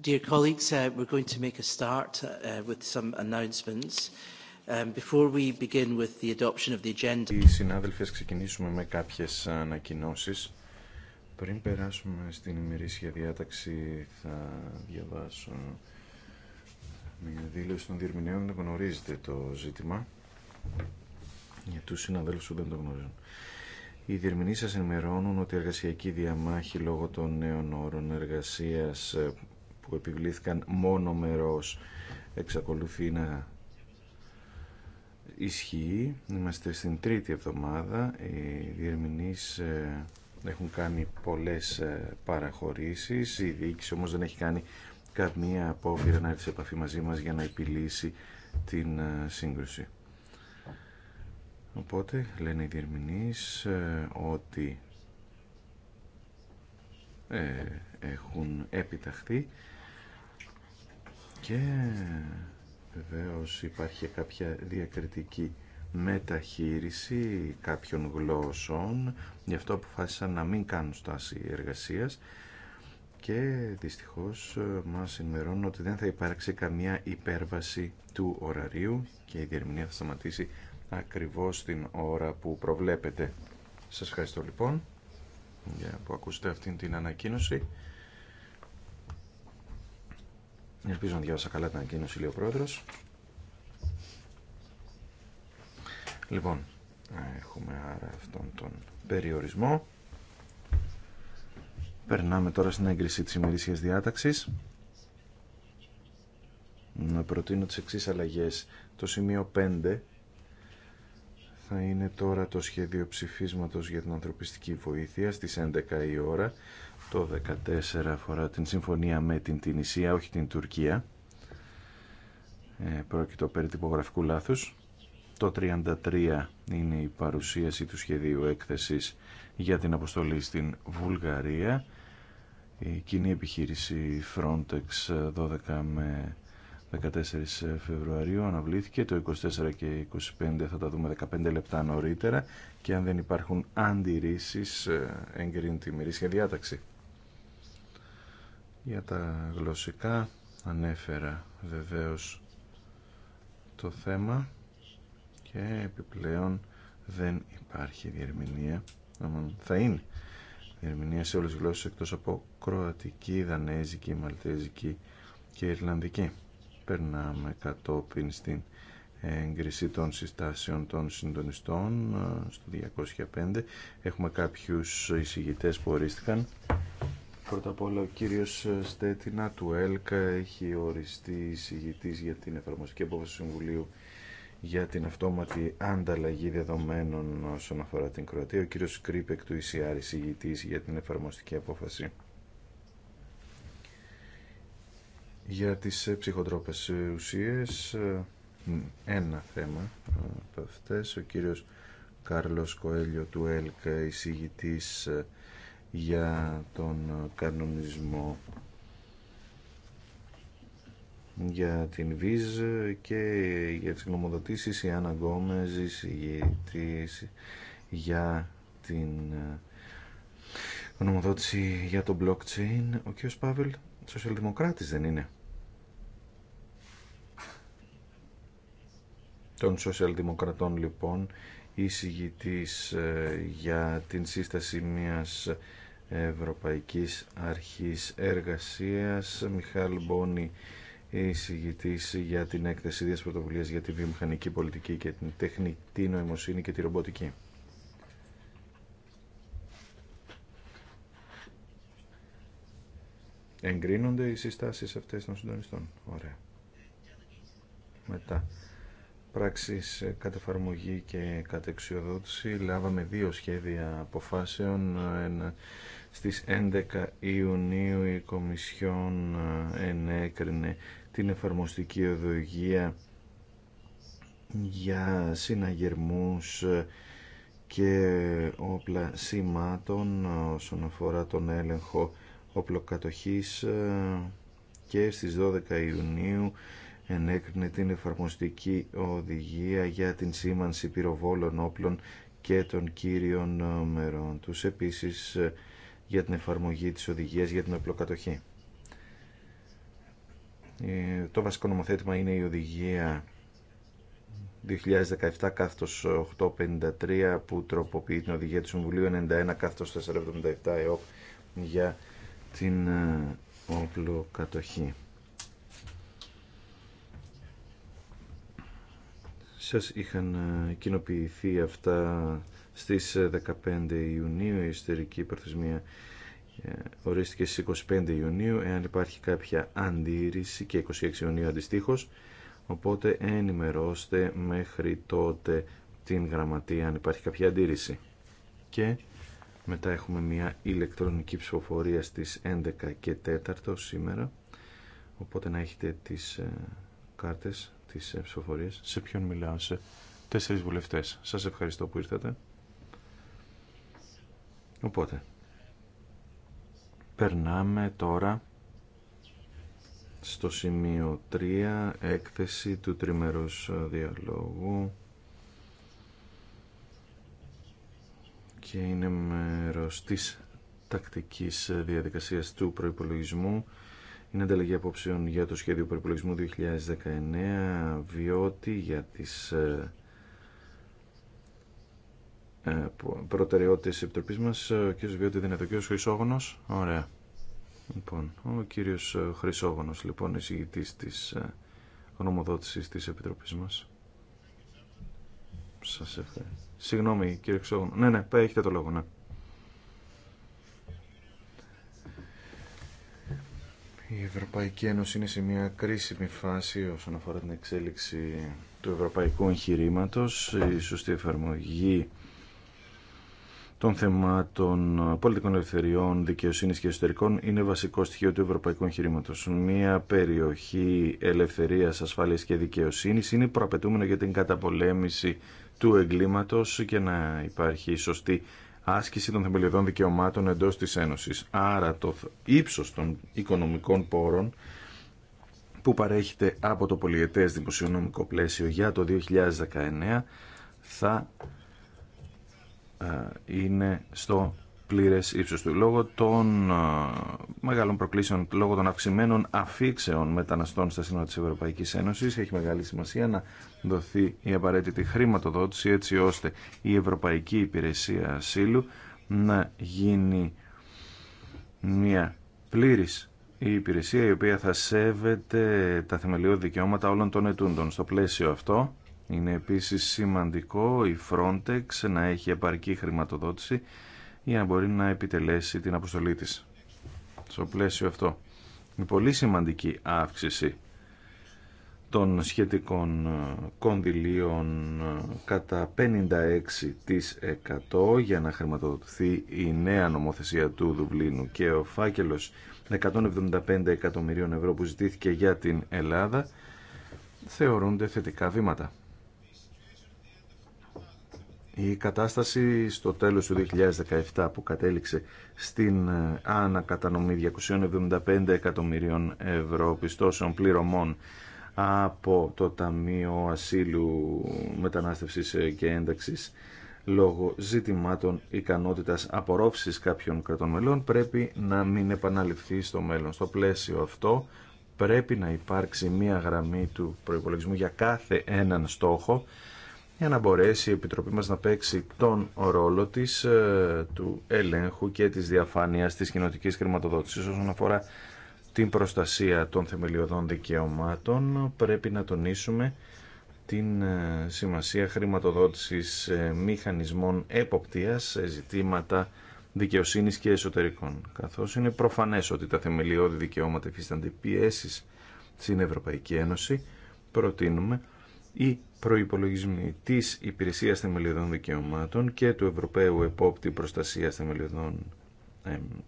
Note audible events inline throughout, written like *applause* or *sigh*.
Dear colleagues, uh, we're going to make a start uh, with some announcements. Um, before we begin with the adoption of the agenda... Οι συνάδελφοι, ξεκινήσουμε με κάποιες ανακοινώσεις. Πριν περάσουμε στην ημερήσια διάταξη, θα διαβάσω μια δήλωση των διερμηνέων. Γνωρίζετε το ζήτημα για τους συναδέλφους που δεν το γνωρίζουν. Οι διερμηνείς σας ενημερώνουν ότι η εργασιακή διαμάχη λόγω των νέων όρων εργασίας ε, που επιβλήθηκαν μόνο μερός εξακολουθεί να ισχύει. Είμαστε στην τρίτη εβδομάδα. Οι διερμηνείς ε, έχουν κάνει πολλές ε, παραχωρήσεις. Η διοίκηση όμως δεν έχει κάνει καμία απόφυρα να έρθει σε επαφή μαζί μας για να επιλύσει την ε, σύγκρουση. Οπότε λένε οι διερμηνείς ότι ε, έχουν επιταχθεί και βεβαίω υπάρχει κάποια διακριτική μεταχείριση κάποιων γλώσσων γι' αυτό αποφάσισαν να μην κάνουν στάση εργασίας και δυστυχώς ε, μας ενημερώνουν ότι δεν θα υπάρξει καμία υπέρβαση του ωραρίου και η διερμηνία θα σταματήσει ακριβώς την ώρα που προβλέπετε. Σας ευχαριστώ λοιπόν για που ακούσετε αυτήν την ανακοίνωση. Ελπίζω να διάβασα καλά την ανακοίνωση, λέει Λοιπόν, έχουμε άρα αυτόν τον περιορισμό. Περνάμε τώρα στην έγκριση της ημερήσιας διάταξης. Να προτείνω τις εξής αλλαγές. Το σημείο 5 θα είναι τώρα το σχέδιο ψηφίσματος για την ανθρωπιστική βοήθεια στις 11 η ώρα το 14 αφορά την συμφωνία με την Τινησία, όχι την Τουρκία. Ε, πρόκειτο περί τυπογραφικού λάθους. Το 33 είναι η παρουσίαση του σχεδίου έκθεσης για την αποστολή στην Βουλγαρία. Η κοινή επιχείρηση Frontex 12 με 14 Φεβρουαρίου αναβλήθηκε. Το 24 και 25 θα τα δούμε 15 λεπτά νωρίτερα και αν δεν υπάρχουν αντιρρήσεις εγκρίνει τη μυρίσια διάταξη. Για τα γλωσσικά ανέφερα βεβαίως το θέμα και επιπλέον δεν υπάρχει διερμηνία θα είναι διερμηνία σε όλες τις γλώσσες εκτός από κροατική, δανέζικη, μαλτέζικη και ιρλανδική περνάμε κατόπιν στην έγκριση των συστάσεων των συντονιστών ε, στο 205 έχουμε κάποιους εισηγητές που ορίστηκαν Πρώτα απ' όλα ο κύριος ε, Στέτινα του ΕΛΚΑ έχει οριστεί εισηγητής για την εφαρμοστική απόφαση του Συμβουλίου για την αυτόματη ανταλλαγή δεδομένων όσον αφορά την Κροατία. Ο κύριος Κρύπεκ του ECR εισηγητής για την εφαρμοστική απόφαση για τις ε, ψυχοτρόπες ουσίες. Ε, ένα θέμα από αυτές. Ο κύριος Κάρλος Κοέλιο του ΕΛΚΑ εισηγητής για τον κανονισμό για την ΒΙΖ και για τις νομοδοτήσεις η Άννα Γκόμεζ για την ε, νομοδότηση για το blockchain ο κ. Παύλ σοσιαλδημοκράτης δεν είναι των σοσιαλδημοκρατών λοιπόν εισηγητής ε, για την σύσταση μιας Ευρωπαϊκής Αρχής Εργασίας. Μιχάλ Μπόνι, εισηγητής για την έκθεση Δίας Πρωτοβουλία για τη βιομηχανική πολιτική και την τεχνητή νοημοσύνη και τη ρομποτική. Εγκρίνονται οι συστάσεις αυτές των συντονιστών. Ωραία. Μετά. Πράξεις κατεφαρμογή και κατεξιοδότηση. Λάβαμε δύο σχέδια αποφάσεων. Ένα στις 11 Ιουνίου η Κομισιόν ε, ενέκρινε την εφαρμοστική οδηγία για συναγερμούς ε, και όπλα σημάτων ε, όσον αφορά τον έλεγχο οπλοκατοχής και στις 12 Ιουνίου ενέκρινε την εφαρμοστική οδηγία για την σήμανση πυροβόλων όπλων και των κύριων μερών τους. Επίσης για την εφαρμογή της οδηγίας για την οπλοκατοχή. Ε, το βασικό νομοθέτημα είναι η οδηγία 2017 κάθετος 853 που τροποποιεί την οδηγία του Συμβουλίου 91 κάθετος 477 ΕΟΚ για την ε, οπλοκατοχή. Σας είχαν ε, κοινοποιηθεί αυτά στις 15 ε, Ιουνίου, η ιστορική προθεσμία ε, ορίστηκε στις 25 Ιουνίου, εάν υπάρχει κάποια αντίρρηση και 26 Ιουνίου αντιστοίχω. οπότε ενημερώστε μέχρι τότε την γραμματεία αν υπάρχει κάποια αντίρρηση. Και μετά έχουμε μια ηλεκτρονική ψηφοφορία στις 11 και 4 σήμερα, οπότε να έχετε τις ε, κάρτες, της ψηφοφορίας Σε ποιον μιλάω, σε τέσσερις βουλευτές. Σας ευχαριστώ που ήρθατε. Οπότε, περνάμε τώρα στο σημείο 3, έκθεση του τριμερούς ε, διαλόγου και είναι μέρος της τακτικής ε, διαδικασίας του προϋπολογισμού. Είναι ανταλλαγή απόψεων για το σχέδιο προϋπολογισμού 2019, βιώτη για τις ε, ε, προτεραιότητες τη Επιτροπή μα. Ε, ο κύριος Βιώτη δεν είναι ο κύριο Χρυσόγονο. Ωραία. Λοιπόν, ο κύριος ε, Χρυσόγονο, λοιπόν, εισηγητής τη γνωμοδότηση τη Επιτροπή μα. Σα ευχαριστώ. Συγγνώμη, κύριε Χρυσόγονο. Ναι, ναι, έχετε το λόγο, ναι. Η Ευρωπαϊκή Ένωση είναι σε μια κρίσιμη φάση όσον αφορά την εξέλιξη του ευρωπαϊκού εγχειρήματο. Η σωστή εφαρμογή των θεμάτων πολιτικών ελευθεριών, δικαιοσύνης και εσωτερικών είναι βασικό στοιχείο του ευρωπαϊκού εγχειρήματο. Μία περιοχή ελευθερίας, ασφάλειας και δικαιοσύνης είναι προαπαιτούμενο για την καταπολέμηση του εγκλήματος και να υπάρχει σωστή άσκηση των θεμελιωδών δικαιωμάτων εντός της Ένωσης. Άρα το ύψο των οικονομικών πόρων που παρέχεται από το πολιετές δημοσιονομικό πλαίσιο για το 2019 θα ε, είναι στο πλήρες ύψος του. Λόγω των ε, μεγάλων προκλήσεων, λόγω των αυξημένων αφήξεων μεταναστών στα σύνορα της Ευρωπαϊκής Ένωσης, έχει μεγάλη σημασία να δοθεί η απαραίτητη χρηματοδότηση έτσι ώστε η Ευρωπαϊκή Υπηρεσία Ασύλου να γίνει μια πλήρης η υπηρεσία η οποία θα σέβεται τα θεμελιώδη δικαιώματα όλων των ετούντων. Στο πλαίσιο αυτό είναι επίσης σημαντικό η Frontex να έχει επαρκή χρηματοδότηση για να μπορεί να επιτελέσει την αποστολή της. Στο πλαίσιο αυτό, η πολύ σημαντική αύξηση των σχετικών ε, κονδυλίων ε, κατά 56% για να χρηματοδοτηθεί η νέα νομοθεσία του Δουβλίνου και ο φάκελος 175 εκατομμυρίων ευρώ που ζητήθηκε για την Ελλάδα θεωρούνται θετικά βήματα. Η κατάσταση στο τέλος του 2017 που κατέληξε στην ε, ανακατανομή 275 εκατομμυρίων ευρώ πιστώσεων πληρωμών από το Ταμείο Ασύλου Μετανάστευσης ε, και Ένταξης λόγω ζητημάτων ικανότητας απορρόφησης κάποιων κρατών μελών πρέπει να μην επαναληφθεί στο μέλλον. Στο πλαίσιο αυτό πρέπει να υπάρξει μία γραμμή του προϋπολογισμού για κάθε έναν στόχο για να μπορέσει η Επιτροπή μας να παίξει τον ρόλο της ε, του ελέγχου και της διαφάνειας της κοινοτικής χρηματοδότησης όσον αφορά την προστασία των θεμελιωδών δικαιωμάτων πρέπει να τονίσουμε την ε, σημασία χρηματοδότησης ε, μηχανισμών εποπτείας σε ζητήματα δικαιοσύνης και εσωτερικών καθώς είναι προφανές ότι τα θεμελιώδη δικαιώματα υφίστανται πιέσεις στην Ευρωπαϊκή Ένωση προτείνουμε η προϋπολογισμοί της Υπηρεσίας Θεμελιωδών Δικαιωμάτων και του Ευρωπαίου Επόπτη Προστασίας Θεμελιωδών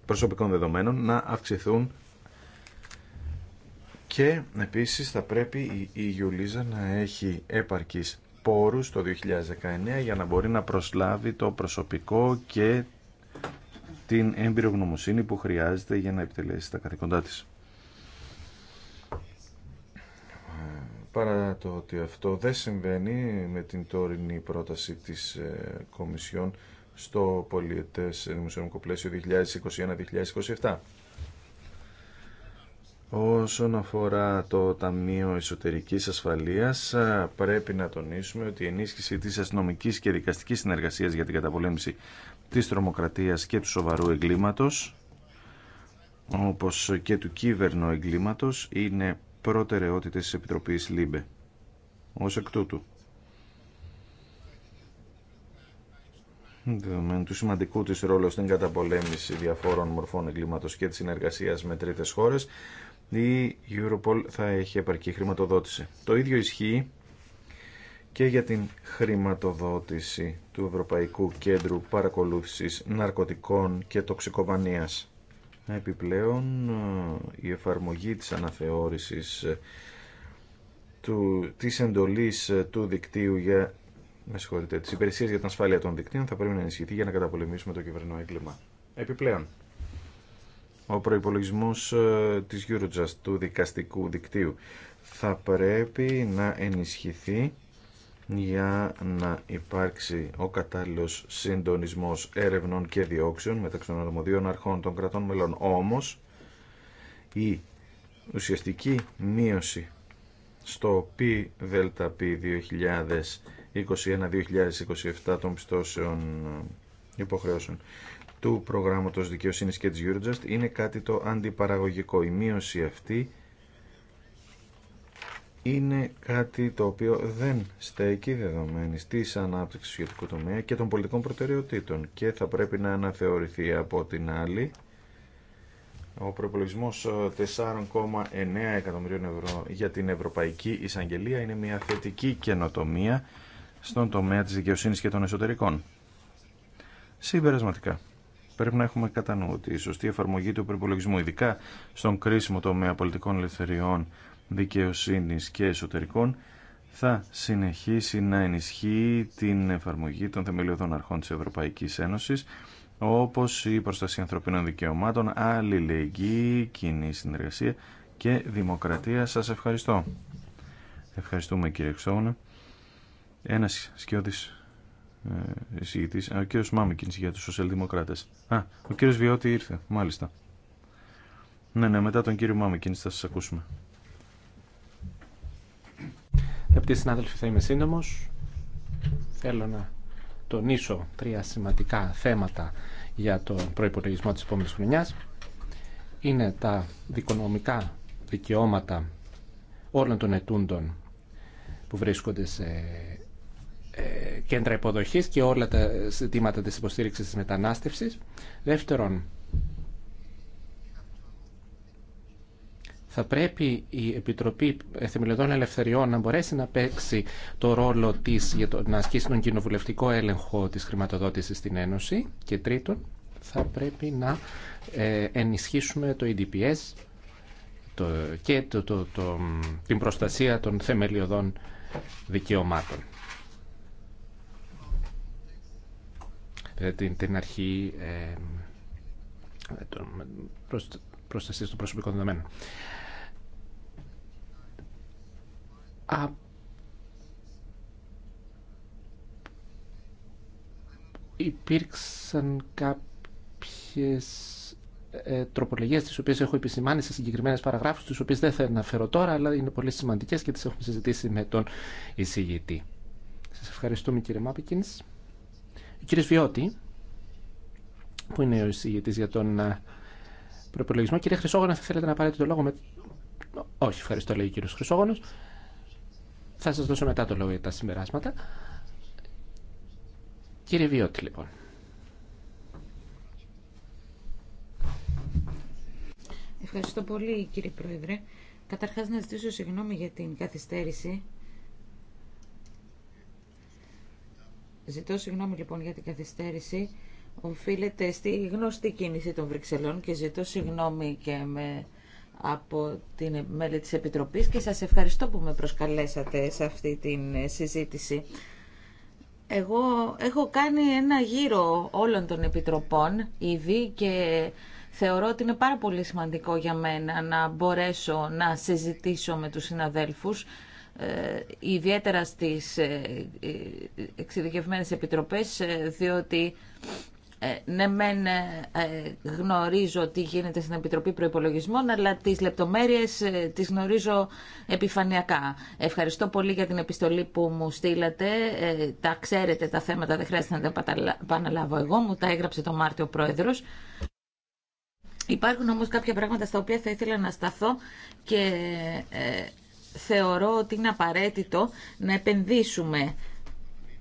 Προσωπικών Δεδομένων να αυξηθούν και επίσης θα πρέπει η Ιουλίζα να έχει επαρκής πόρους το 2019 για να μπορεί να προσλάβει το προσωπικό και την έμπειρο γνωμοσύνη που χρειάζεται για να επιτελέσει τα καθήκοντά της παρά το ότι αυτό δεν συμβαίνει με την τωρινή πρόταση της ε, Κομισιόν στο πολιετές δημοσιονομικό πλαίσιο 2021-2027. Όσον αφορά το Ταμείο Εσωτερικής Ασφαλείας, ε, πρέπει να τονίσουμε ότι η ενίσχυση της αστυνομικής και δικαστικής συνεργασίας για την καταπολέμηση της τρομοκρατίας και του σοβαρού εγκλήματος, όπως και του κύβερνο εγκλήματος, είναι προτεραιότητες της Επιτροπής ΛΥΜΠΕ. Ως εκ τούτου. Δεδομένου του σημαντικού της ρόλου στην καταπολέμηση διαφόρων μορφών εγκλήματος και τη συνεργασίας με τρίτες χώρες, η Europol θα έχει επαρκή χρηματοδότηση. Το ίδιο ισχύει και για την χρηματοδότηση του Ευρωπαϊκού Κέντρου Παρακολούθησης Ναρκωτικών και Τοξικομανίας. Επιπλέον, ε, η εφαρμογή της αναθεώρησης ε, του, της εντολής ε, του δικτύου για με συγχωρείτε, τις υπηρεσίες για την ασφάλεια των δικτύων θα πρέπει να ενισχυθεί για να καταπολεμήσουμε το κυβερνό έγκλημα. Επιπλέον, ο προϋπολογισμός της Eurojust του δικαστικού δικτύου θα πρέπει να ενισχυθεί για να υπάρξει ο κατάλληλος συντονισμός έρευνων και διώξεων μεταξύ των αρμοδίων αρχών των κρατών μελών. Όμως, η ουσιαστική μείωση στο πι 2021-2027 των πιστώσεων ε, υποχρεώσεων του προγράμματος δικαιοσύνης και της Eurojust είναι κάτι το αντιπαραγωγικό. Η μείωση αυτή είναι κάτι το οποίο δεν στέκει δεδομένη τη ανάπτυξη του ιδιωτικού τομέα και των πολιτικών προτεραιοτήτων και θα πρέπει να αναθεωρηθεί από την άλλη ο προπολογισμό 4,9 ε, εκατομμυρίων ευρώ για την Ευρωπαϊκή Εισαγγελία είναι μια θετική καινοτομία στον τομέα της δικαιοσύνης και των εσωτερικών. Συμπερασματικά, πρέπει να έχουμε κατά νου ότι η σωστή εφαρμογή του προπολογισμού, ειδικά στον κρίσιμο τομέα πολιτικών ελευθεριών, δικαιοσύνης και εσωτερικών θα συνεχίσει να ενισχύει την εφαρμογή των θεμελιωδών αρχών της Ευρωπαϊκής Ένωσης όπως η προστασία ανθρωπίνων δικαιωμάτων, αλληλεγγύη, κοινή συνεργασία και δημοκρατία. Σας ευχαριστώ. Ευχαριστούμε κύριε Ξόνα. Ένας σκιώδης ε, εισηγητής, ο κύριος Μάμικινς για τους σοσιαλδημοκράτες. Α, ο κύριος Βιώτη ήρθε, μάλιστα. Ναι, ναι, μετά τον κύριο Μάμικινς θα σας ακούσουμε. Αγαπητοί συνάδελφοι, θα είμαι σύντομο. Θέλω να τονίσω τρία σημαντικά θέματα για τον προπολογισμό τη επόμενη χρονιά. Είναι τα δικονομικά δικαιώματα όλων των ετούντων που βρίσκονται σε ε, κέντρα υποδοχής και όλα τα ζητήματα της υποστήριξης της μετανάστευσης. Δεύτερον, θα πρέπει η Επιτροπή Θεμελιωδών Ελευθεριών να μπορέσει να παίξει το ρόλο της για να ασκήσει τον κοινοβουλευτικό έλεγχο της χρηματοδότησης στην Ένωση και τρίτον θα πρέπει να ε, ενισχύσουμε το EDPS το, και το, την προστασία των θεμελιωδών δικαιωμάτων. Ε, την, την αρχή ε, προστασία των προσωπικών δεδομένων. υπήρξαν κάποιες ε, τροπολογίες τις οποίες έχω επισημάνει σε συγκεκριμένες παραγράφους τις οποίες δεν θα αναφέρω τώρα αλλά είναι πολύ σημαντικές και τις έχουμε συζητήσει με τον εισηγητή. Σας ευχαριστούμε κύριε Μάπικινς. Ο κύριος Βιώτη που είναι ο εισηγητής για τον ε, προπολογισμό. Κύριε Χρυσόγονα θα θέλετε να πάρετε το λόγο με... Όχι ευχαριστώ λέει ο κύριος Χρυσόγωνος. Θα σας δώσω μετά το λόγο για τα συμπεράσματα. Κύριε Βιώτη, λοιπόν. Ευχαριστώ πολύ, κύριε Πρόεδρε. Καταρχάς, να ζητήσω συγγνώμη για την καθυστέρηση. Ζητώ συγγνώμη, λοιπόν, για την καθυστέρηση. Οφείλεται στη γνωστή κίνηση των Βρυξελών και ζητώ συγγνώμη και με από την μέλη της Επιτροπής και σας ευχαριστώ που με προσκαλέσατε σε αυτή την ε, συζήτηση. Εγώ έχω κάνει ένα γύρο όλων των επιτροπών ήδη και θεωρώ ότι είναι πάρα πολύ σημαντικό για μένα να μπορέσω να συζητήσω με τους συναδέλφους ε, ιδιαίτερα στις ε, εξειδικευμένες επιτροπές διότι ε, ναι μεν ε, ε, γνωρίζω τι γίνεται στην Επιτροπή Προπολογισμών, αλλά τις λεπτομέρειες τις γνωρίζω επιφανειακά. Ευχαριστώ πολύ για την επιστολή που μου στείλατε. Τα ξέρετε τα θέματα, δεν χρειάζεται να τα επαναλάβω εγώ. Μου τα έγραψε το Μάρτιο ο Πρόεδρος. Υπάρχουν όμως κάποια πράγματα στα οποία θα ήθελα να σταθώ και θεωρώ ότι είναι απαραίτητο να επενδύσουμε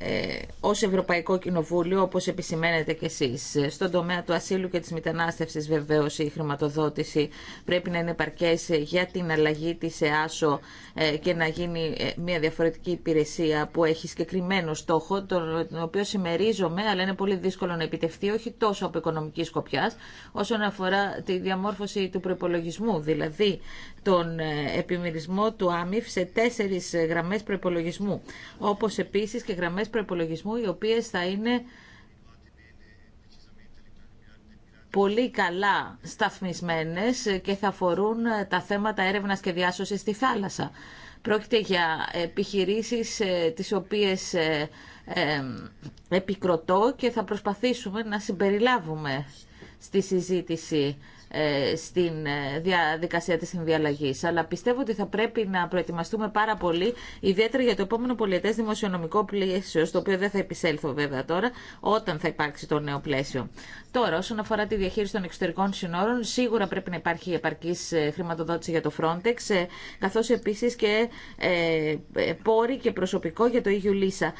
ε, ως Ευρωπαϊκό Κοινοβούλιο, όπως επισημαίνετε και εσείς. Στον τομέα του ασύλου και της μετανάστευσης βεβαίως η χρηματοδότηση πρέπει να είναι παρκές για την αλλαγή της ΕΑΣΟ ε, και να γίνει ε, μια διαφορετική υπηρεσία που έχει συγκεκριμένο στόχο, τον οποίο συμμερίζομαι, αλλά είναι πολύ δύσκολο να επιτευχθεί, όχι τόσο από οικονομική σκοπιά, όσον αφορά τη διαμόρφωση του προπολογισμού. Δηλαδή, τον ε, επιμερισμό του ΆΜΙΦ σε τέσσερις ε, γραμμές προπολογισμού, όπως επίσης και γραμμές προϋπολογισμού οι οποίες θα είναι πολύ καλά σταθμισμένες και θα αφορούν ε, τα θέματα έρευνας και διάσωσης στη θάλασσα. Πρόκειται για επιχειρήσεις τις οποίες επικροτώ και θα προσπαθήσουμε να συμπεριλάβουμε στη συζήτηση ε, στην ε, διαδικασία της συνδιαλλαγής. Αλλά πιστεύω ότι θα πρέπει να προετοιμαστούμε πάρα πολύ, ιδιαίτερα για το επόμενο πολιετές δημοσιονομικό πλαίσιο, στο οποίο δεν θα επισέλθω βέβαια τώρα, όταν θα υπάρξει το νέο πλαίσιο. Τώρα, όσον αφορά τη διαχείριση των εξωτερικών συνόρων, σίγουρα πρέπει να υπάρχει επαρκή ε, χρηματοδότηση για το Frontex, καθώ επίση και πόροι και προσωπικό για το EU Lisa,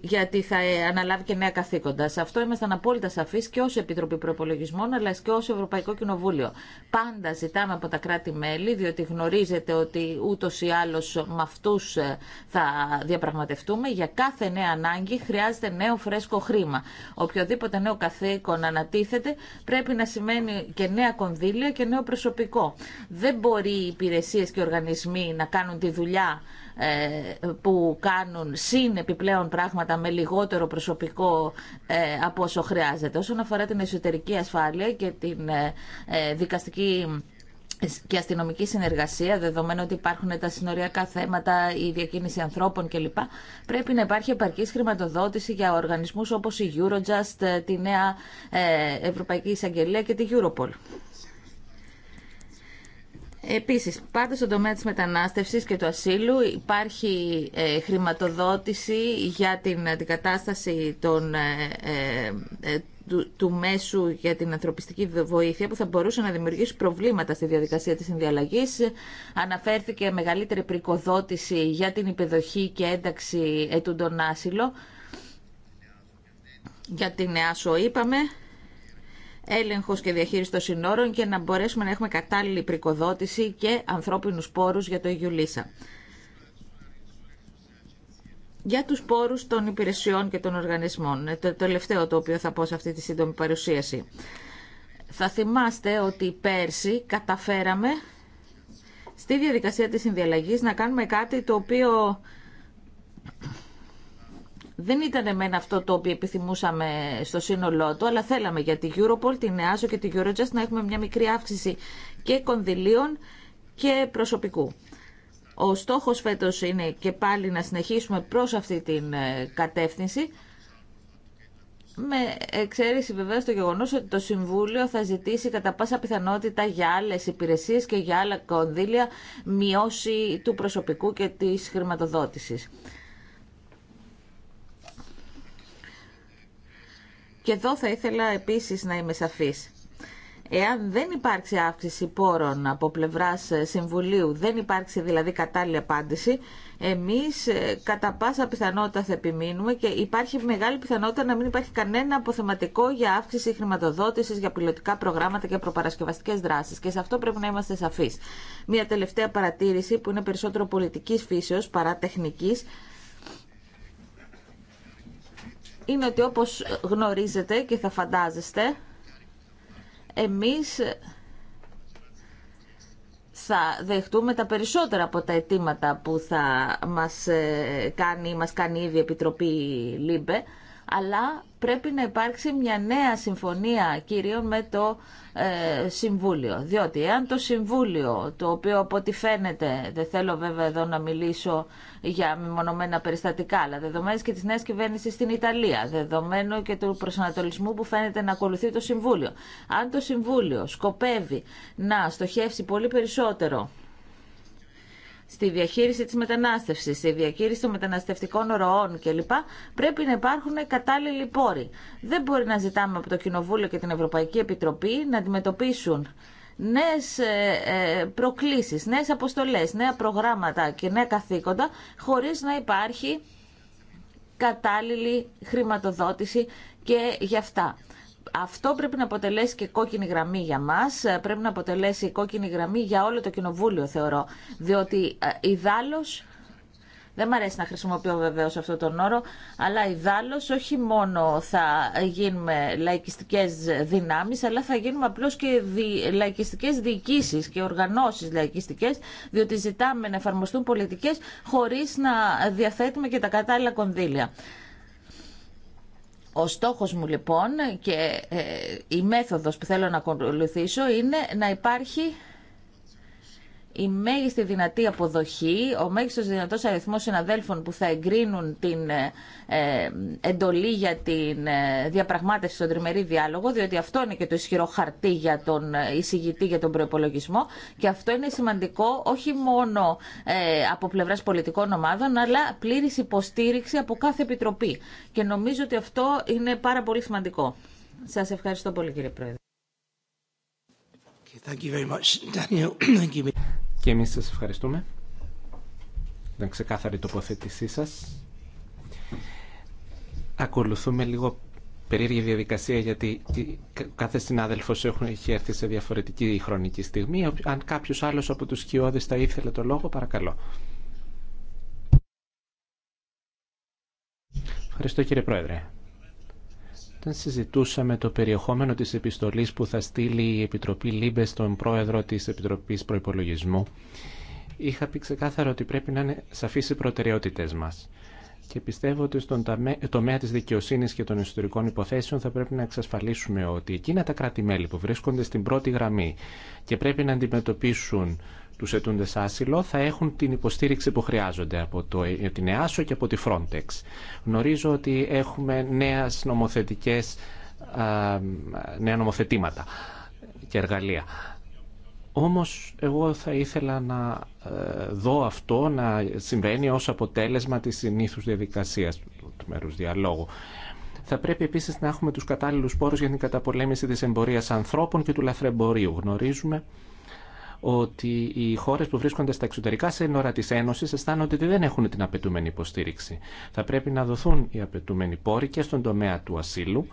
γιατί θα αναλάβει και νέα καθήκοντα. αυτό ήμασταν απόλυτα σαφεί και ω Επιτροπή Προπολογισμών, αλλά και ω Ευρωπαϊκή Ευρωπαϊκό Πάντα ζητάμε από τα κράτη-μέλη, διότι γνωρίζετε ότι ούτω ή άλλω με αυτού ε, θα διαπραγματευτούμε. Για κάθε νέα ανάγκη χρειάζεται νέο φρέσκο χρήμα. Οποιοδήποτε νέο καθήκον ανατίθεται πρέπει να σημαίνει και νέα κονδύλια και νέο προσωπικό. Δεν μπορεί οι υπηρεσίε και οι οργανισμοί να κάνουν τη δουλειά ε, που κάνουν συν επιπλέον πράγματα με λιγότερο προσωπικό ε, από όσο χρειάζεται. Όσον αφορά την εσωτερική ασφάλεια και την ε, δικαστική και αστυνομική συνεργασία, δεδομένου ότι υπάρχουν τα συνοριακά θέματα, η διακίνηση ανθρώπων κλπ. Πρέπει να υπάρχει επαρκή χρηματοδότηση για οργανισμούς όπως η Eurojust, τη Νέα Ευρωπαϊκή Εισαγγελία και τη Europol. Επίσης, πάντα στον τομέα της μετανάστευση και του ασύλου υπάρχει ε, χρηματοδότηση για την αντικατάσταση των, ε, ε, του, μέσου για την ανθρωπιστική βοήθεια που θα μπορούσε να δημιουργήσει προβλήματα στη διαδικασία της συνδιαλλαγής. Αναφέρθηκε μεγαλύτερη πρικοδότηση για την υπεδοχή και ένταξη ετούντων άσυλο. Για την ΕΑΣΟ είπαμε έλεγχος και διαχείριση των συνόρων και να μπορέσουμε να έχουμε κατάλληλη πρικοδότηση και ανθρώπινους πόρους για το Ιουλίσα. Για τους πόρους των υπηρεσιών και των οργανισμών, ε, το τελευταίο το οποίο θα πω σε αυτή τη σύντομη παρουσίαση. Θα θυμάστε ότι πέρσι καταφέραμε στη διαδικασία της συνδιαλλαγής να κάνουμε κάτι το οποίο δεν ήταν εμένα αυτό το οποίο επιθυμούσαμε στο σύνολό του, αλλά θέλαμε για τη Europol, την EASO και τη Eurojust να έχουμε μια μικρή αύξηση και κονδυλίων και προσωπικού. Ο στόχος φέτος είναι και πάλι να συνεχίσουμε προς αυτή την ε, κατεύθυνση, με εξαίρεση βεβαίω το γεγονό ότι το Συμβούλιο θα ζητήσει κατά πάσα πιθανότητα για άλλε υπηρεσίε και για άλλα κονδύλια μειώση του προσωπικού και τη χρηματοδότηση. Και εδώ θα ήθελα επίσης να είμαι σαφής. Εάν δεν υπάρξει αύξηση πόρων από πλευράς ε, Συμβουλίου, δεν υπάρξει δηλαδή κατάλληλη απάντηση, εμείς ε, κατά πάσα πιθανότητα θα επιμείνουμε και υπάρχει μεγάλη πιθανότητα να μην υπάρχει κανένα αποθεματικό για αύξηση χρηματοδότησης, για πιλωτικά προγράμματα και προπαρασκευαστικές δράσεις. Και σε αυτό πρέπει να είμαστε σαφείς. Μια τελευταία παρατήρηση που είναι περισσότερο πολιτικής φύσεως παρά τεχνικής, είναι ότι όπως γνωρίζετε και θα φαντάζεστε, εμείς θα δεχτούμε τα περισσότερα από τα αιτήματα που θα μας ε, κάνει, μας κάνει ήδη η Επιτροπή ΛΥΜΠΕ αλλά πρέπει να υπάρξει μια νέα συμφωνία κυρίων με το ε, Συμβούλιο. Διότι αν το Συμβούλιο, το οποίο από ό,τι φαίνεται, δεν θέλω βέβαια εδώ να μιλήσω για μονομενα περιστατικά, αλλά δεδομένω και τη νέα κυβέρνηση στην Ιταλία, δεδομένου και του προσανατολισμού που φαίνεται να ακολουθεί το Συμβούλιο. Αν το Συμβούλιο σκοπεύει να στοχεύσει πολύ περισσότερο στη διαχείριση της μετανάστευσης, στη διαχείριση των μεταναστευτικών ροών κλπ. πρέπει να υπάρχουν κατάλληλοι πόροι. Δεν μπορεί να ζητάμε από το Κοινοβούλιο και την Ευρωπαϊκή Επιτροπή να αντιμετωπίσουν νέες ε, ε, προκλήσεις, νέες αποστολές, νέα προγράμματα και νέα καθήκοντα χωρίς να υπάρχει κατάλληλη χρηματοδότηση και γι' αυτά αυτό πρέπει να αποτελέσει και κόκκινη γραμμή για μας, ε, πρέπει να αποτελέσει κόκκινη γραμμή για όλο το κοινοβούλιο θεωρώ, διότι ε, η Δάλος Δεν μ' αρέσει να χρησιμοποιώ βεβαίω αυτόν τον όρο, αλλά η Δάλος όχι μόνο θα γίνουμε λαϊκιστικές δυνάμει, αλλά θα γίνουμε απλώ και δι... λαϊκιστικέ και οργανώσει λαϊκιστικέ, διότι ζητάμε να εφαρμοστούν πολιτικέ χωρί να διαθέτουμε και τα κατάλληλα κονδύλια. Ο στόχος μου λοιπόν και ε, η μέθοδος που θέλω να ακολουθήσω είναι να υπάρχει η μέγιστη δυνατή αποδοχή, ο μέγιστος δυνατός αριθμός συναδέλφων που θα εγκρίνουν την ε, ε, εντολή για την ε, διαπραγμάτευση στον τριμερή διάλογο, διότι αυτό είναι και το ισχυρό χαρτί για τον εισηγητή για τον προπολογισμό και αυτό είναι σημαντικό όχι μόνο από πλευράς πολιτικών ομάδων, αλλά πλήρης υποστήριξη από κάθε επιτροπή. Και νομίζω ότι αυτό είναι πάρα πολύ σημαντικό. Σας ευχαριστώ πολύ κύριε Πρόεδρε. Thank you very much, Daniel. *clears throat* Thank you. Και εμείς σας ευχαριστούμε. Ήταν ξεκάθαρη τοποθέτησή σας. Ακολουθούμε λίγο περίεργη διαδικασία γιατί κάθε συνάδελφος έχει έρθει σε διαφορετική χρονική στιγμή. Αν κάποιος άλλος από τους σκιώδες θα ήθελε το λόγο, παρακαλώ. Ευχαριστώ κύριε Πρόεδρε. Όταν συζητούσαμε το περιεχόμενο της επιστολής που θα στείλει η Επιτροπή Λίμπε στον πρόεδρο της Επιτροπής Προϋπολογισμού, είχα πει ξεκάθαρα ότι πρέπει να είναι σαφείς οι προτεραιότητες μας. Και πιστεύω ότι στον τομέα της δικαιοσύνης και των ιστορικών υποθέσεων θα πρέπει να εξασφαλίσουμε ότι εκείνα τα κράτη-μέλη που βρίσκονται στην πρώτη γραμμή και πρέπει να αντιμετωπίσουν τους ετούντε άσυλο θα έχουν την υποστήριξη που χρειάζονται από το, ε, την ΕΑΣΟ και από τη Frontex. Γνωρίζω ότι έχουμε νέες νομοθετικές, νέα νομοθετήματα και εργαλεία. Όμως εγώ θα ήθελα να ε, δω αυτό να συμβαίνει ως αποτέλεσμα της συνήθους διαδικασίας του μέρους διαλόγου. Θα πρέπει επίσης να έχουμε τους κατάλληλους πόρους για την καταπολέμηση της εμπορίας ανθρώπων και του λαθρεμπορίου. Γνωρίζουμε ότι οι χώρε που βρίσκονται στα εξωτερικά σύνορα τη Ένωση αισθάνονται ότι δεν έχουν την απαιτούμενη υποστήριξη. Θα πρέπει να δοθούν οι απαιτούμενοι πόροι και στον τομέα του ασύλου.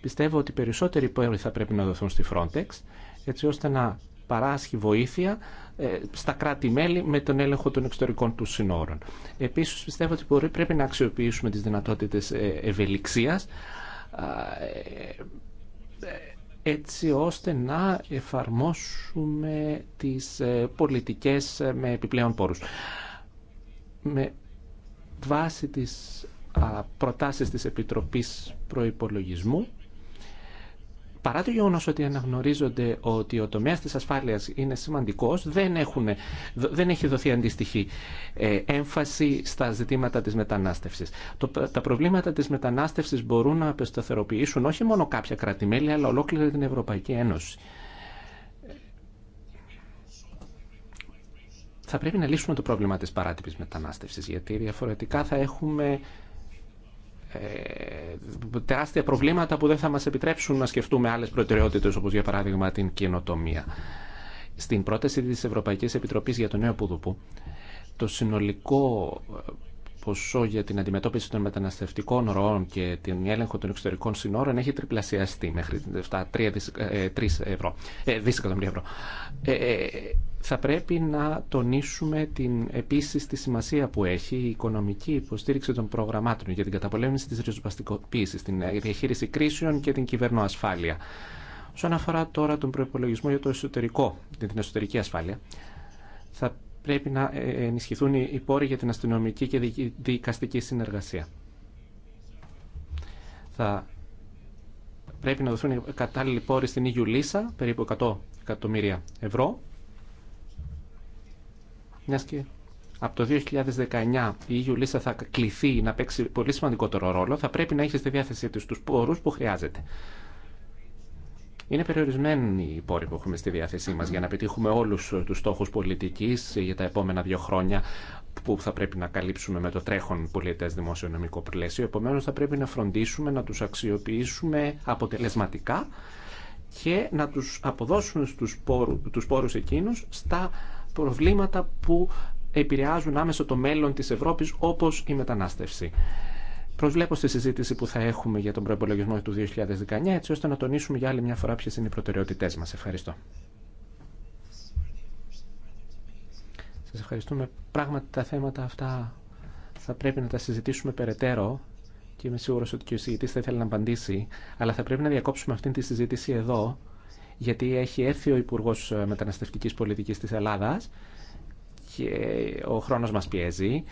Πιστεύω ότι περισσότεροι πόροι θα πρέπει να δοθούν στη Frontex, έτσι ώστε να παράσχει βοήθεια ε, στα κράτη-μέλη με τον έλεγχο των εξωτερικών του συνόρων. Επίση, πιστεύω ότι πρέπει να αξιοποιήσουμε τις δυνατότητες ε, ευελιξίας ε, έτσι ώστε να εφαρμόσουμε τις ε, πολιτικές ε, με επιπλέον πόρους. Με βάση τις προτάσεις της Επιτροπής Προϋπολογισμού παρά το γεγονό ότι αναγνωρίζονται ότι ο τομέας της ασφάλειας είναι σημαντικός, δεν, δεν έχει δοθεί αντίστοιχη ε, έμφαση στα ζητήματα της μετανάστευση. τα προβλήματα της μετανάστευση μπορούν να απεσταθεροποιήσουν όχι μόνο κάποια κρατημέλη, αλλά ολόκληρη την Ευρωπαϊκή Ένωση. Θα πρέπει να λύσουμε το πρόβλημα της παράτυπης μετανάστευσης, γιατί διαφορετικά θα έχουμε ε, τεράστια προβλήματα που δεν θα μας επιτρέψουν να σκεφτούμε άλλες προτεραιότητες όπως για παράδειγμα την καινοτομία. Στην πρόταση της Ευρωπαϊκής Επιτροπής για το νέο Πουδουπού το συνολικό ε, ποσό για την αντιμετώπιση των μεταναστευτικών ροών και την έλεγχο των εξωτερικών συνόρων έχει τριπλασιαστεί μέχρι 3 δισεκατομμύρια ευρώ. Ε, θα πρέπει να τονίσουμε την, επίσης τη σημασία που έχει η οικονομική υποστήριξη των προγραμμάτων για την καταπολέμηση της ριζοσπαστικοποίησης, την ε, διαχείριση κρίσεων και την κυβερνοασφάλεια. Όσον αφορά τώρα τον προπολογισμό για το εσωτερικό, την εσωτερική ασφάλεια, θα πρέπει να ε, ε, ενισχυθούν οι πόροι για την αστυνομική και δικαστική συνεργασία. Θα πρέπει να δοθούν κατάλληλοι πόροι στην λύσα, περίπου 100 εκατομμύρια ευρώ, Μιας και από το 2019 η Ιουλίσσα θα κληθεί να παίξει πολύ σημαντικότερο ρόλο, θα πρέπει να έχει στη διάθεσή τη του πόρου που χρειάζεται. Είναι περιορισμένοι οι πόροι που έχουμε στη διάθεσή μα για να πετύχουμε όλου του στόχου πολιτική για τα επόμενα δύο χρόνια που θα πρέπει να καλύψουμε με το τρέχον πολιτέ δημοσιονομικό πλαίσιο. Επομένω, θα πρέπει να φροντίσουμε να του αξιοποιήσουμε αποτελεσματικά και να τους αποδώσουμε στους πόρου, τους πόρους εκείνους στα προβλήματα που επηρεάζουν άμεσα το μέλλον της Ευρώπης όπως η μετανάστευση. Προσβλέπω στη συζήτηση που θα έχουμε για τον προπολογισμό του 2019 έτσι ώστε να τονίσουμε για άλλη μια φορά ποιες είναι οι προτεραιότητές μας. Ευχαριστώ. Σας ευχαριστούμε. Πράγματι τα θέματα αυτά θα πρέπει να τα συζητήσουμε περαιτέρω και είμαι σίγουρος ότι και ο συζητής θα ήθελε να απαντήσει, αλλά θα πρέπει να διακόψουμε αυτή τη συζήτηση εδώ γιατί έχει έρθει ο Υπουργό ε, Μεταναστευτική Πολιτική τη Ελλάδα και ο χρόνο μα πιέζει.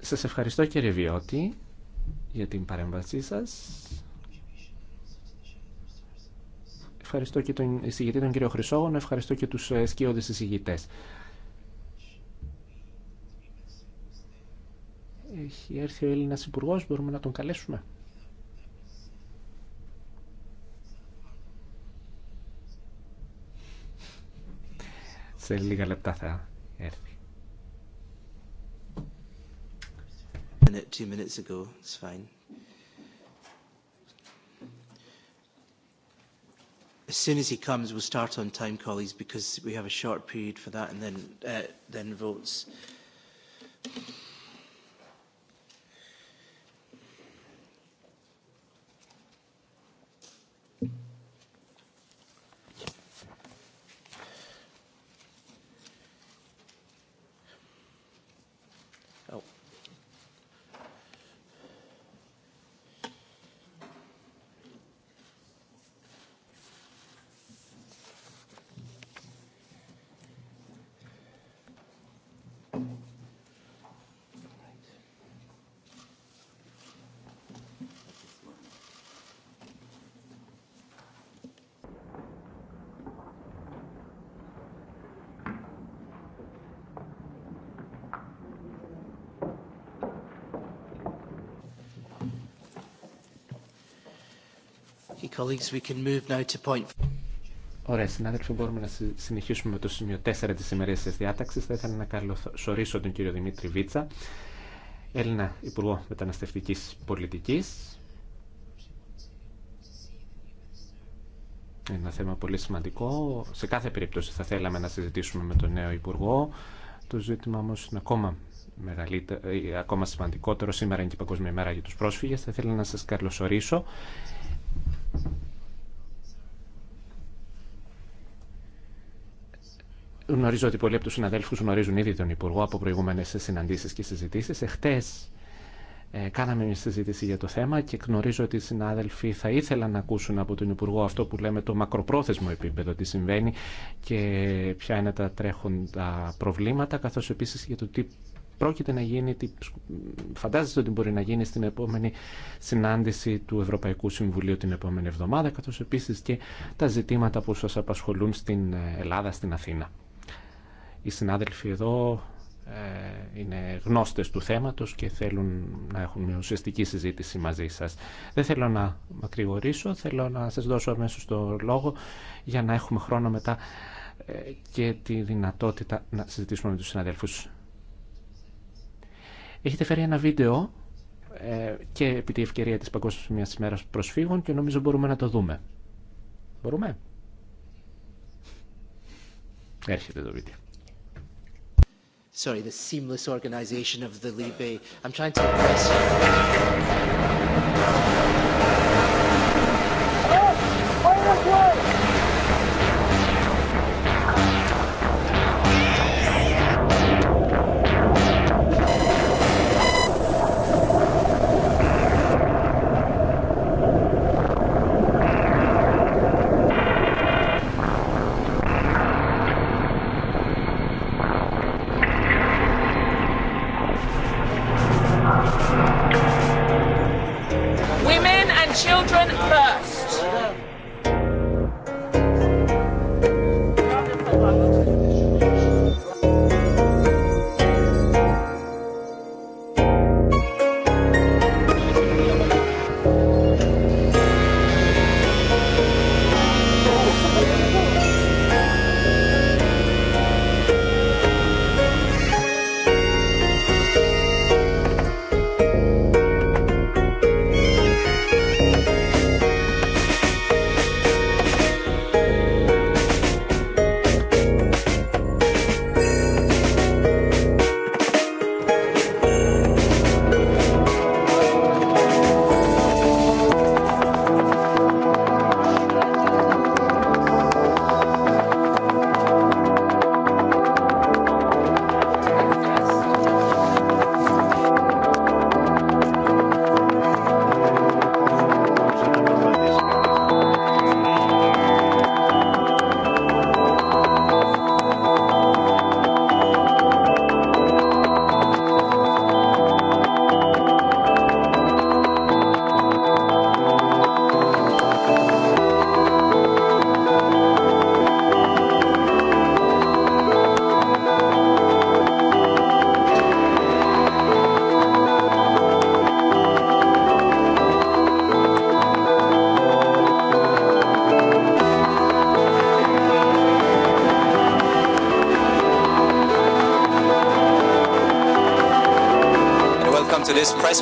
Σας ευχαριστώ κύριε Βιώτη για την παρέμβασή σας. Ευχαριστώ και τον εισηγητή τον κύριο Χρυσόγωνο, ευχαριστώ και τους ε, σκιώδεις εισηγητές. Έχει έρθει ο Έλληνας Υπουργός, μπορούμε να τον καλέσουμε. Σε λίγα λεπτά θα έρθει. Two minutes ago, it's fine. As soon as he comes, we'll start on time, colleagues, because we have a short period for that, and then uh, then votes. Colleagues, we can move now to point... Ωραία, συνάδελφοι, μπορούμε να συνεχίσουμε με το σημείο 4 της τη διάταξη. Θα ήθελα να καλωσορίσω τον κύριο Δημήτρη Βίτσα, Έλληνα Υπουργό μεταναστευτική πολιτική. Είναι ένα θέμα πολύ σημαντικό. Σε κάθε περίπτωση θα θέλαμε να συζητήσουμε με τον νέο Υπουργό. Το ζήτημα όμω είναι ακόμα μεγαλύτερο, ακόμα σημαντικότερο. Σήμερα είναι και η Παγκόσμια Μέρα για του πρόσφυγε. Θα ήθελα να σα καλωσορίσω Γνωρίζω ότι πολλοί από του συναδέλφου γνωρίζουν ήδη τον Υπουργό από προηγούμενε συναντήσει και συζητήσει. Εχθέ ε, κάναμε μια συζήτηση για το θέμα και γνωρίζω ότι οι συνάδελφοι θα ήθελαν να ακούσουν από τον Υπουργό αυτό που λέμε το μακροπρόθεσμο επίπεδο, τι συμβαίνει και ποια είναι τα τρέχοντα προβλήματα, καθώ επίση για το τι πρόκειται να γίνει, τι φαντάζεστε ότι μπορεί να γίνει στην επόμενη συνάντηση του Ευρωπαϊκού Συμβουλίου την επόμενη εβδομάδα, καθώς επίσης και τα ζητήματα που σας απασχολούν στην ε, Ελλάδα, στην Αθήνα. Οι συνάδελφοι εδώ ε, είναι γνώστες του θέματος και θέλουν να έχουν μια ουσιαστική συζήτηση μαζί σας. Δεν θέλω να μακρηγορήσω, θέλω να σας δώσω αμέσως το λόγο για να έχουμε χρόνο μετά ε, και τη δυνατότητα να συζητήσουμε με τους συναδέλφους. Έχετε φέρει ένα βίντεο ε, και επί τη ευκαιρία της Παγκόσμιας ημέρας προσφύγων και νομίζω μπορούμε να το δούμε. Μπορούμε. Έρχεται το βίντεο sorry, the seamless organisation of the Libe. I'm trying to impress you.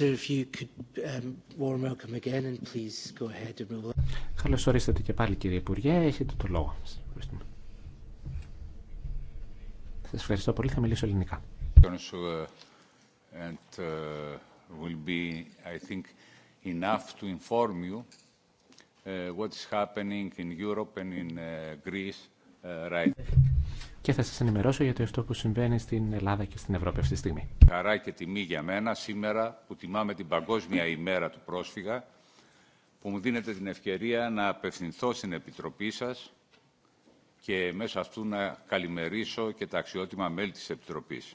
Sir, if you could um, warm welcome again and please go ahead and we'll... Καλώς ορίσατε και πάλι κύριε Υπουργέ, έχετε το λόγο μας. Σας ευχαριστώ πολύ, θα μιλήσω ελληνικά. Consular and uh, will be, I think, enough to inform you what is happening in Europe and in uh, Greece uh, right και θα σας ενημερώσω για το αυτό που συμβαίνει στην Ελλάδα και στην Ευρώπη αυτή τη στιγμή. Χαρά και τιμή για μένα σήμερα που τιμάμε την Παγκόσμια ημέρα του πρόσφυγα που μου δίνετε την ευκαιρία να απευθυνθώ στην Επιτροπή σας και μέσα αυτού να καλημερίσω και τα αξιότιμα μέλη της Επιτροπής.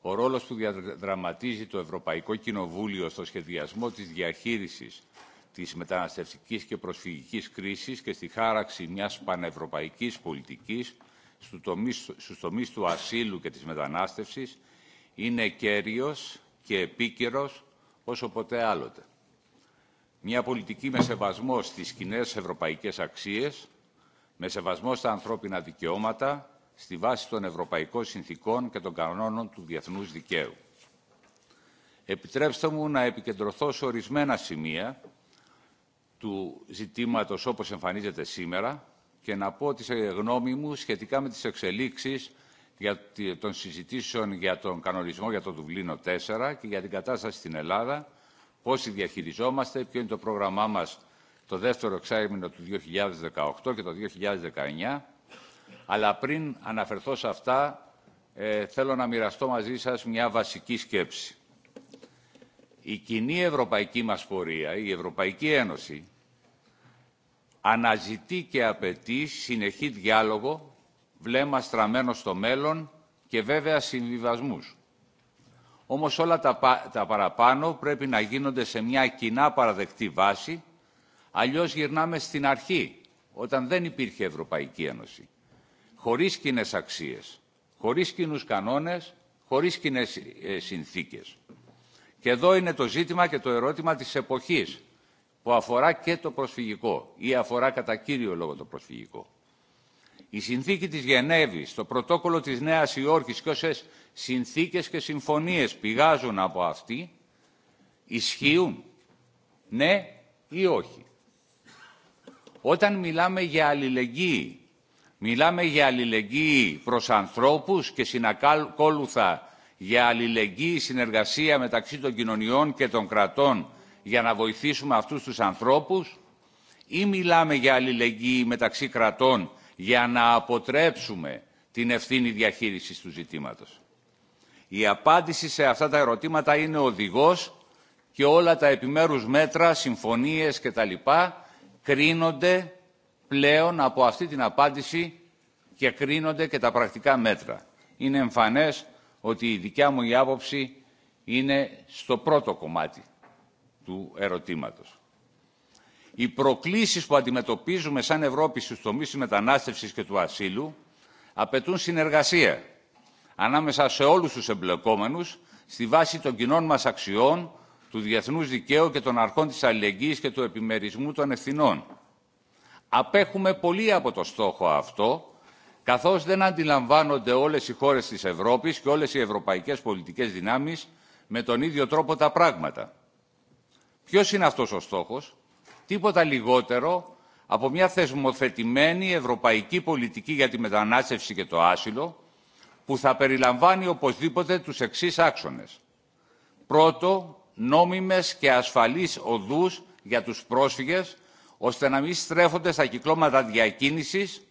Ο ρόλος που διαδραματίζει το Ευρωπαϊκό Κοινοβούλιο στο σχεδιασμό της διαχείρισης της μεταναστευτικής και προσφυγικής κρίσης και στη χάραξη μιας πανευρωπαϊκής πολιτικής στους τομείς του ασύλου και της μετανάστευσης είναι κέριος και επίκαιρος όσο ποτέ άλλοτε. Μια πολιτική με σεβασμό στις κοινέ ευρωπαϊκές αξίες, με σεβασμό στα ανθρώπινα δικαιώματα, στη βάση των ευρωπαϊκών συνθήκων και των κανόνων του διεθνούς δικαίου. Επιτρέψτε μου να επικεντρωθώ σε ορισμένα σημεία του ζητήματος όπως εμφανίζεται σήμερα, και να πω τη γνώμη μου σχετικά με τις εξελίξεις για των συζητήσεων για τον κανονισμό για το Δουβλίνο 4 και για την κατάσταση στην Ελλάδα, πώς διαχειριζόμαστε, ποιο είναι το πρόγραμμά μας το δεύτερο εξάμεινο του 2018 και το 2019. Αλλά πριν αναφερθώ σε αυτά, ε, θέλω να μοιραστώ μαζί σας μια βασική σκέψη. Η κοινή ευρωπαϊκή μας πορεία, η Ευρωπαϊκή Ένωση, αναζητεί και απαιτεί συνεχή διάλογο, βλέμμα στραμμένο στο μέλλον και βέβαια συμβιβασμούς. Όμως όλα τα, τα παραπάνω πρέπει να γίνονται σε μια κοινά παραδεκτή βάση, αλλιώς γυρνάμε στην αρχή, όταν δεν υπήρχε Ευρωπαϊκή Ένωση. Χωρίς κοινέ αξίες, χωρίς κοινού κανόνες, χωρίς κοινέ ε, συνθήκες. Και εδώ είναι το ζήτημα και το ερώτημα της εποχής που αφορά και το προσφυγικό ή αφορά κατά κύριο λόγο το προσφυγικό. Η συνθήκη της Γενέβης, το πρωτόκολλο της Νέας Υόρκης και όσες συνθήκες και συμφωνίες πηγάζουν από αυτή, ισχύουν, ναι ή όχι. Όταν μιλάμε για αλληλεγγύη, μιλάμε για αλληλεγγύη προς ανθρώπους και συνακόλουθα για αλληλεγγύη συνεργασία μεταξύ των κοινωνιών και των κρατών για να βοηθήσουμε αυτούς τους ανθρώπους ή μιλάμε για αλληλεγγύη μεταξύ κρατών για να αποτρέψουμε την ευθύνη διαχείριση του ζητήματος. Η απάντηση σε αυτά τα ερωτήματα είναι οδηγός και όλα τα επιμέρους μέτρα, συμφωνίες κτλ. κρίνονται πλέον από αυτή την απάντηση και κρίνονται και τα πρακτικά μέτρα. Είναι εμφανές ότι η δικιά μου άποψη είναι στο πρώτο κομμάτι του ερωτήματος. Οι προκλήσεις που αντιμετωπίζουμε σαν Ευρώπη στους τομείς της μετανάστευσης και του ασύλου απαιτούν συνεργασία ανάμεσα σε όλους τους εμπλεκόμενους στη βάση των κοινών μας αξιών, του διεθνούς δικαίου και των αρχών της αλληλεγγύης και του επιμερισμού των ευθυνών. Απέχουμε πολύ από το στόχο αυτό, καθώς δεν αντιλαμβάνονται όλες οι χώρες της Ευρώπης και όλες οι ευρωπαϊκές πολιτικές δυνάμεις με τον ίδιο τρόπο τα πράγματα. Ποιος είναι αυτός ο στόχος? Τίποτα λιγότερο από μια θεσμοθετημένη ευρωπαϊκή πολιτική για τη μετανάστευση και το άσυλο, που θα περιλαμβάνει οπωσδήποτε τους εξής άξονες. Πρώτο, νόμιμες και ασφαλείς οδούς για τους πρόσφυγες, ώστε να μην στρέφονται στα κυκλώματα διακίνησης.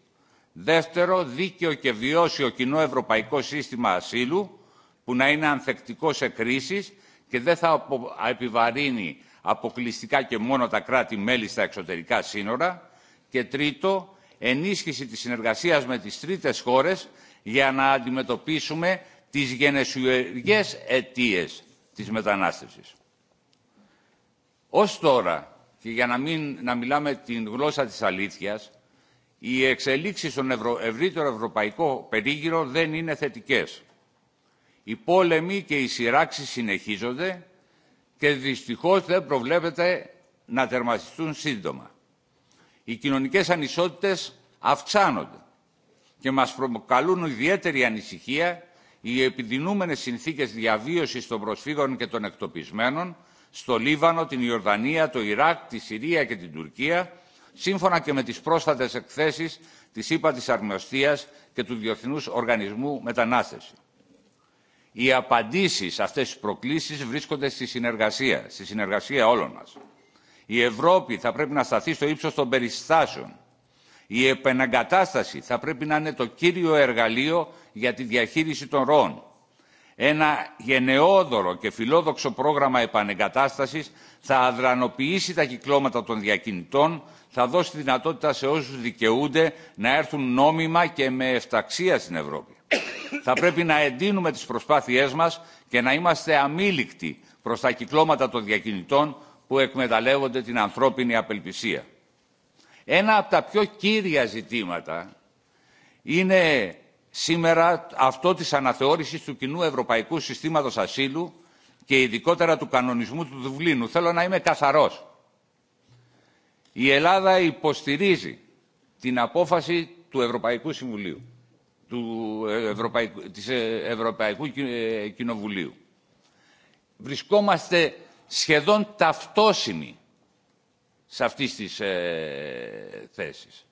Δεύτερο, δίκαιο και βιώσιο κοινό ευρωπαϊκό σύστημα ασύλου, που να είναι ανθεκτικό σε κρίσεις και δεν θα επιβαρύνει αποκλειστικά και μόνο τα κράτη-μέλη στα εξωτερικά σύνορα και τρίτο, ενίσχυση της συνεργασίας με τις τρίτες χώρες για να αντιμετωπίσουμε τις γενεσιουργές αιτίες της μετανάστευσης. Ως τώρα, και για να, μην, μιλάμε την γλώσσα της αλήθειας, οι εξελίξεις στον ευρω... ευρύτερο ευρωπαϊκό περίγυρο δεν είναι θετικές. Οι πόλεμοι και οι σειράξει συνεχίζονται και δυστυχώς δεν προβλέπεται να τερματιστούν σύντομα. Οι κοινωνικές ανισότητες αυξάνονται και μας προκαλούν ιδιαίτερη ανησυχία οι επιδεινούμενες συνθήκες διαβίωσης των προσφύγων και των εκτοπισμένων στο Λίβανο, την Ιορδανία, το Ιράκ, τη Συρία και την Τουρκία, σύμφωνα και με τις πρόσφατες εκθέσεις της ΥΠΑ της και του Διεθνούς Οργανισμού Μετανάστευσης. Οι απαντήσεις σε αυτές τις προκλήσεις βρίσκονται στη συνεργασία, στη συνεργασία όλων μας. Η Ευρώπη θα πρέπει να σταθεί στο ύψος των περιστάσεων. Η επαναγκατάσταση θα πρέπει να είναι το κύριο εργαλείο για τη διαχείριση των ροών. Ένα γενναιόδωρο και φιλόδοξο πρόγραμμα επανεγκατάστασης θα αδρανοποιήσει τα κυκλώματα των διακινητών, θα δώσει δυνατότητα σε όσους δικαιούνται να έρθουν νόμιμα και με ευταξία στην Ευρώπη. θα πρέπει να εντείνουμε τις προσπάθειές μας και να είμαστε αμήλικτοι προς τα κυκλώματα των διακινητών που εκμεταλλεύονται την ανθρώπινη απελπισία. Ένα από τα πιο κύρια ζητήματα είναι σήμερα αυτό της αναθεώρησης του κοινού ευρωπαϊκού συστήματος ασύλου και ειδικότερα του κανονισμού του Δουβλίνου. Θέλω να είμαι καθαρός. Η Ελλάδα υποστηρίζει την απόφαση του Ευρωπαϊκού Συμβουλίου, του Ευρωπαϊκού, της Ευρωπαϊκού Κοινοβουλίου. Βρισκόμαστε σχεδόν ταυτόσιμοι σε αυτές τις ε, θέσεις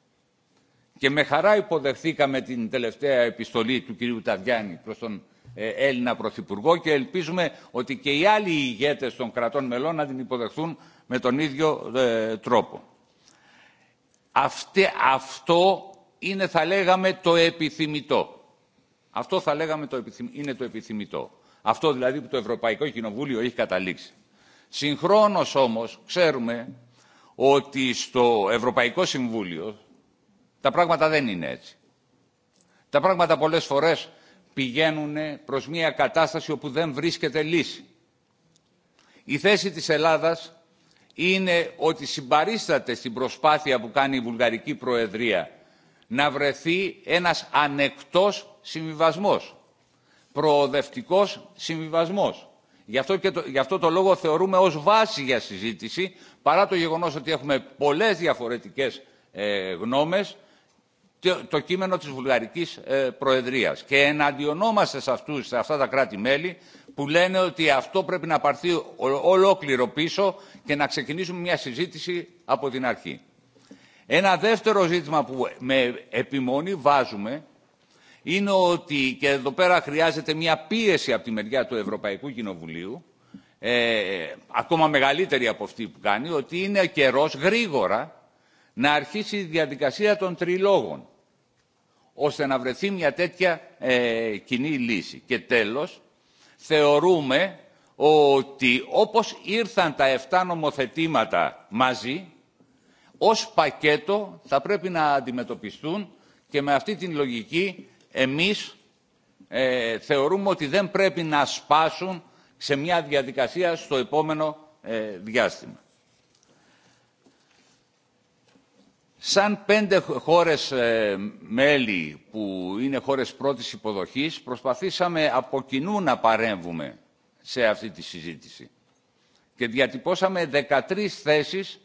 και με χαρά υποδεχθήκαμε την τελευταία επιστολή του κυρίου Ταβιάννη προς τον ε, Έλληνα Πρωθυπουργό και ελπίζουμε ότι και οι άλλοι ηγέτες των κρατών μελών να την υποδεχθούν με τον ίδιο ε, τρόπο. αυτό είναι θα λέγαμε το επιθυμητό. Αυτό θα λέγαμε το είναι το επιθυμητό. Αυτό δηλαδή που το Ευρωπαϊκό Κοινοβούλιο έχει καταλήξει. Συγχρόνως όμως ξέρουμε ότι στο Ευρωπαϊκό Συμβούλιο τα πράγματα δεν είναι έτσι. Τα πράγματα πολλές φορές πηγαίνουν προς μια κατάσταση όπου δεν βρίσκεται λύση. Η θέση της Ελλάδας είναι ότι συμπαρίσταται στην προσπάθεια που κάνει η Βουλγαρική Προεδρία να βρεθεί ένας ανεκτός συμβιβασμός, προοδευτικός συμβιβασμός. Γι αυτό, το, γι' αυτό το λόγο θεωρούμε ως βάση για συζήτηση, παρά το γεγονός ότι έχουμε πολλές διαφορετικές ε, γνώμες, το κείμενο της Βουλγαρικής ε, Προεδρίας. Και εναντιονόμαστε σε, αυτούς, σε αυτά τα κράτη-μέλη που λένε ότι αυτό πρέπει να πάρθει ολόκληρο πίσω και να ξεκινήσουμε μια συζήτηση από την αρχή. Ένα δεύτερο ζήτημα που με επιμονή βάζουμε είναι ότι και εδώ πέρα χρειάζεται μια πίεση από τη μεριά του Ευρωπαϊκού Κοινοβουλίου ε, ακόμα μεγαλύτερη από αυτή που κάνει ότι είναι καιρός γρήγορα να αρχίσει η διαδικασία των τριλόγων ώστε να βρεθεί μια τέτοια ε, κοινή λύση. Και τέλος, θεωρούμε ότι όπως ήρθαν τα 7 νομοθετήματα μαζί, ως πακέτο θα πρέπει να αντιμετωπιστούν και με αυτή την λογική εμείς ε, θεωρούμε ότι δεν πρέπει να σπάσουν σε μια διαδικασία στο επόμενο ε, διάστημα. Σαν πέντε χώρες ε, μέλη που είναι χώρες πρώτης υποδοχής προσπαθήσαμε από κοινού να παρέμβουμε σε αυτή τη συζήτηση και διατυπώσαμε 13 θέσεις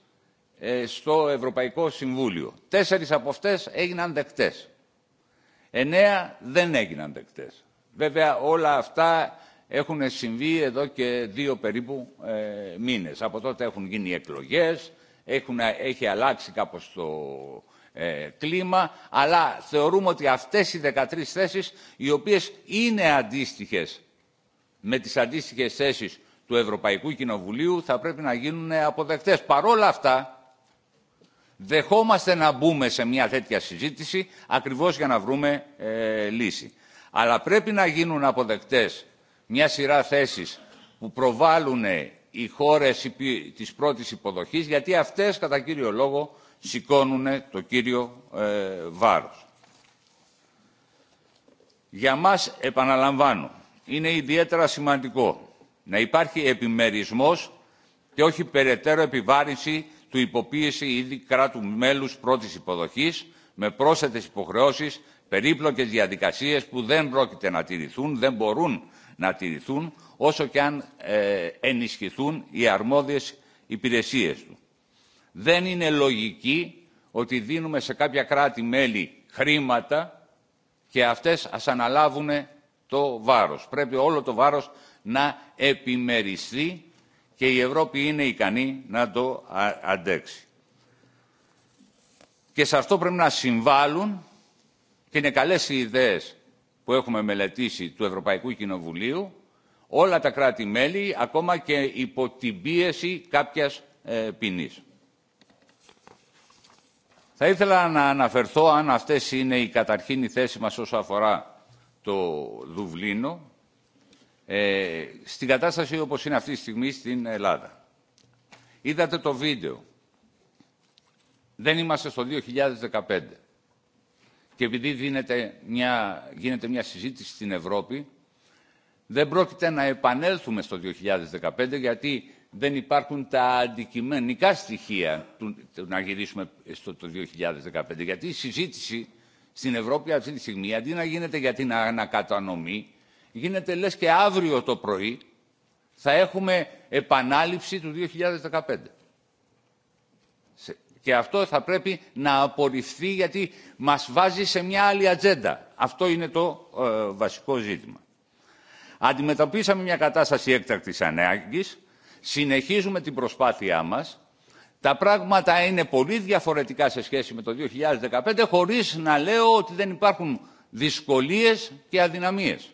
ε, στο Ευρωπαϊκό Συμβούλιο. Τέσσερις από αυτές έγιναν δεκτές. Εννέα δεν έγιναν δεκτές. Βέβαια όλα αυτά έχουν συμβεί εδώ και δύο περίπου ε, μήνες. Από τότε έχουν γίνει εκλογές, έχουν, έχει αλλάξει κάπως το ε, κλίμα, αλλά θεωρούμε ότι αυτές οι 13 θέσεις, οι οποίες είναι αντίστοιχες με τις αντίστοιχες θέσεις του Ευρωπαϊκού Κοινοβουλίου, θα πρέπει να γίνουν αποδεκτές. Παρόλα αυτά, δεχόμαστε να μπούμε σε μια τέτοια συζήτηση, ακριβώς για να βρούμε ε, λύση. Αλλά πρέπει να γίνουν αποδεκτές μια σειρά θέσεις που προβάλλουν οι χώρες της πρώτης υποδοχής, γιατί αυτές κατά κύριο λόγο σηκώνουν το κύριο ε, βάρος. Για μας, επαναλαμβάνω, είναι ιδιαίτερα σημαντικό να υπάρχει επιμερισμός και όχι περαιτέρω επιβάρυνση του υποποίηση ήδη κράτου μέλους πρώτης υποδοχής με πρόσθετες υποχρεώσεις, περίπλοκες διαδικασίες που δεν πρόκειται να τηρηθούν, δεν μπορούν να τηρηθούν, όσο και αν ε, ενισχυθούν οι αρμόδιες υπηρεσίες του. Δεν είναι λογική ότι δίνουμε σε κάποια κράτη-μέλη χρήματα και αυτές ας αναλάβουν το βάρος. Πρέπει όλο το βάρος να επιμεριστεί και η Ευρώπη είναι ικανή να το αντέξει. Και σε αυτό πρέπει να συμβάλλουν και είναι καλές οι ιδέες που έχουμε μελετήσει του Ευρωπαϊκού Κοινοβουλίου όλα τα κράτη-μέλη, ακόμα και υπό την πίεση κάποιας ε, ποινής. Θα ήθελα να αναφερθώ αν αυτές είναι οι καταρχήν οι θέση μας όσο αφορά το Δουβλίνο, ε, στην κατάσταση όπως είναι αυτή τη στιγμή στην Ελλάδα. Είδατε το βίντεο. Δεν είμαστε στο 2015. Και επειδή μια, γίνεται μια συζήτηση στην Ευρώπη δεν πρόκειται να επανέλθουμε στο 2015 γιατί δεν υπάρχουν τα αντικειμενικά στοιχεία να γυρίσουμε στο το 2015. Γιατί η συζήτηση στην Ευρώπη αυτή τη στιγμή αντί να γίνεται για την ανακατανομή γίνεται λες και αύριο το πρωί θα έχουμε επανάληψη του 2015. Και αυτό θα πρέπει να απορριφθεί γιατί μας βάζει σε μια άλλη ατζέντα. Αυτό είναι το ε, βασικό ζήτημα. Αντιμετωπίσαμε μια κατάσταση έκτακτης ανάγκης, συνεχίζουμε την προσπάθειά μας. Τα πράγματα είναι πολύ διαφορετικά σε σχέση με το 2015, χωρίς να λέω ότι δεν υπάρχουν δυσκολίες και αδυναμίες.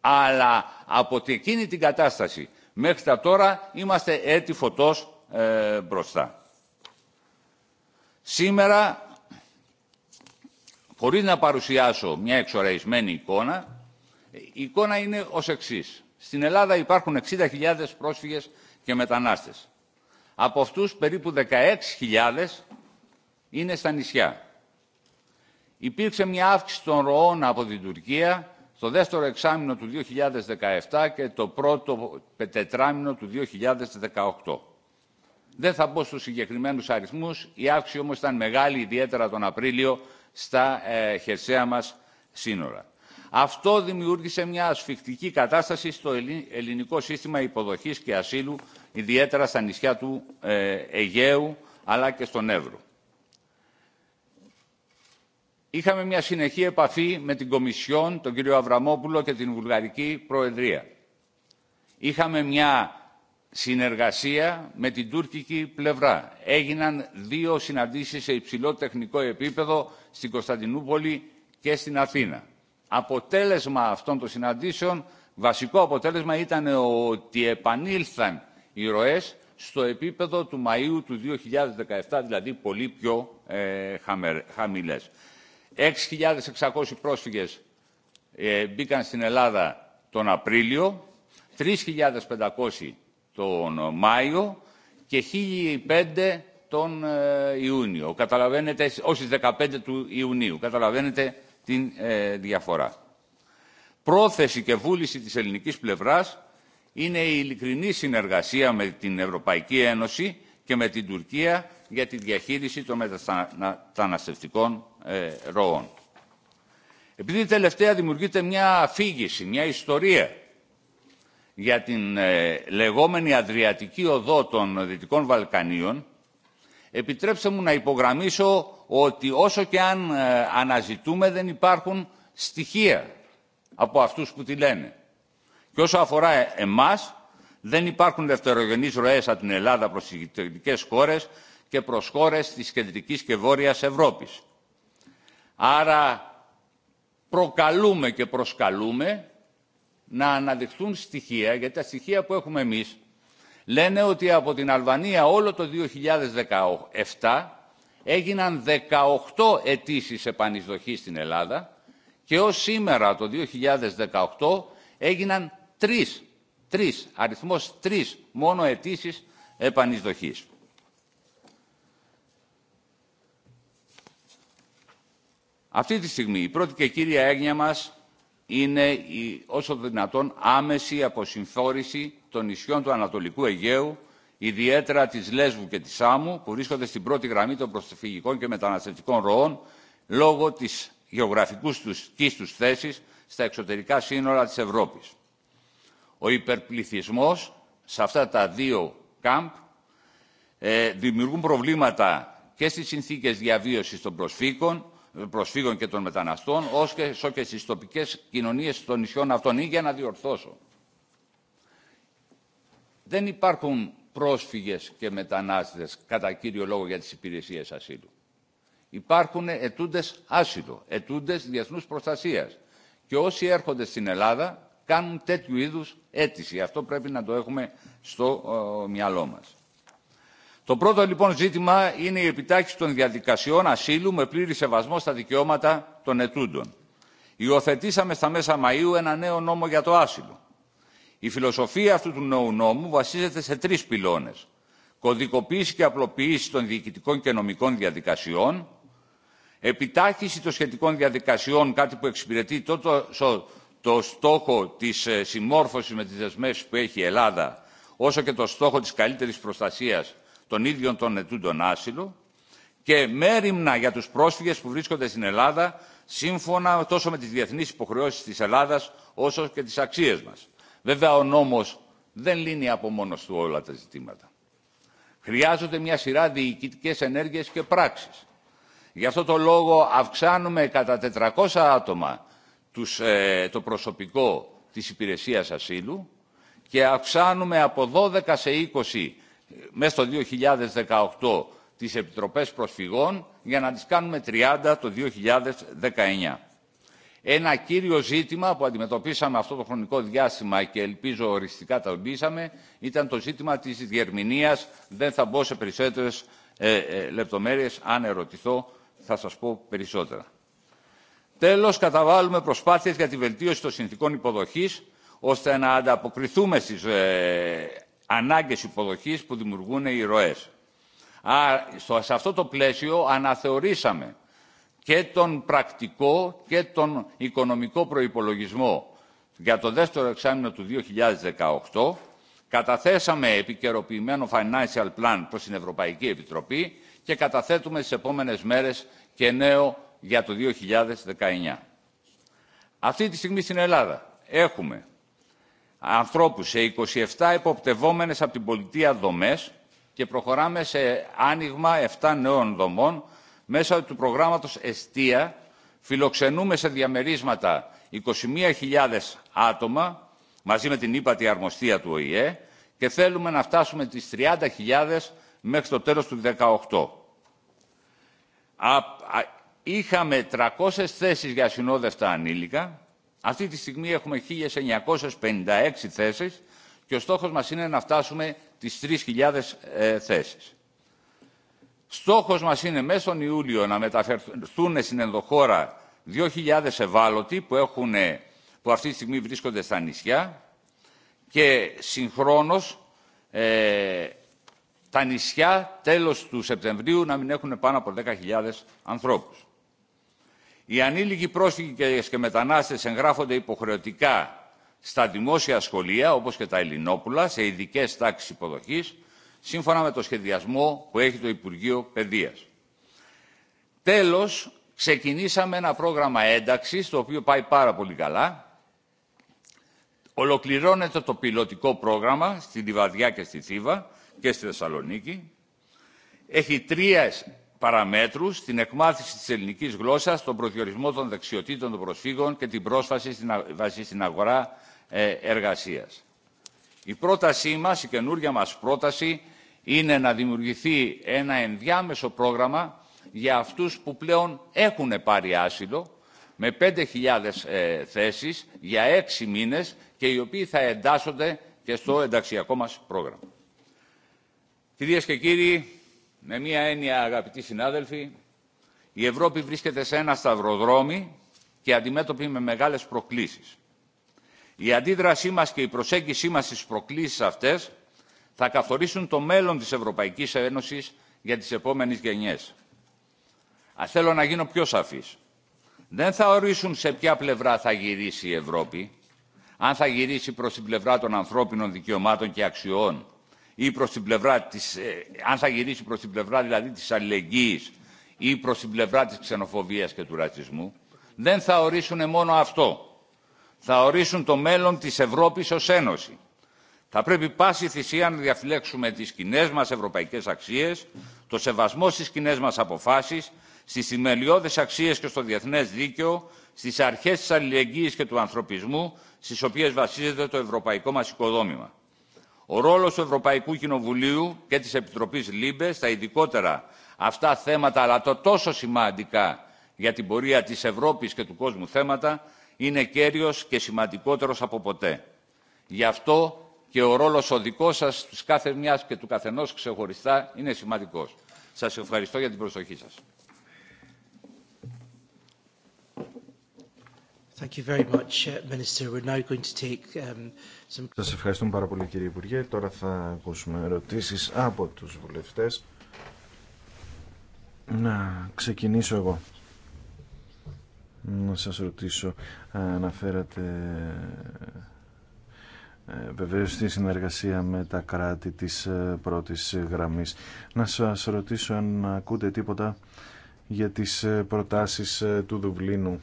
Αλλά από εκείνη την κατάσταση μέχρι τα τώρα είμαστε έτη φωτός ε, μπροστά. Σήμερα, χωρίς να παρουσιάσω μια εξοραϊσμένη εικόνα, η εικόνα είναι ως εξής. Στην Ελλάδα υπάρχουν 60.000 πρόσφυγες και μετανάστες. Από αυτούς περίπου 16.000 είναι στα νησιά. Υπήρξε μια αύξηση των ροών από την Τουρκία στο δεύτερο εξάμεινο του 2017 και το πρώτο τετράμινο του 2018. Δεν θα μπω στους συγκεκριμένους αριθμούς, η αύξηση όμως ήταν μεγάλη ιδιαίτερα τον Απρίλιο στα ε, χερσαία μας σύνορα. Αυτό δημιούργησε μια ασφιχτική κατάσταση στο ελληνικό σύστημα υποδοχής και ασύλου, ιδιαίτερα στα νησιά του ε, Αιγαίου αλλά και στον Εύρο. Είχαμε μια συνεχή επαφή με την Κομισιόν, τον κύριο Αβραμόπουλο και την Βουλγαρική Προεδρία. Είχαμε μια συνεργασία με την τουρκική πλευρά. Έγιναν δύο συναντήσεις σε υψηλό τεχνικό επίπεδο στην Κωνσταντινούπολη και στην Αθήνα αποτέλεσμα αυτών των συναντήσεων, βασικό αποτέλεσμα ήταν ότι επανήλθαν οι ροές στο επίπεδο του Μαΐου του 2017, δηλαδή πολύ πιο ε, χαμηλές. 6.600 πρόσφυγες ε, μπήκαν στην Ελλάδα τον Απρίλιο, 3.500 τον Μάιο και 1.500 τον ε, Ιούνιο. Καταλαβαίνετε, όσοι 15 του Ιουνίου. Καταλαβαίνετε την ε, διαφορά. Πρόθεση και βούληση της ελληνικής πλευράς είναι η ειλικρινή συνεργασία με την Ευρωπαϊκή Ένωση και με την Τουρκία για τη διαχείριση των μεταναστευτικών ε, ροών. Επειδή τελευταία δημιουργείται μια αφήγηση, μια ιστορία για την ε, λεγόμενη Αδριατική Οδό των Δυτικών Βαλκανίων, επιτρέψτε μου να υπογραμμίσω ότι όσο και αν ε, αναζητούμε δεν υπάρχουν στοιχεία από αυτούς που τη λένε. Και όσο αφορά ε, εμάς, δεν υπάρχουν δευτερογενείς ροές από την Ελλάδα προς τις γειτονικές χώρες και προς χώρες της κεντρικής και βόρειας Ευρώπης. Άρα προκαλούμε και προσκαλούμε να αναδειχθούν στοιχεία, γιατί τα στοιχεία που έχουμε εμείς λένε ότι από την Αλβανία όλο το 2017 έγιναν 18 αιτήσει επανεισδοχή στην Ελλάδα και ως σήμερα το 2018 έγιναν τρεις, τρεις, αριθμός τρεις μόνο αιτήσει επανεισδοχής. Αυτή τη στιγμή η πρώτη και κύρια έγνοια μας είναι η όσο δυνατόν άμεση αποσυμφόρηση των νησιών του Ανατολικού Αιγαίου ιδιαίτερα της Λέσβου και της Σάμου, που βρίσκονται στην πρώτη γραμμή των προσφυγικών και μεταναστευτικών ροών, λόγω της γεωγραφικούς τους, της θέσης στα εξωτερικά σύνορα της Ευρώπης. Ο υπερπληθυσμό σε αυτά τα δύο κάμπ ε, δημιουργούν προβλήματα και στις συνθήκες διαβίωσης των προσφύγων, προσφύγων και των μεταναστών, όσο και στι τοπικέ κοινωνίε των νησιών αυτών. Ή για να διορθώσω. Δεν υπάρχουν πρόσφυγες και μετανάστες, κατά κύριο λόγο για τις υπηρεσίες ασύλου. Υπάρχουν ετούντες άσυλο, ετούντες διεθνούς προστασίας. Και όσοι έρχονται στην Ελλάδα κάνουν τέτοιου είδους αίτηση. Αυτό πρέπει να το έχουμε στο μυαλό μας. Το πρώτο λοιπόν ζήτημα είναι η επιτάχυση των διαδικασιών ασύλου με πλήρη σεβασμό στα δικαιώματα των ετούντων. Υιοθετήσαμε στα μέσα Μαΐου ένα νέο νόμο για το άσυλο η φιλοσοφία αυτού του νέου νόμου βασίζεται σε τρεις πυλώνες. Κωδικοποίηση και απλοποίηση των διοικητικών και νομικών διαδικασιών, επιτάχυση των σχετικών διαδικασιών, κάτι που εξυπηρετεί τόσο το στόχο της ε, συμμόρφωσης με τις δεσμεύσεις που έχει η Ελλάδα, όσο και το στόχο της καλύτερης προστασίας των ίδιων των ετούντων άσυλο και μέρημνα για τους πρόσφυγες που βρίσκονται στην Ελλάδα σύμφωνα τόσο με τις διεθνείς υποχρεώσεις της Ελλάδας όσο και τις αξίες μας. Βέβαια ο νόμος δεν λύνει από μόνος του όλα τα ζητήματα. Χρειάζονται μια σειρά διοικητικέ ενέργειες και πράξεις. Γι' αυτό το λόγο αυξάνουμε κατά 400 άτομα τους, ε, το προσωπικό της υπηρεσίας ασύλου και αυξάνουμε από 12 σε 20 ε, μέσα στο 2018 τις επιτροπές προσφυγών για να τις κάνουμε 30 το 2019. Ένα κύριο ζήτημα που αντιμετωπίσαμε αυτό το χρονικό διάστημα και ελπίζω οριστικά τα ήταν το ζήτημα της διερμηνία. Δεν θα μπω σε περισσότερε ε, ε, λεπτομέρειες. Αν ερωτηθώ θα σας πω περισσότερα. Τέλος, καταβάλουμε προσπάθειες για τη βελτίωση των συνθήκων υποδοχής ώστε να ανταποκριθούμε στι ε, ανάγκες που δημιουργούν οι ροέ. σε αυτό το πλαίσιο αναθεωρήσαμε και τον πρακτικό και τον οικονομικό προϋπολογισμό για το δεύτερο εξάμεινο του 2018 καταθέσαμε επικαιροποιημένο financial plan προς την Ευρωπαϊκή Επιτροπή και καταθέτουμε στις επόμενες μέρες και νέο για το 2019. Αυτή τη στιγμή στην Ελλάδα έχουμε ανθρώπους σε 27 εποπτευόμενες από την πολιτεία δομές και προχωράμε σε άνοιγμα 7 νέων δομών μέσα του προγράμματος Εστία φιλοξενούμε σε διαμερίσματα 21.000 άτομα μαζί με την ύπατη αρμοστία του ΟΗΕ και θέλουμε να φτάσουμε τις 30.000 μέχρι το τέλος του 2018. Είχαμε 300 θέσεις για συνόδευτα ανήλικα. Αυτή τη στιγμή έχουμε 1.956 θέσεις και ο στόχος μας είναι να φτάσουμε τις 3.000 ε, θέσεις. Στόχος μας είναι μέσα τον Ιούλιο να μεταφερθούν στην ενδοχώρα 2.000 ευάλωτοι που, έχουν, που αυτή τη στιγμή βρίσκονται στα νησιά και συγχρόνως ε, τα νησιά τέλος του Σεπτεμβρίου να μην έχουν πάνω από 10.000 ανθρώπους. Οι ανήλικοι πρόσφυγες και μετανάστες εγγράφονται υποχρεωτικά στα δημόσια σχολεία, όπως και τα Ελληνόπουλα, σε ειδικές τάξεις υποδοχής, σύμφωνα με το σχεδιασμό που έχει το Υπουργείο Παιδείας. Τέλος, ξεκινήσαμε ένα πρόγραμμα ένταξης, το οποίο πάει πάρα πολύ καλά. Ολοκληρώνεται το πιλωτικό πρόγραμμα στη Λιβαδιά και στη Θήβα και στη Θεσσαλονίκη. Έχει τρία παραμέτρους, την εκμάθηση της ελληνικής γλώσσας, τον προδιορισμό των δεξιοτήτων των προσφύγων και την πρόσφαση στην αγορά ε, εργασίας. Η πρότασή μας, η καινούργια μας πρόταση, είναι να δημιουργηθεί ένα ενδιάμεσο πρόγραμμα για αυτούς που πλέον έχουν πάρει άσυλο, με 5.000 ε, θέσεις για έξι μήνες και οι οποίοι θα εντάσσονται και στο ενταξιακό μας πρόγραμμα. Κυρίες και κύριοι, με μία έννοια αγαπητοί συνάδελφοι, η Ευρώπη βρίσκεται σε ένα σταυροδρόμι και αντιμέτωπη με μεγάλες προκλήσεις. Η αντίδρασή μας και η προσέγγισή μας στις προκλήσεις αυτές θα καθορίσουν το μέλλον της Ευρωπαϊκής Ένωσης για τις επόμενες γενιές. Ας θέλω να γίνω πιο σαφής. Δεν θα ορίσουν σε ποια πλευρά θα γυρίσει η Ευρώπη, αν θα γυρίσει προς την πλευρά των ανθρώπινων δικαιωμάτων και αξιών ή προς την πλευρά της, ε, αν θα γυρίσει προς την πλευρά δηλαδή της αλληλεγγύης ή προς την πλευρά της ξενοφοβίας και του ρατσισμού, δεν θα ορίσουν μόνο αυτό θα ορίσουν το μέλλον της Ευρώπης ως Ένωση. Θα πρέπει πάση θυσία να διαφυλέξουμε τις κοινέ μας ευρωπαϊκές αξίες, το σεβασμό στις κοινέ μας αποφάσεις, στις θυμελιώδες αξίες και στο διεθνές δίκαιο, στις αρχές της αλληλεγγύης και του ανθρωπισμού, στις οποίες βασίζεται το ευρωπαϊκό μας οικοδόμημα. Ο ρόλος του Ευρωπαϊκού Κοινοβουλίου και της Επιτροπής ΛΥΜΠΕ στα ειδικότερα αυτά θέματα, αλλά το τόσο σημαντικά για την πορεία της Ευρώπης και του κόσμου θέματα, είναι κέριος και σημαντικότερος από ποτέ. Γι' αυτό και ο ρόλος ο δικός σας, της κάθε μιας και του καθενός ξεχωριστά, είναι σημαντικός. Σας ευχαριστώ για την προσοχή σας. Σας ευχαριστούμε πάρα πολύ κύριε Υπουργέ. Τώρα θα ακούσουμε ερωτήσεις από τους βουλευτές. Να ξεκινήσω εγώ να σας ρωτήσω αναφέρατε ε, βεβαίως στη συνεργασία με τα κράτη της ε, πρώτης γραμμής να σας ρωτήσω αν ακούτε τίποτα για τις ε, προτάσεις του Δουβλίνου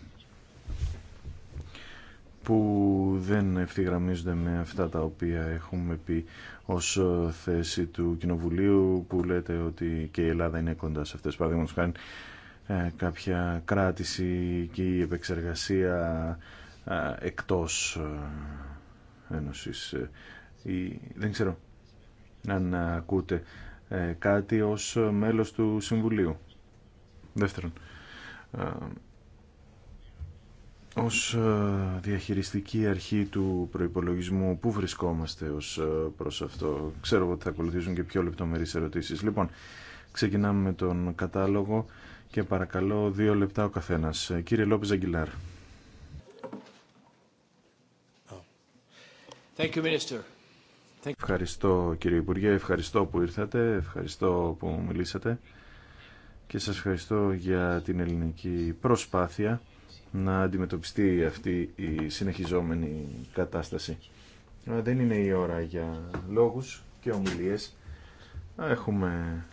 που δεν ευθυγραμμίζονται με αυτά τα οποία έχουμε πει ως θέση του Κοινοβουλίου που λέτε ότι και η Ελλάδα είναι κοντά σε αυτές. Παραδείγματος ε, κάποια κράτηση και η επεξεργασία ε, εκτός ε, ένωσης. Δεν ξέρω αν ακούτε κάτι ως μέλος του Συμβουλίου. Δεύτερον, ως διαχειριστική αρχή του προϋπολογισμού, πού βρισκόμαστε ως προς αυτό. Ξέρω ότι θα ακολουθήσουν και πιο λεπτομερείς ερωτήσεις. Λοιπόν, ξεκινάμε με τον κατάλογο. Και παρακαλώ δύο λεπτά ο καθένας. Κύριε Λόπης Αγγιλάρ. Ευχαριστώ κύριε Υπουργέ, ευχαριστώ που ήρθατε, ευχαριστώ που μιλήσατε και σας ευχαριστώ για την ελληνική προσπάθεια να αντιμετωπιστεί αυτή η συνεχιζόμενη κατάσταση. Δεν είναι η ώρα για λόγους και ομιλίες. Έχουμε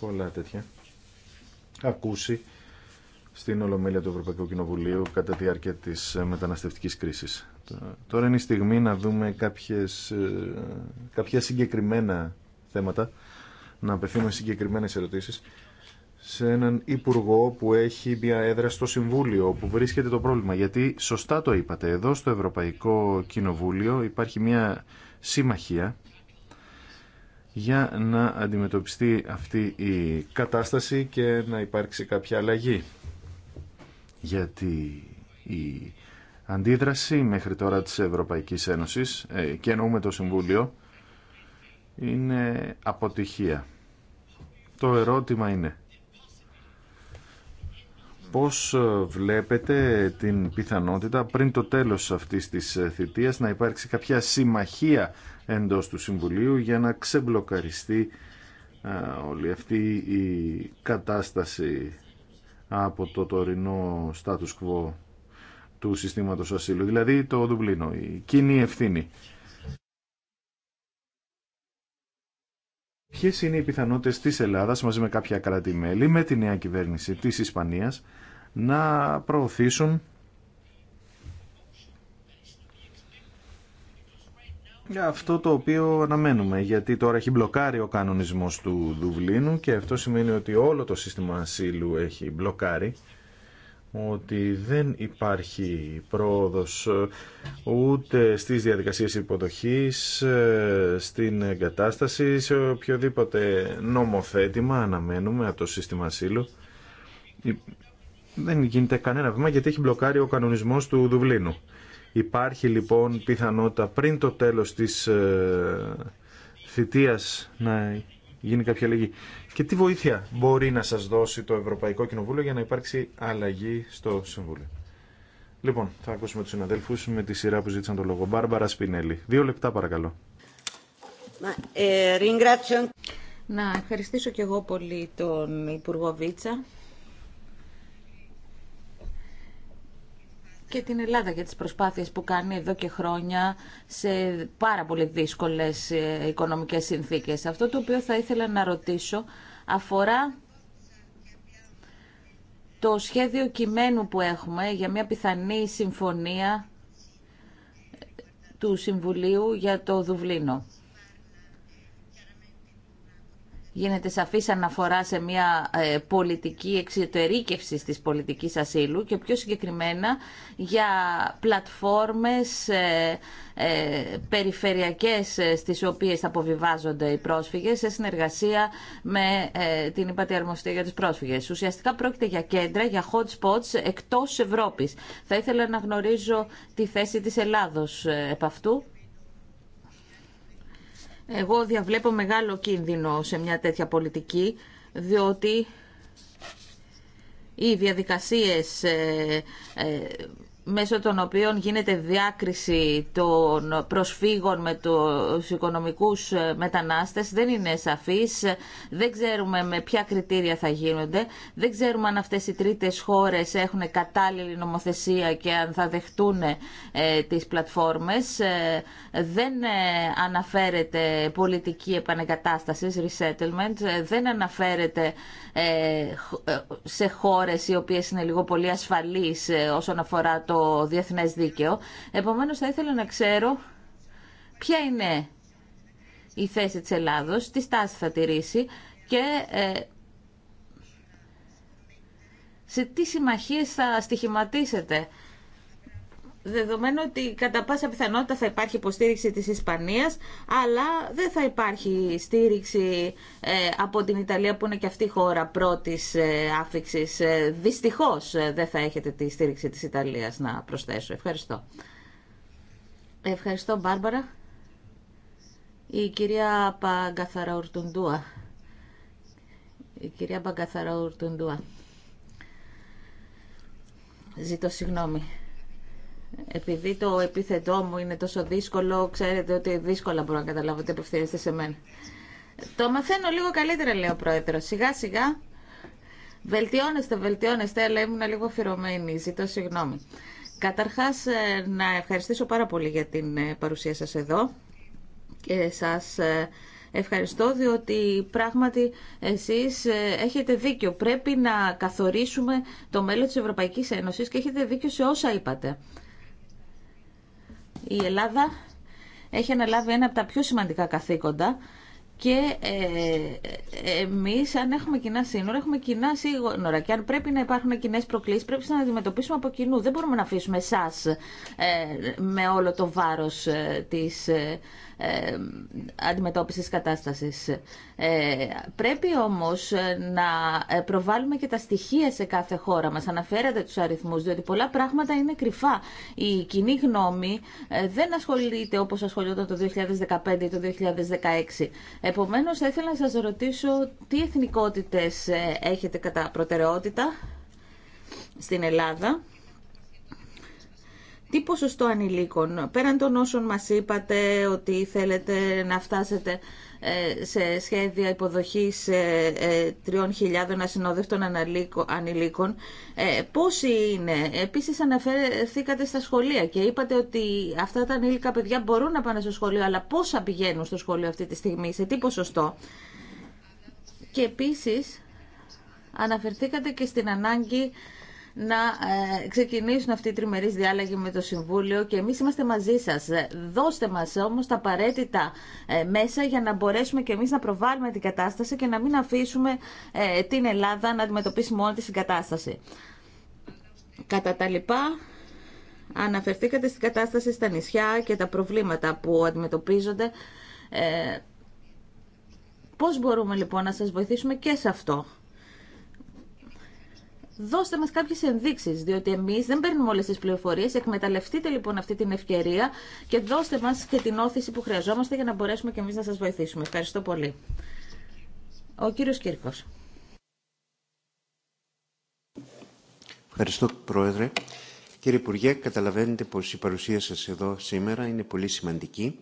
πολλά τέτοια ακούσει στην Ολομέλεια του Ευρωπαϊκού Κοινοβουλίου κατά τη διάρκεια της ε, μεταναστευτικής κρίσης. Τώρα είναι η στιγμή να δούμε κάποιες, ε, κάποια συγκεκριμένα θέματα, να απευθύνουμε συγκεκριμένες ερωτήσεις σε έναν υπουργό που έχει μια έδρα στο Συμβούλιο, που βρίσκεται το πρόβλημα. Γιατί σωστά το είπατε, εδώ στο Ευρωπαϊκό Κοινοβούλιο υπάρχει μια συμμαχία για να αντιμετωπιστεί αυτή η κατάσταση και να υπάρξει κάποια αλλαγή. Γιατί η αντίδραση μέχρι τώρα της Ευρωπαϊκής Ένωσης ε, και εννοούμε το Συμβούλιο είναι αποτυχία. Το ερώτημα είναι πώς ε, βλέπετε την πιθανότητα πριν το τέλος αυτής της ε, θητείας να υπάρξει κάποια συμμαχία εντός του Συμβουλίου για να ξεμπλοκαριστεί ε, όλη αυτή η κατάσταση από το τωρινό status quo του συστήματος ασύλου, δηλαδή το Δουμπλίνο, η κοινή ευθύνη. Ποιε είναι οι πιθανότητες της Ελλάδα, μαζί με κάποια κράτη-μέλη, με τη νέα κυβέρνηση της Ισπανίας, να προωθήσουν αυτό το οποίο αναμένουμε, γιατί τώρα έχει μπλοκάρει ο κανονισμός του Δουβλίνου και αυτό σημαίνει ότι όλο το σύστημα ασύλου έχει μπλοκάρει ότι δεν υπάρχει πρόοδος ούτε στις διαδικασίες υποδοχής, ε, στην εγκατάσταση, σε οποιοδήποτε νομοθέτημα αναμένουμε από το σύστημα ασύλου. Δεν γίνεται κανένα βήμα γιατί έχει μπλοκάρει ο κανονισμός του Δουβλίνου. Υπάρχει λοιπόν πιθανότητα πριν το τέλος της ε, θητείας να γίνει κάποια αλλαγή. Και τι βοήθεια μπορεί να σας δώσει το Ευρωπαϊκό Κοινοβούλιο για να υπάρξει αλλαγή στο Συμβούλιο. Λοιπόν, θα ακούσουμε τους συναδέλφους με τη σειρά που ζήτησαν το λόγο. Μπάρμπαρα Σπινέλη. Δύο λεπτά παρακαλώ. Ε, να ευχαριστήσω και εγώ πολύ τον Υπουργό Βίτσα και την Ελλάδα για τις προσπάθειες που κάνει εδώ και χρόνια σε πάρα πολύ δύσκολες ε, οικονομικές συνθήκες. Αυτό το οποίο θα ήθελα να ρωτήσω αφορά το σχέδιο κειμένου που έχουμε για μια πιθανή συμφωνία του Συμβουλίου για το Δουβλίνο γίνεται σαφής αναφορά σε μια ε, πολιτική εξωτερήκευση της πολιτικής ασύλου και πιο συγκεκριμένα για πλατφόρμες ε, ε, περιφερειακές στις οποίες αποβιβάζονται οι πρόσφυγες σε συνεργασία με την Υπατιαρμοστία για τους πρόσφυγες. Ουσιαστικά πρόκειται για κέντρα, για hot spots εκτός Ευρώπης. Θα ήθελα να γνωρίζω τη θέση της Ελλάδος επ' αυτού. Εγώ διαβλέπω μεγάλο κίνδυνο σε μια τέτοια πολιτική, διότι οι διαδικασίες ε, ε, μέσω των οποίων γίνεται διάκριση των προσφύγων με τους οικονομικούς ε, μετανάστες δεν είναι σαφής, δεν ξέρουμε με ποια κριτήρια θα γίνονται, δεν ξέρουμε αν αυτές οι τρίτες χώρες έχουν κατάλληλη νομοθεσία και αν θα δεχτούν ε, τις πλατφόρμες, ε, δεν αναφέρεται πολιτική επανεγκατάσταση resettlement, δεν αναφέρεται σε χώρες οι οποίες είναι λίγο πολύ ασφαλείς όσον αφορά το το διεθνές δίκαιο. Επομένως θα ήθελα να ξέρω ποια είναι η θέση της Ελλάδος, τι στάση θα τηρήσει και ε, σε τι συμμαχίες θα στοιχηματίσετε Δεδομένου ότι κατά πάσα πιθανότητα θα υπάρχει υποστήριξη της Ισπανίας, αλλά δεν θα υπάρχει στήριξη ε, από την Ιταλία που είναι και αυτή η χώρα πρώτης ε, άφηξης. Ε, δυστυχώς δεν θα έχετε τη στήριξη της Ιταλίας να προσθέσω. Ευχαριστώ. Ευχαριστώ Μπάρμπαρα. Η κυρία Παγκαθαραουρτουντούα. Η κυρία Παγκαθαραουρτουντούα. Ζητώ συγγνώμη. Επειδή το επίθετό μου είναι τόσο δύσκολο, ξέρετε ότι δύσκολα μπορώ να καταλάβω ότι απευθύνεστε σε μένα. Το μαθαίνω λίγο καλύτερα, λέει ο πρόεδρο. Σιγά σιγά. Βελτιώνεστε, βελτιώνεστε, αλλά ήμουν λίγο αφιερωμένη. Ζητώ συγγνώμη. Καταρχά, ε, να ευχαριστήσω πάρα πολύ για την ε, παρουσία σα εδώ και σας ε, ευχαριστώ διότι πράγματι εσείς έχετε δίκιο. Πρέπει να καθορίσουμε το μέλλον της Ευρωπαϊκής Ένωσης και έχετε δίκιο σε όσα είπατε η Ελλάδα έχει αναλάβει ένα από τα πιο σημαντικά καθήκοντα και ε, εμείς αν έχουμε κοινά σύνορα, έχουμε κοινά σύνορα και αν πρέπει να υπάρχουν κοινέ προκλήσεις πρέπει να αντιμετωπίσουμε από κοινού. Δεν μπορούμε να αφήσουμε εσά ε, με όλο το βάρος ε, της ε, αντιμετώπισης κατάστασης. Ε, πρέπει όμως να προβάλλουμε και τα στοιχεία σε κάθε χώρα μας. Αναφέρατε τους αριθμούς, διότι πολλά πράγματα είναι κρυφά. Η κοινή γνώμη ε, δεν ασχολείται όπως ασχολιόταν το 2015 ή το 2016. Επομένως, θα ήθελα να σας ρωτήσω τι εθνικότητες ε, έχετε κατά προτεραιότητα στην Ελλάδα τι ποσοστό ανηλίκων, πέραν των όσων μας είπατε ότι θέλετε να φτάσετε ε, σε σχέδια υποδοχής 3.000 ε, ε, ασυνόδευτων ανηλίκων. Πόσοι είναι. Επίσης αναφερθήκατε στα σχολεία και είπατε ότι αυτά τα ανήλικα παιδιά μπορούν να πάνε στο σχολείο, αλλά πόσα πηγαίνουν στο σχολείο αυτή τη στιγμή, σε τι ποσοστό. Και επίσης αναφερθήκατε και στην ανάγκη να ε, ξεκινήσουν αυτή οι τριμερής διάλογοι με το Συμβούλιο και εμείς είμαστε μαζί σας. Δώστε μας όμως τα απαραίτητα ε, μέσα για να μπορέσουμε και εμείς να προβάλλουμε την κατάσταση και να μην αφήσουμε ε, την Ελλάδα να αντιμετωπίσει μόνη της την κατάσταση. Κατά τα λοιπά, αναφερθήκατε στην κατάσταση στα νησιά και τα προβλήματα που αντιμετωπίζονται. Ε, πώς μπορούμε λοιπόν να σας βοηθήσουμε και σε αυτό δώστε μας κάποιες ενδείξεις, διότι εμείς δεν παίρνουμε όλες τις πληροφορίες. Εκμεταλλευτείτε λοιπόν αυτή την ευκαιρία και δώστε μας και την όθηση που χρειαζόμαστε για να μπορέσουμε και εμείς να σας βοηθήσουμε. Ευχαριστώ πολύ. Ο κύριος Κύρκος. Ευχαριστώ, Πρόεδρε. Κύριε Υπουργέ, καταλαβαίνετε πως η παρουσία σας εδώ σήμερα είναι πολύ σημαντική.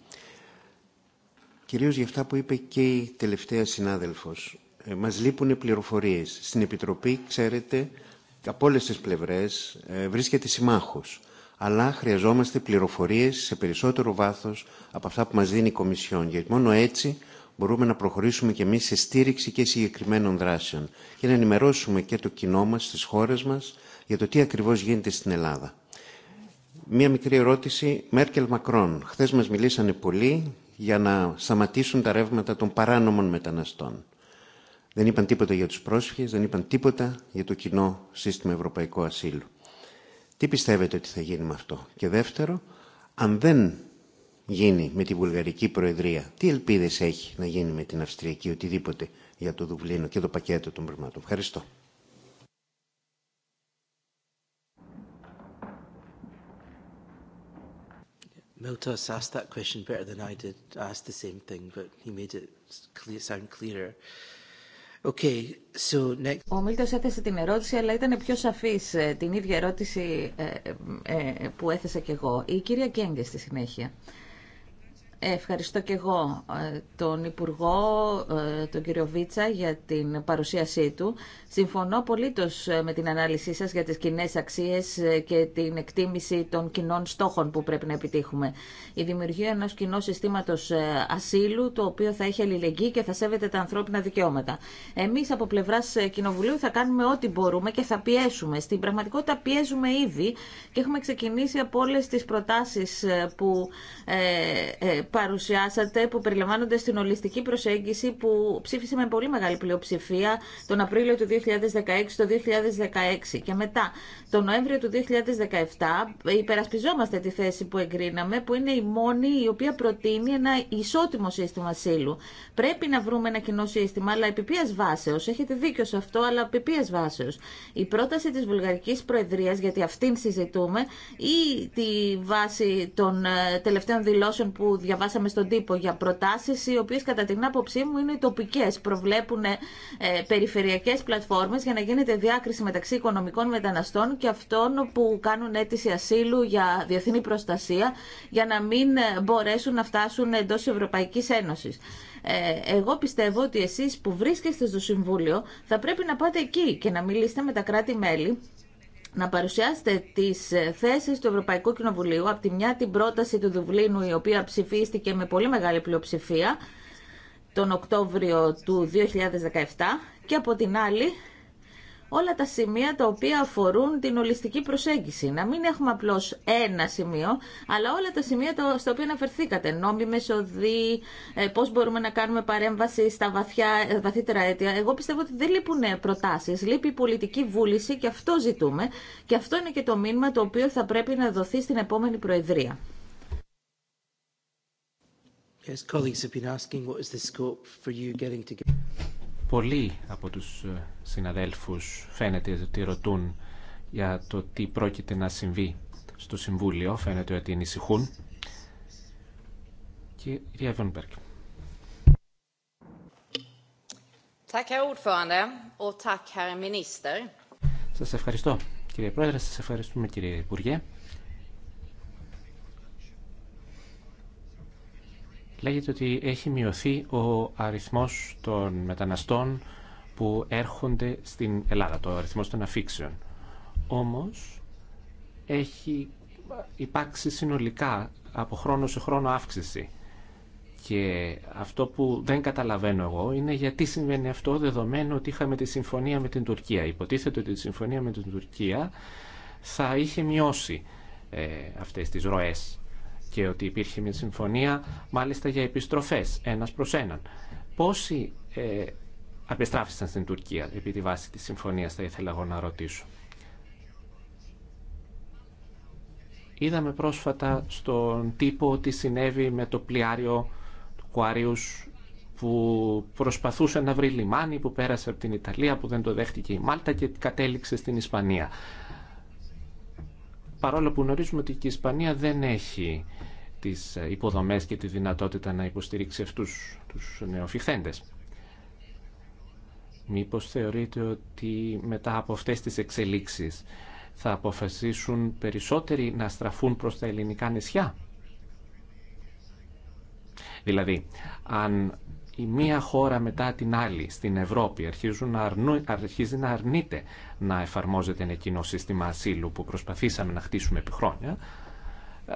Κυρίως για αυτά που είπε και η τελευταία συνάδελφος. Ε, μας λείπουν πληροφορίες. Στην Επιτροπή, ξέρετε, από όλε τι πλευρέ ε, βρίσκεται συμμάχο. Αλλά χρειαζόμαστε πληροφορίε σε περισσότερο βάθο από αυτά που μα δίνει η Κομισιόν. Γιατί μόνο έτσι μπορούμε να προχωρήσουμε και εμεί σε στήριξη και συγκεκριμένων δράσεων και να ενημερώσουμε και το κοινό μα, τι χώρε μα, για το τι ακριβώ γίνεται στην Ελλάδα. Μία μικρή ερώτηση. Μέρκελ Μακρόν. Χθε μα μιλήσανε πολύ για να σταματήσουν τα ρεύματα των παράνομων μεταναστών. Δεν είπαν τίποτα για τους πρόσφυγες, δεν είπαν τίποτα για το κοινό σύστημα ευρωπαϊκού ασύλου. Τι πιστεύετε ότι θα γίνει με αυτό. Και δεύτερο, αν δεν γίνει με τη Βουλγαρική Προεδρία, τι ελπίδες έχει να γίνει με την Αυστριακή οτιδήποτε για το Δουβλίνο και το πακέτο των πραγμάτων. Ευχαριστώ. Okay, Ο Μίλτος έθεσε την ερώτηση, αλλά ήταν πιο σαφής ε, την ίδια ερώτηση ε, ε, που έθεσα κι εγώ. Η κυρία Κέγκε στη συνέχεια. Ευχαριστώ και εγώ ε, τον Υπουργό, ε, τον κύριο Βίτσα, για την παρουσίασή του. Συμφωνώ πολύ ε, με την ανάλυση σας για τις κοινέ αξίες και την εκτίμηση των κοινών στόχων που πρέπει να επιτύχουμε. Η δημιουργία ενός κοινού συστήματος ασύλου, το οποίο θα έχει αλληλεγγύη και θα σέβεται τα ανθρώπινα δικαιώματα. Εμείς από πλευράς Κοινοβουλίου θα κάνουμε ό,τι μπορούμε και θα πιέσουμε. Στην πραγματικότητα πιέζουμε ήδη και έχουμε ξεκινήσει από όλε τις προτάσεις που παρουσιάσατε που περιλαμβάνονται στην ολιστική προσέγγιση που ψήφισε με πολύ μεγάλη πλειοψηφία τον Απρίλιο του 2016 το 2016 και μετά τον Νοέμβριο του 2017 υπερασπιζόμαστε τη θέση που εγκρίναμε που είναι η μόνη η οποία προτείνει ένα ισότιμο σύστημα ασύλου. Πρέπει να βρούμε ένα κοινό σύστημα αλλά επί βάσεως. Έχετε δίκιο σε αυτό αλλά επί βάσεως. Η πρόταση της Βουλγαρικής Προεδρίας γιατί αυτήν συζητούμε ή τη βάση των ε, τελευταίων δηλώσεων που διαβάζουμε διαβάσαμε στον τύπο για προτάσεις οι οποίες κατά την άποψή μου είναι τοπικές. Προβλέπουν ε, περιφερειακές πλατφόρμες για να γίνεται διάκριση μεταξύ οικονομικών μεταναστών και αυτών που κάνουν αίτηση ασύλου για διεθνή προστασία για να μην ε, μπορέσουν να φτάσουν εντός Ευρωπαϊκής Ένωσης. Ε, εγώ πιστεύω ότι εσείς που βρίσκεστε στο Συμβούλιο θα πρέπει να πάτε εκεί και να μιλήσετε με τα κράτη-μέλη να παρουσιάσετε τις ε, θέσεις του Ευρωπαϊκού Κοινοβουλίου, από τη μια την πρόταση του Δουβλίνου η οποία ψηφίστηκε με πολύ μεγάλη πλειοψηφία τον Οκτώβριο του 2017 και από την άλλη όλα τα σημεία τα οποία αφορούν την ολιστική προσέγγιση. Να μην έχουμε απλώς ένα σημείο, αλλά όλα τα σημεία στα οποία αναφερθήκατε. Νόμιμες οδοί, ε, πώς μπορούμε να κάνουμε παρέμβαση στα βαθιά, ε, βαθύτερα αίτια. Εγώ πιστεύω ότι δεν λείπουν προτάσεις, λείπει η πολιτική βούληση και αυτό ζητούμε. Και αυτό είναι και το μήνυμα το οποίο θα πρέπει να δοθεί στην επόμενη Προεδρία. Yes, colleagues have been asking what is the scope for you getting Πολλοί από τους ε, συναδέλφους φαίνεται ότι ρωτούν για το τι πρόκειται να συμβεί στο Συμβούλιο. Φαίνεται ότι ανησυχούν. Κύριε Βόνμπεργκ. Σας ευχαριστώ κύριε Πρόεδρε, σας ευχαριστούμε κύριε Υπουργέ. λέγεται ότι έχει μειωθεί ο αριθμός των μεταναστών που έρχονται στην Ελλάδα, το αριθμός των αφήξεων. Όμως, έχει υπάρξει συνολικά από χρόνο σε χρόνο αύξηση. Και αυτό που δεν καταλαβαίνω εγώ είναι γιατί συμβαίνει αυτό δεδομένου ότι είχαμε τη συμφωνία με την Τουρκία. Υποτίθεται ότι η συμφωνία με την Τουρκία θα είχε μειώσει ε, αυτές τις ροές και ότι υπήρχε μια συμφωνία μάλιστα για επιστροφές ένας προς έναν. Πόσοι ε, απεστράφησαν στην Τουρκία επί τη βάση της συμφωνίας θα ήθελα εγώ να ρωτήσω. Είδαμε πρόσφατα στον τύπο ότι συνέβη με το πλοιάριο του Κουάριους που προσπαθούσε να βρει λιμάνι που πέρασε από την Ιταλία που δεν το δέχτηκε η Μάλτα και κατέληξε στην Ισπανία παρόλο που γνωρίζουμε ότι και η Ισπανία δεν έχει τις ε, υποδομές και τη δυνατότητα να υποστηρίξει αυτούς τους νεοφυχθέντες. Μήπως θεωρείτε ότι μετά από αυτές τις εξελίξεις θα αποφασίσουν περισσότεροι να στραφούν προς τα ελληνικά νησιά. Δηλαδή, αν η μία χώρα μετά την άλλη στην Ευρώπη αρχίζουν να αρχίζει να αρνείται να εφαρμόζεται ένα σύστημα ασύλου που προσπαθήσαμε να χτίσουμε επί χρόνια, ε,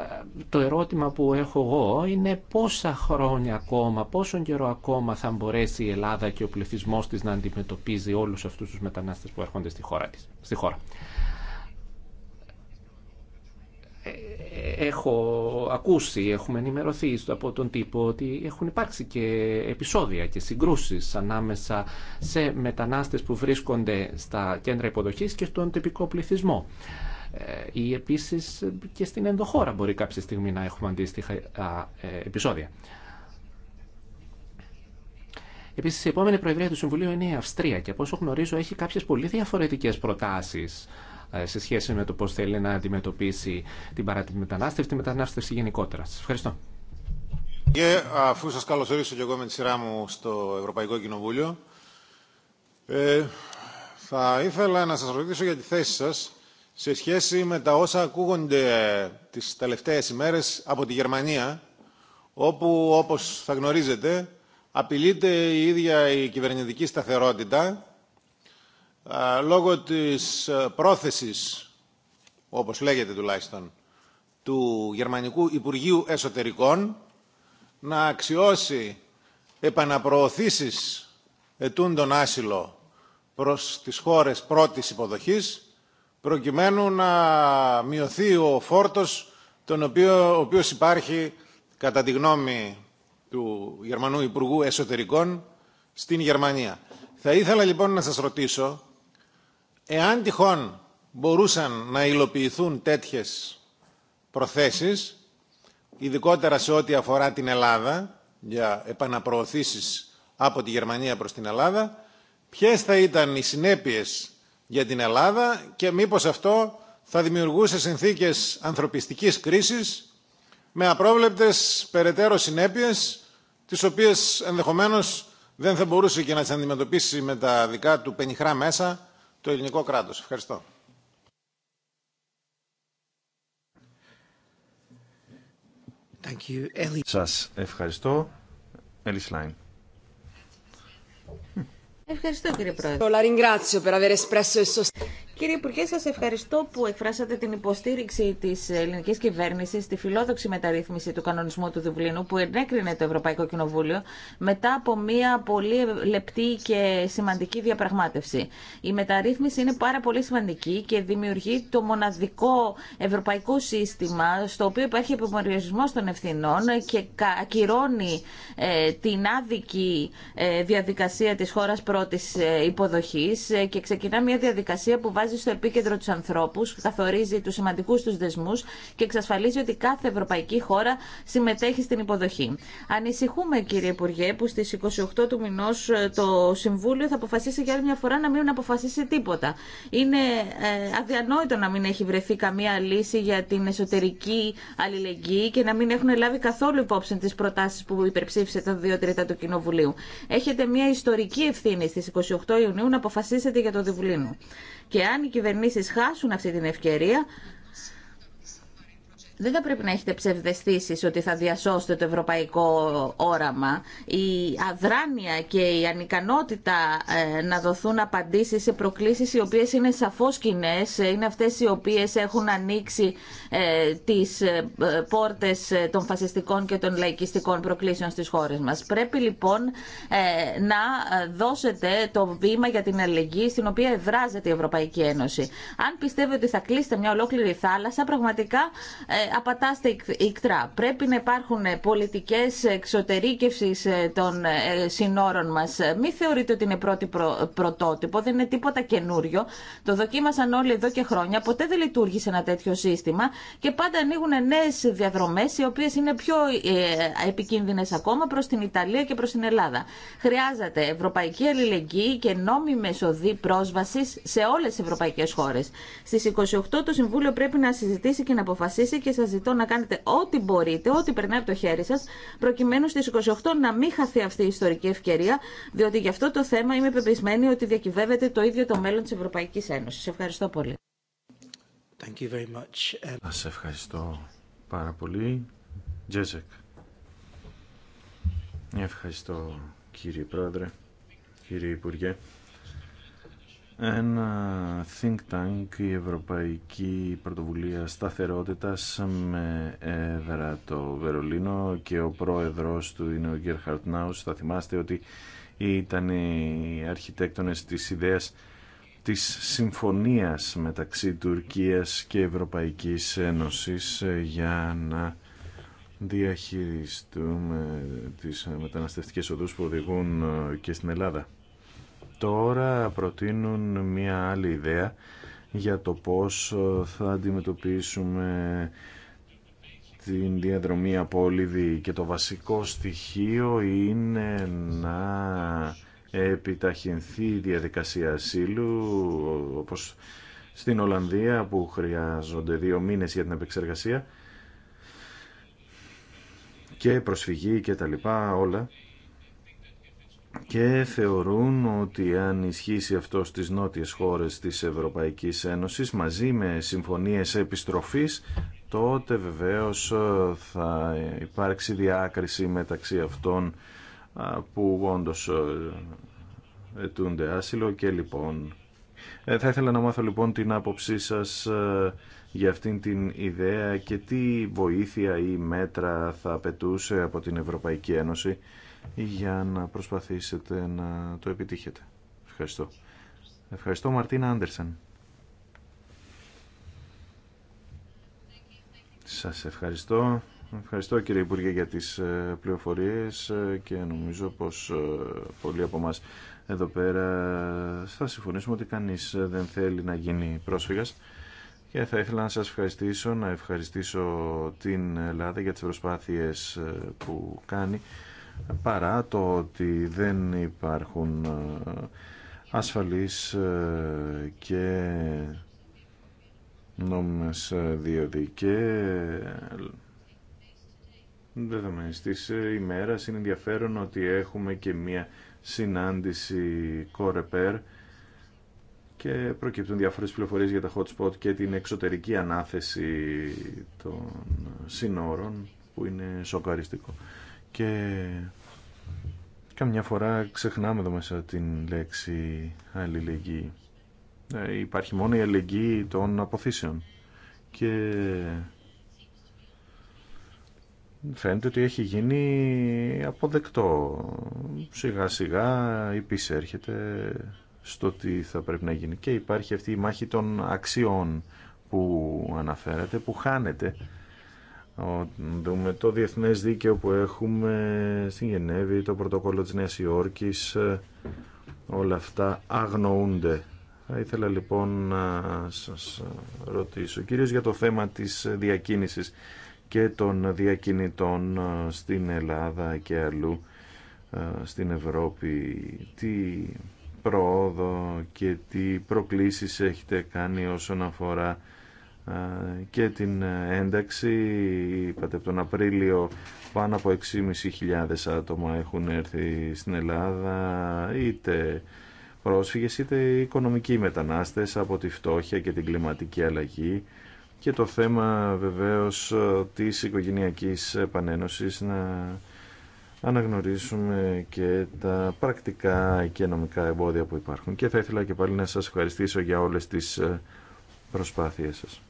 το ερώτημα που έχω εγώ είναι πόσα χρόνια ακόμα, πόσον καιρό ακόμα θα μπορέσει η Ελλάδα και ο πληθυσμός της να αντιμετωπίζει όλους αυτούς τους μετανάστες που έρχονται στη χώρα. Της, στη χώρα έχω ακούσει, έχουμε ενημερωθεί από τον τύπο ότι έχουν υπάρξει και επεισόδια και συγκρούσεις ανάμεσα σε μετανάστες που βρίσκονται στα κέντρα υποδοχής και στον τυπικό πληθυσμό. Ε, ή επίσης και στην ενδοχώρα μπορεί κάποια στιγμή να έχουμε αντίστοιχα ε, επεισόδια. Επίσης η επόμενη προεδρία του Συμβουλίου είναι η Αυστρία και από όσο γνωρίζω έχει κάποιες πολύ διαφορετικές προτάσεις ε, σε σχέση με το πώ θέλει να αντιμετωπίσει την μετανάστευση τη μετανάστευση γενικότερα. Σα ευχαριστώ. Και αφού σα καλωσορίσω και εγώ με τη σειρά μου στο Ευρωπαϊκό Κοινοβούλιο, ε, θα ήθελα να σας ρωτήσω για τη θέση σας σε σχέση με τα όσα ακούγονται ε, τις τελευταίες ημέρες από τη Γερμανία, όπου, όπως θα γνωρίζετε, απειλείται η ίδια η κυβερνητική σταθερότητα λόγω της ε, πρόθεσης, όπως λέγεται τουλάχιστον, του Γερμανικού Υπουργείου Εσωτερικών να αξιώσει επαναπροωθήσεις ετούντων άσυλο προς τις χώρες πρώτης υποδοχής προκειμένου να μειωθεί ο φόρτος τον οποίο, ο οποίος υπάρχει κατά τη γνώμη του Γερμανού Υπουργού Εσωτερικών στην Γερμανία. Θα ήθελα λοιπόν να σας ρωτήσω εάν τυχόν μπορούσαν να υλοποιηθούν τέτοιες προθέσεις, ειδικότερα σε ό,τι αφορά την Ελλάδα, για επαναπροωθήσεις από τη Γερμανία προς την Ελλάδα, ποιες θα ήταν οι συνέπειες για την Ελλάδα και μήπως αυτό θα δημιουργούσε συνθήκες ανθρωπιστικής κρίσης με απρόβλεπτες περαιτέρω συνέπειες, τις οποίες ενδεχομένως δεν θα μπορούσε και να τις αντιμετωπίσει με τα δικά του πενιχρά μέσα το ελληνικό κράτος. Ευχαριστώ. Thank you, Ellie. Σας ευχαριστώ. Ευχαριστώ κύριε Πρόεδρε. Κύριε Υπουργέ, σα ευχαριστώ που εκφράσατε την υποστήριξη τη ελληνική κυβέρνηση, στη φιλόδοξη μεταρρύθμιση του κανονισμού του Δουβλίνου που ενέκρινε το Ευρωπαϊκό Κοινοβούλιο μετά από μια πολύ λεπτή και σημαντική διαπραγμάτευση. Η μεταρρύθμιση είναι πάρα πολύ σημαντική και δημιουργεί το μοναδικό ευρωπαϊκό σύστημα στο οποίο υπάρχει επιμερισμό των ευθυνών και ακυρώνει ε, την άδικη ε, διαδικασία τη χώρα ε, υποδοχή υποδοχή και ξεκινά μια διαδικασία που βάζει βάζει στο επίκεντρο του ανθρώπου, καθορίζει του σημαντικού του δεσμού και εξασφαλίζει ότι κάθε ευρωπαϊκή χώρα συμμετέχει στην υποδοχή. Ανησυχούμε, κύριε Υπουργέ, που στι 28 του μηνό ε, το Συμβούλιο θα αποφασίσει για άλλη μια φορά να μην αποφασίσει τίποτα. Είναι ε, αδιανόητο να μην έχει βρεθεί καμία λύση για την εσωτερική αλληλεγγύη και να μην έχουν λάβει καθόλου υπόψη τι προτάσει που υπερψήφισε τα δύο τρίτα του Κοινοβουλίου. Έχετε μια ιστορική ευθύνη στι 28 Ιουνίου να αποφασίσετε για το Διβουλίνο. Και αν οι κυβερνήσεις χάσουν αυτή την ευκαιρία, δεν θα πρέπει να έχετε ψευδεστήσει ότι θα διασώσετε το ευρωπαϊκό όραμα. Η αδράνεια και η ανικανότητα ε, να δοθούν απαντήσει σε προκλήσει οι οποίε είναι σαφώ κοινέ, ε, είναι αυτέ οι οποίε έχουν ανοίξει ε, τις πόρτε των φασιστικών και των λαϊκιστικών προκλήσεων στι χώρε μα. Πρέπει λοιπόν να δώσετε το βήμα για την αλληλεγγύη στην οποία εδράζεται η Ευρωπαϊκή Ένωση. Αν πιστεύετε ότι θα κλείσετε μια ολόκληρη θάλασσα, πραγματικά απατάστε ικτρά. Πρέπει να υπάρχουν πολιτικέ εξωτερήκευση ε, των ε, συνόρων μα. Μην θεωρείτε ότι είναι πρώτη πρωτότυπο, δεν είναι τίποτα καινούριο. Το δοκίμασαν όλοι εδώ και χρόνια, ποτέ δεν λειτουργήσε ένα τέτοιο σύστημα και πάντα ανοίγουν νέε διαδρομέ, οι οποίε είναι πιο ε, επικίνδυνε ακόμα προ την Ιταλία και προ την Ελλάδα. Χρειάζεται ευρωπαϊκή αλληλεγγύη και νόμιμε οδοί πρόσβαση σε όλε τι ευρωπαϊκέ χώρε. Στι 28 το Συμβούλιο πρέπει να συζητήσει και να αποφασίσει και σας ζητώ να κάνετε ό,τι μπορείτε, ό,τι περνάει από το χέρι σα, προκειμένου στι 28 να μην χαθεί αυτή η ιστορική ευκαιρία, διότι γι' αυτό το θέμα είμαι πεπισμένη ότι διακυβεύεται το ίδιο το μέλλον της Ευρωπαϊκής Ένωσης. Ευχαριστώ πολύ. Thank ε, ευχαριστώ πάρα πολύ. Τζέζεκ. Ευχαριστώ κύριε Πρόεδρε, κύριε Υπουργέ ένα think tank η Ευρωπαϊκή Πρωτοβουλία Σταθερότητας με έδρα το Βερολίνο και ο πρόεδρος του είναι ο Γκέρχαρτ Νάους. Θα θυμάστε ότι ήταν οι αρχιτέκτονες της ιδέας της συμφωνίας μεταξύ Τουρκίας και Ευρωπαϊκής Ένωσης ε, για να διαχειριστούμε τις μεταναστευτικές οδούς που οδηγούν ε, και στην Ελλάδα τώρα προτείνουν μία άλλη ιδέα για το πώς θα αντιμετωπίσουμε την διαδρομή απόλυτη και το βασικό στοιχείο είναι να επιταχυνθεί η διαδικασία ασύλου όπως στην Ολλανδία που χρειάζονται δύο μήνες για την επεξεργασία και προσφυγή και τα λοιπά όλα και θεωρούν ότι αν ισχύσει αυτό στις νότιες χώρες της Ευρωπαϊκής Ένωσης μαζί με συμφωνίες επιστροφής τότε βεβαίως ε, θα υπάρξει διάκριση μεταξύ αυτών που όντως ε, ετούνται άσυλο και λοιπόν ε, θα ήθελα να μάθω λοιπόν την άποψή σας για αυτήν την ιδέα και τι βοήθεια ή μέτρα θα απαιτούσε από την Ευρωπαϊκή Ένωση για να προσπαθήσετε να το επιτύχετε. Ευχαριστώ. Ευχαριστώ Μαρτίνα Άντερσεν. Σας ευχαριστώ. Ευχαριστώ κύριε Υπουργέ για τις ε, πληροφορίες ε, και νομίζω πως ε, πολλοί από μας εδώ πέρα θα συμφωνήσουμε ότι κανείς δεν θέλει να γίνει πρόσφυγας και θα ήθελα να σας ευχαριστήσω, να ευχαριστήσω την Ελλάδα για τις προσπάθειες που κάνει παρά το ότι δεν υπάρχουν ε, ασφαλείς ε, και νόμιμες ε, διόδοι και δεδομένες της ημέρας είναι ενδιαφέρον ότι έχουμε και μία συνάντηση κορεπέρ και προκύπτουν διάφορες πληροφορίες για τα hot και την εξωτερική ανάθεση των συνόρων που είναι σοκαριστικό και καμιά φορά ξεχνάμε εδώ μέσα την λέξη αλληλεγγύη. Ε, υπάρχει μόνο η αλληλεγγύη των αποθήσεων και φαίνεται ότι έχει γίνει αποδεκτό. Σιγά σιγά έρχεται στο τι θα πρέπει να γίνει. Και υπάρχει αυτή η μάχη των αξιών που αναφέρατε, που χάνεται το διεθνές δίκαιο που έχουμε στην Γενέβη, το πρωτόκολλο της Νέας Υόρκης, όλα αυτά αγνοούνται. Θα ήθελα λοιπόν να σας ρωτήσω, κυρίως για το θέμα της διακίνησης και των διακινητών στην Ελλάδα και αλλού ε, στην Ευρώπη. Τι πρόοδο και τι προκλήσεις έχετε κάνει όσον αφορά και την ε, ένταξη. Είπατε από τον Απρίλιο πάνω από 6.500 άτομα έχουν έρθει στην Ελλάδα είτε πρόσφυγες είτε οικονομικοί μετανάστες από τη φτώχεια και την κλιματική αλλαγή και το θέμα βεβαίως της οικογενειακής επανένωσης να αναγνωρίσουμε και τα πρακτικά και νομικά εμπόδια που υπάρχουν. Και θα ήθελα και πάλι να σας ευχαριστήσω για όλες τις ε, προσπάθειές σας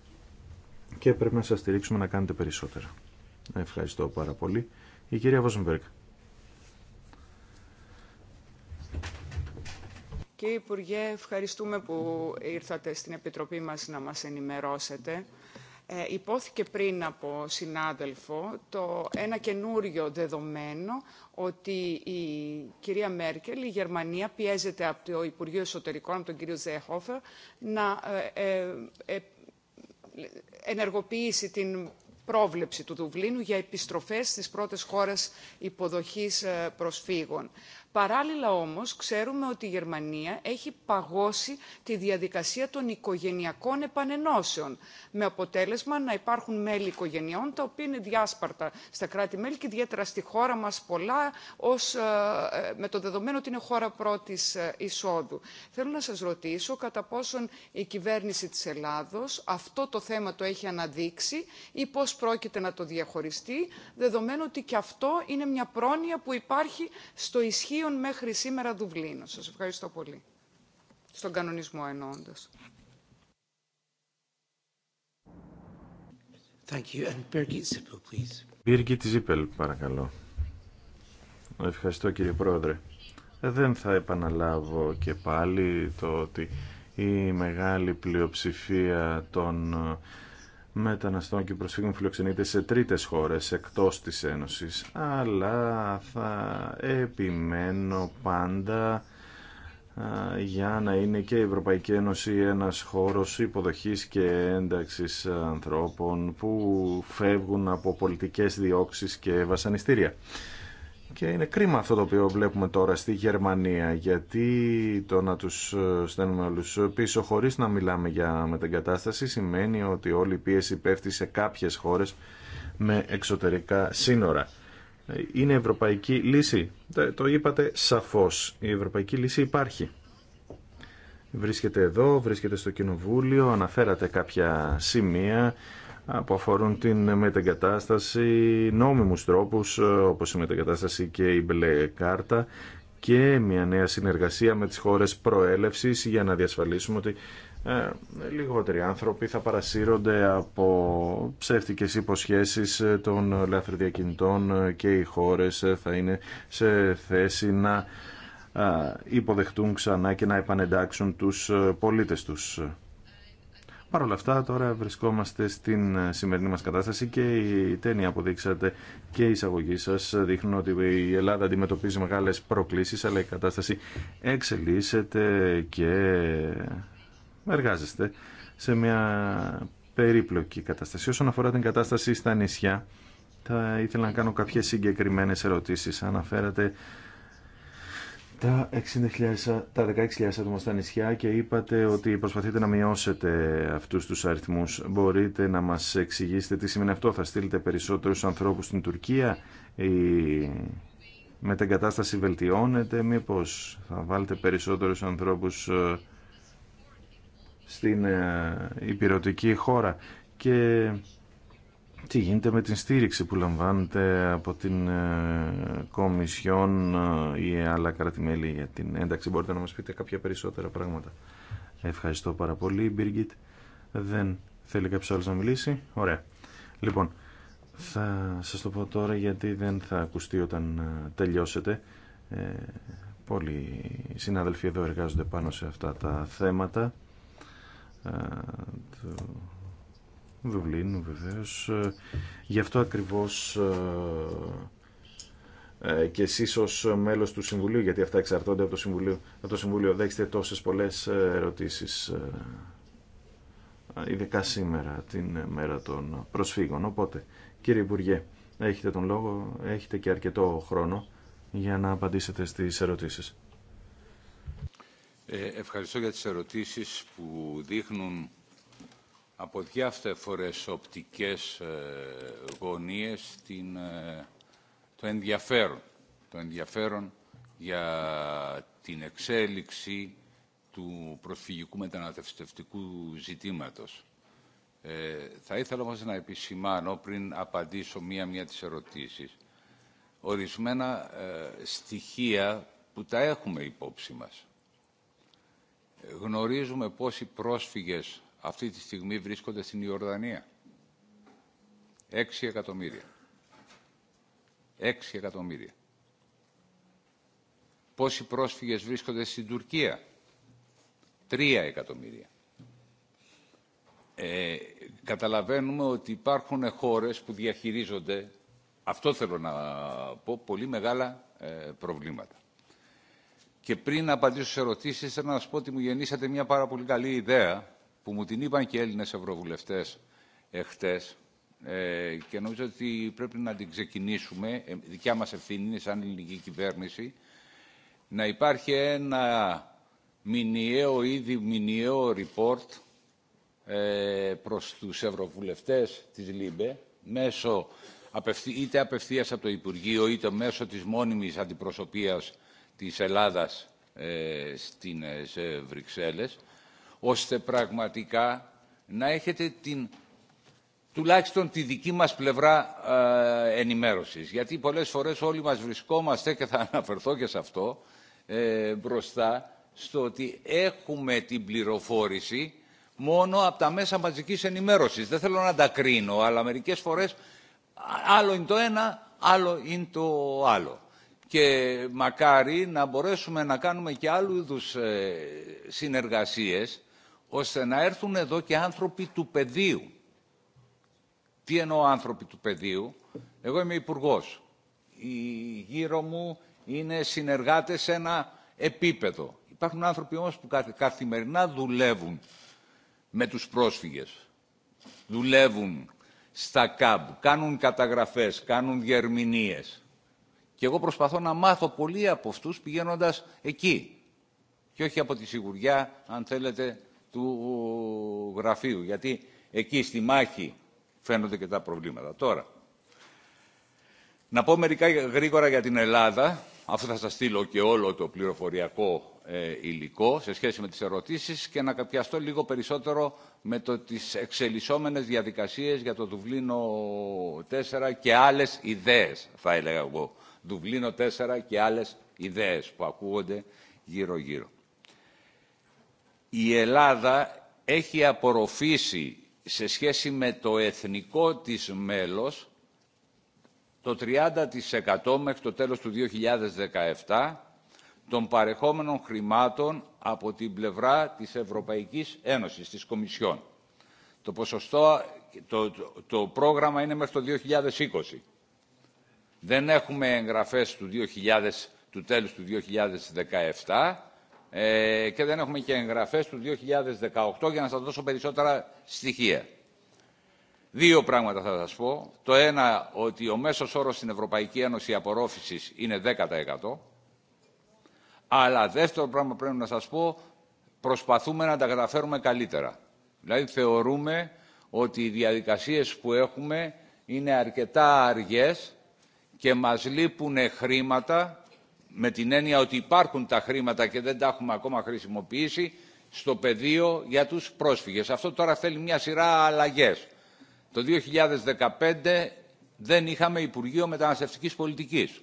και πρέπει να σας στηρίξουμε να κάνετε περισσότερα. Ευχαριστώ πάρα πολύ. Η κυρία Βόζενμπεργκ. Κύριε Υπουργέ, ευχαριστούμε που ήρθατε στην Επιτροπή μας να μας ενημερώσετε. Ε, υπόθηκε πριν από συνάδελφο το ένα καινούριο δεδομένο ότι η κυρία Μέρκελ, η Γερμανία, πιέζεται από το Υπουργείο Εσωτερικών, από τον κύριο Ζέχοφερ, να ε, ε, ε ενεργοποιήσει την πρόβλεψη του Δουβλίνου για επιστροφές στις πρώτες χώρες υποδοχής ε, προσφύγων. Παράλληλα όμως ξέρουμε ότι η Γερμανία έχει παγώσει τη διαδικασία των οικογενειακών επανενώσεων με αποτέλεσμα να υπάρχουν μέλη οικογενειών τα οποία είναι διάσπαρτα στα κράτη-μέλη και ιδιαίτερα στη χώρα μας πολλά ως, ε, με το δεδομένο ότι είναι χώρα πρώτης ε, εισόδου. Θέλω να σας ρωτήσω κατά πόσον η κυβέρνηση της Ελλάδος αυτό το θέμα το έχει αναδείξει ή πώς πρόκειται να το διαχωριστεί δεδομένου ότι και αυτό είναι μια πρόνοια που υπάρχει στο ισχύ Αρχείων μέχρι σήμερα Δουβλίνο. Σας ευχαριστώ πολύ. Στον κανονισμό εννοώντας. Thank you. And please. παρακαλώ. Ευχαριστώ κύριε Πρόεδρε. Ε, δεν θα επαναλάβω και πάλι το ότι η μεγάλη πλειοψηφία των ε, μεταναστών και προσφύγων φιλοξενείται σε τρίτες χώρες εκτός της Ένωσης, αλλά θα επιμένω πάντα για να είναι και η Ευρωπαϊκή Ένωση ένας χώρος υποδοχής και ένταξης ανθρώπων που φεύγουν από πολιτικές διώξεις και βασανιστήρια. Και είναι κρίμα αυτό το οποίο βλέπουμε τώρα στη Γερμανία, γιατί το να τους ε, στέλνουμε όλους πίσω χωρίς να μιλάμε για μετεγκατάσταση σημαίνει ότι όλη η πίεση πέφτει σε κάποιες χώρες με εξωτερικά σύνορα. Είναι ευρωπαϊκή λύση. Ε, το είπατε σαφώς. Η ευρωπαϊκή λύση υπάρχει. Βρίσκεται εδώ, βρίσκεται στο Κοινοβούλιο, αναφέρατε κάποια σημεία που αφορούν την μετεγκατάσταση, νόμιμους τρόπους ε, όπως η μετεγκατάσταση και η μπλε κάρτα και μια νέα συνεργασία με τις χώρες προέλευσης για να διασφαλίσουμε ότι ε, λιγότεροι άνθρωποι θα παρασύρονται από ψεύτικες υποσχέσεις ε, των λαθροδιακινητών ε, και οι χώρες θα είναι σε θέση να υποδεχτούν ξανά και να επανεντάξουν τους πολίτες τους. Παρ' όλα αυτά τώρα βρισκόμαστε στην ε, σημερινή μα κατάσταση και η τένεια που και η εισαγωγή σα δείχνουν ότι η Ελλάδα αντιμετωπίζει μεγάλε προκλήσει, αλλά η κατάσταση εξελίσσεται και εργάζεστε σε μια περίπλοκη κατάσταση. Όσον αφορά την κατάσταση στα νησιά, θα ήθελα να κάνω κάποιες συγκεκριμένες ερωτήσεις. Αναφέρατε τα 60.000, τα 16.000 άτομα στα νησιά και είπατε ότι προσπαθείτε να μειώσετε αυτούς τους αριθμούς. Μπορείτε να μας εξηγήσετε τι σημαίνει αυτό. Θα στείλετε περισσότερους ανθρώπους στην Τουρκία ή με την κατάσταση βελτιώνεται. Μήπως θα βάλετε περισσότερους ανθρώπους ε, στην ε, υπηρετική χώρα. Και τι γίνεται με την στήριξη που λαμβάνετε από την ε, Κομισιόν ε, ή άλλα κρατημέλη για την ένταξη. Μπορείτε να μας πείτε κάποια περισσότερα πράγματα. Ευχαριστώ πάρα πολύ, Μπίργκιτ. Δεν θέλει κάποιος άλλος να μιλήσει. Ωραία. Λοιπόν, θα σας το πω τώρα γιατί δεν θα ακουστεί όταν ε, τελειώσετε. Ε, πολλοί συνάδελφοι εδώ εργάζονται πάνω σε αυτά τα θέματα Δουβλίνου βεβαίως. Ε, γι' αυτό ακριβώς ε, ε, και εσείς ως μέλος του Συμβουλίου, γιατί αυτά εξαρτώνται από το Συμβουλίο, από το Συμβουλίο δέχεστε τόσες πολλές ερωτήσεις ειδικά σήμερα, την μέρα των προσφύγων. Οπότε, κύριε Υπουργέ, έχετε τον λόγο, έχετε και αρκετό χρόνο για να απαντήσετε στις ερωτήσεις. Ε, ευχαριστώ για τις ερωτήσεις που δείχνουν από διάφορες οπτικές ε, γωνίες την, ε, το ενδιαφέρον. Το ενδιαφέρον για την εξέλιξη του προσφυγικού μεταναστευτικού ζητήματος. Ε, θα ήθελα όμως να επισημάνω πριν απαντήσω μία-μία τις ερωτήσεις ορισμένα ε, στοιχεία που τα έχουμε υπόψη μας. Γνωρίζουμε πόσοι πρόσφυγες αυτή τη στιγμή βρίσκονται στην Ιορδανία. Έξι εκατομμύρια. Έξι εκατομμύρια. Πόσοι πρόσφυγες βρίσκονται στην Τουρκία. Τρία εκατομμύρια. Ε, καταλαβαίνουμε ότι υπάρχουν χώρες που διαχειρίζονται, αυτό θέλω να πω, πολύ μεγάλα ε, προβλήματα. Και πριν απαντήσω σε ερωτήσεις, θέλω να σας πω ότι μου γεννήσατε μια πάρα πολύ καλή ιδέα που μου την είπαν και Έλληνες ευρωβουλευτές εχθές ε, και νομίζω ότι πρέπει να την ξεκινήσουμε, ε, δικιά μας ευθύνη είναι σαν ελληνική κυβέρνηση, να υπάρχει ένα μηνιαίο ήδη μηνιαίο report ε, προς τους ευρωβουλευτές της ΛΥΜΠΕ μέσω είτε απευθείας από το Υπουργείο είτε μέσω της μόνιμης αντιπροσωπείας της Ελλάδας ε, στην, ε, Βρυξέλλες ώστε πραγματικά να έχετε την, τουλάχιστον τη δική μας πλευρά ε, ενημέρωσης. Γιατί πολλές φορές όλοι μας βρισκόμαστε, και θα *laughs* αναφερθώ και σε αυτό, ε, μπροστά στο ότι έχουμε την πληροφόρηση μόνο από τα μέσα μαζικής ενημέρωσης. Δεν θέλω να τα κρίνω, αλλά μερικές φορές άλλο είναι το ένα, άλλο είναι το άλλο. Και μακάρι να μπορέσουμε να κάνουμε και άλλου είδου ε, συνεργασίες ώστε να έρθουν εδώ και άνθρωποι του πεδίου. Τι εννοώ άνθρωποι του πεδίου. Εγώ είμαι υπουργό. Γύρω μου είναι συνεργάτες σε ένα επίπεδο. Υπάρχουν άνθρωποι όμως που καθημερινά δουλεύουν με τους πρόσφυγες. Δουλεύουν στα ΚΑΜΠ, κάνουν καταγραφές, κάνουν διερμηνίες. Και εγώ προσπαθώ να μάθω πολλοί από αυτούς πηγαίνοντας εκεί. Και όχι από τη σιγουριά, αν θέλετε, του γραφείου. Γιατί εκεί στη μάχη φαίνονται και τα προβλήματα. Τώρα, να πω μερικά γρήγορα για την Ελλάδα. Αυτό θα σας στείλω και όλο το πληροφοριακό ε, υλικό σε σχέση με τις ερωτήσεις και να καπιαστώ λίγο περισσότερο με το, τις εξελισσόμενες διαδικασίες για το Δουβλίνο 4 και άλλες ιδέες, θα έλεγα εγώ. Δουβλίνο 4 και άλλες ιδέες που ακούγονται γύρω-γύρω η Ελλάδα έχει απορροφήσει σε σχέση με το εθνικό της μέλος το 30% μέχρι το τέλος του 2017 των παρεχόμενων χρημάτων από την πλευρά της Ευρωπαϊκής Ένωσης, της Κομισιόν. Το, ποσοστό, το, το, πρόγραμμα είναι μέχρι το 2020. Δεν έχουμε εγγραφές του, 2000, του τέλους του 2017 ε, και δεν έχουμε και εγγραφές του 2018 για να σας δώσω περισσότερα στοιχεία. Δύο πράγματα θα σας πω. Το ένα ότι ο μέσος όρος στην Ευρωπαϊκή Ένωση απορρόφησης είναι 10%. Αλλά δεύτερο πράγμα πρέπει να σας πω, προσπαθούμε να τα καταφέρουμε καλύτερα. Δηλαδή θεωρούμε ότι οι διαδικασίες που έχουμε είναι αρκετά αργές και μας λείπουν χρήματα με την έννοια ότι υπάρχουν τα χρήματα και δεν τα έχουμε ακόμα χρησιμοποιήσει στο πεδίο για τους πρόσφυγες. Αυτό τώρα θέλει μια σειρά αλλαγές. Το 2015 δεν είχαμε Υπουργείο Μεταναστευτικής Πολιτικής.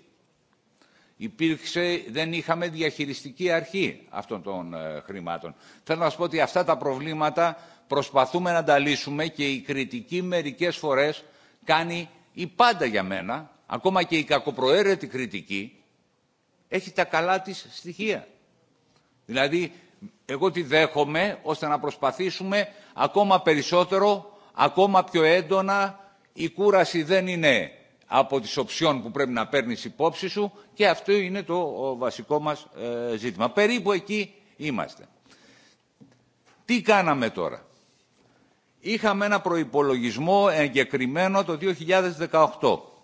Υπήρξε, δεν είχαμε διαχειριστική αρχή αυτών των ε, χρημάτων. Θέλω να σας πω ότι αυτά τα προβλήματα προσπαθούμε να τα λύσουμε και η κριτική μερικές φορές κάνει η πάντα για μένα, ακόμα και η κακοπροαίρετη κριτική, έχει τα καλά της στοιχεία. Δηλαδή, εγώ τη δέχομαι ώστε να προσπαθήσουμε ακόμα περισσότερο, ακόμα πιο έντονα. Η κούραση δεν είναι από τις οψιών που πρέπει να παίρνεις υπόψη σου και αυτό είναι το βασικό μας ε, ζήτημα. Περίπου εκεί είμαστε. Τι κάναμε τώρα. Είχαμε ένα προϋπολογισμό εγκεκριμένο το 2018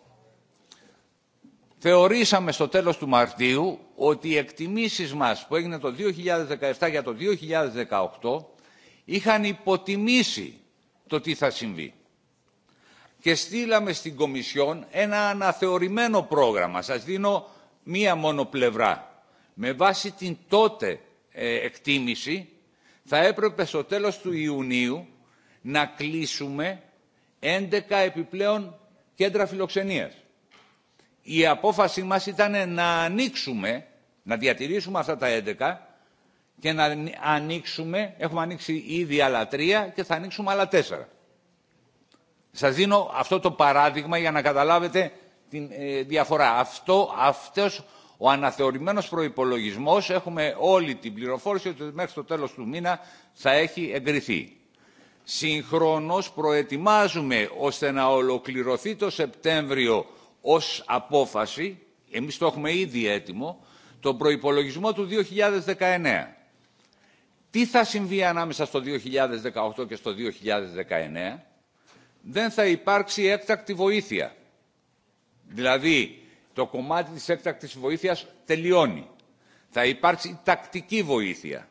θεωρήσαμε στο τέλος του Μαρτίου ότι οι εκτιμήσεις μας που έγιναν το 2017 για το 2018 είχαν υποτιμήσει το τι θα συμβεί. Και στείλαμε στην Κομισιόν ένα αναθεωρημένο πρόγραμμα. Σας δίνω μία μόνο πλευρά. Με βάση την τότε ε, εκτίμηση θα έπρεπε στο τέλος του Ιουνίου να κλείσουμε 11 επιπλέον κέντρα φιλοξενίας η απόφαση μας ήταν να ανοίξουμε, να διατηρήσουμε αυτά τα 11 και να ανοίξουμε, έχουμε ανοίξει ήδη άλλα τρία και θα ανοίξουμε άλλα τέσσερα. Σας δίνω αυτό το παράδειγμα για να καταλάβετε τη ε, διαφορά. Αυτό, αυτός ο αναθεωρημένος προϋπολογισμός, έχουμε όλη την πληροφόρηση ότι μέχρι το τέλος του μήνα θα έχει εγκριθεί. Συγχρόνως προετοιμάζουμε ώστε να ολοκληρωθεί το Σεπτέμβριο ως απόφαση, εμείς το έχουμε ήδη έτοιμο, τον προϋπολογισμό του 2019. Τι θα συμβεί ανάμεσα στο 2018 και στο 2019, δεν θα υπάρξει έκτακτη βοήθεια. Δηλαδή, το κομμάτι της έκτακτης βοήθειας τελειώνει. Θα υπάρξει τακτική βοήθεια.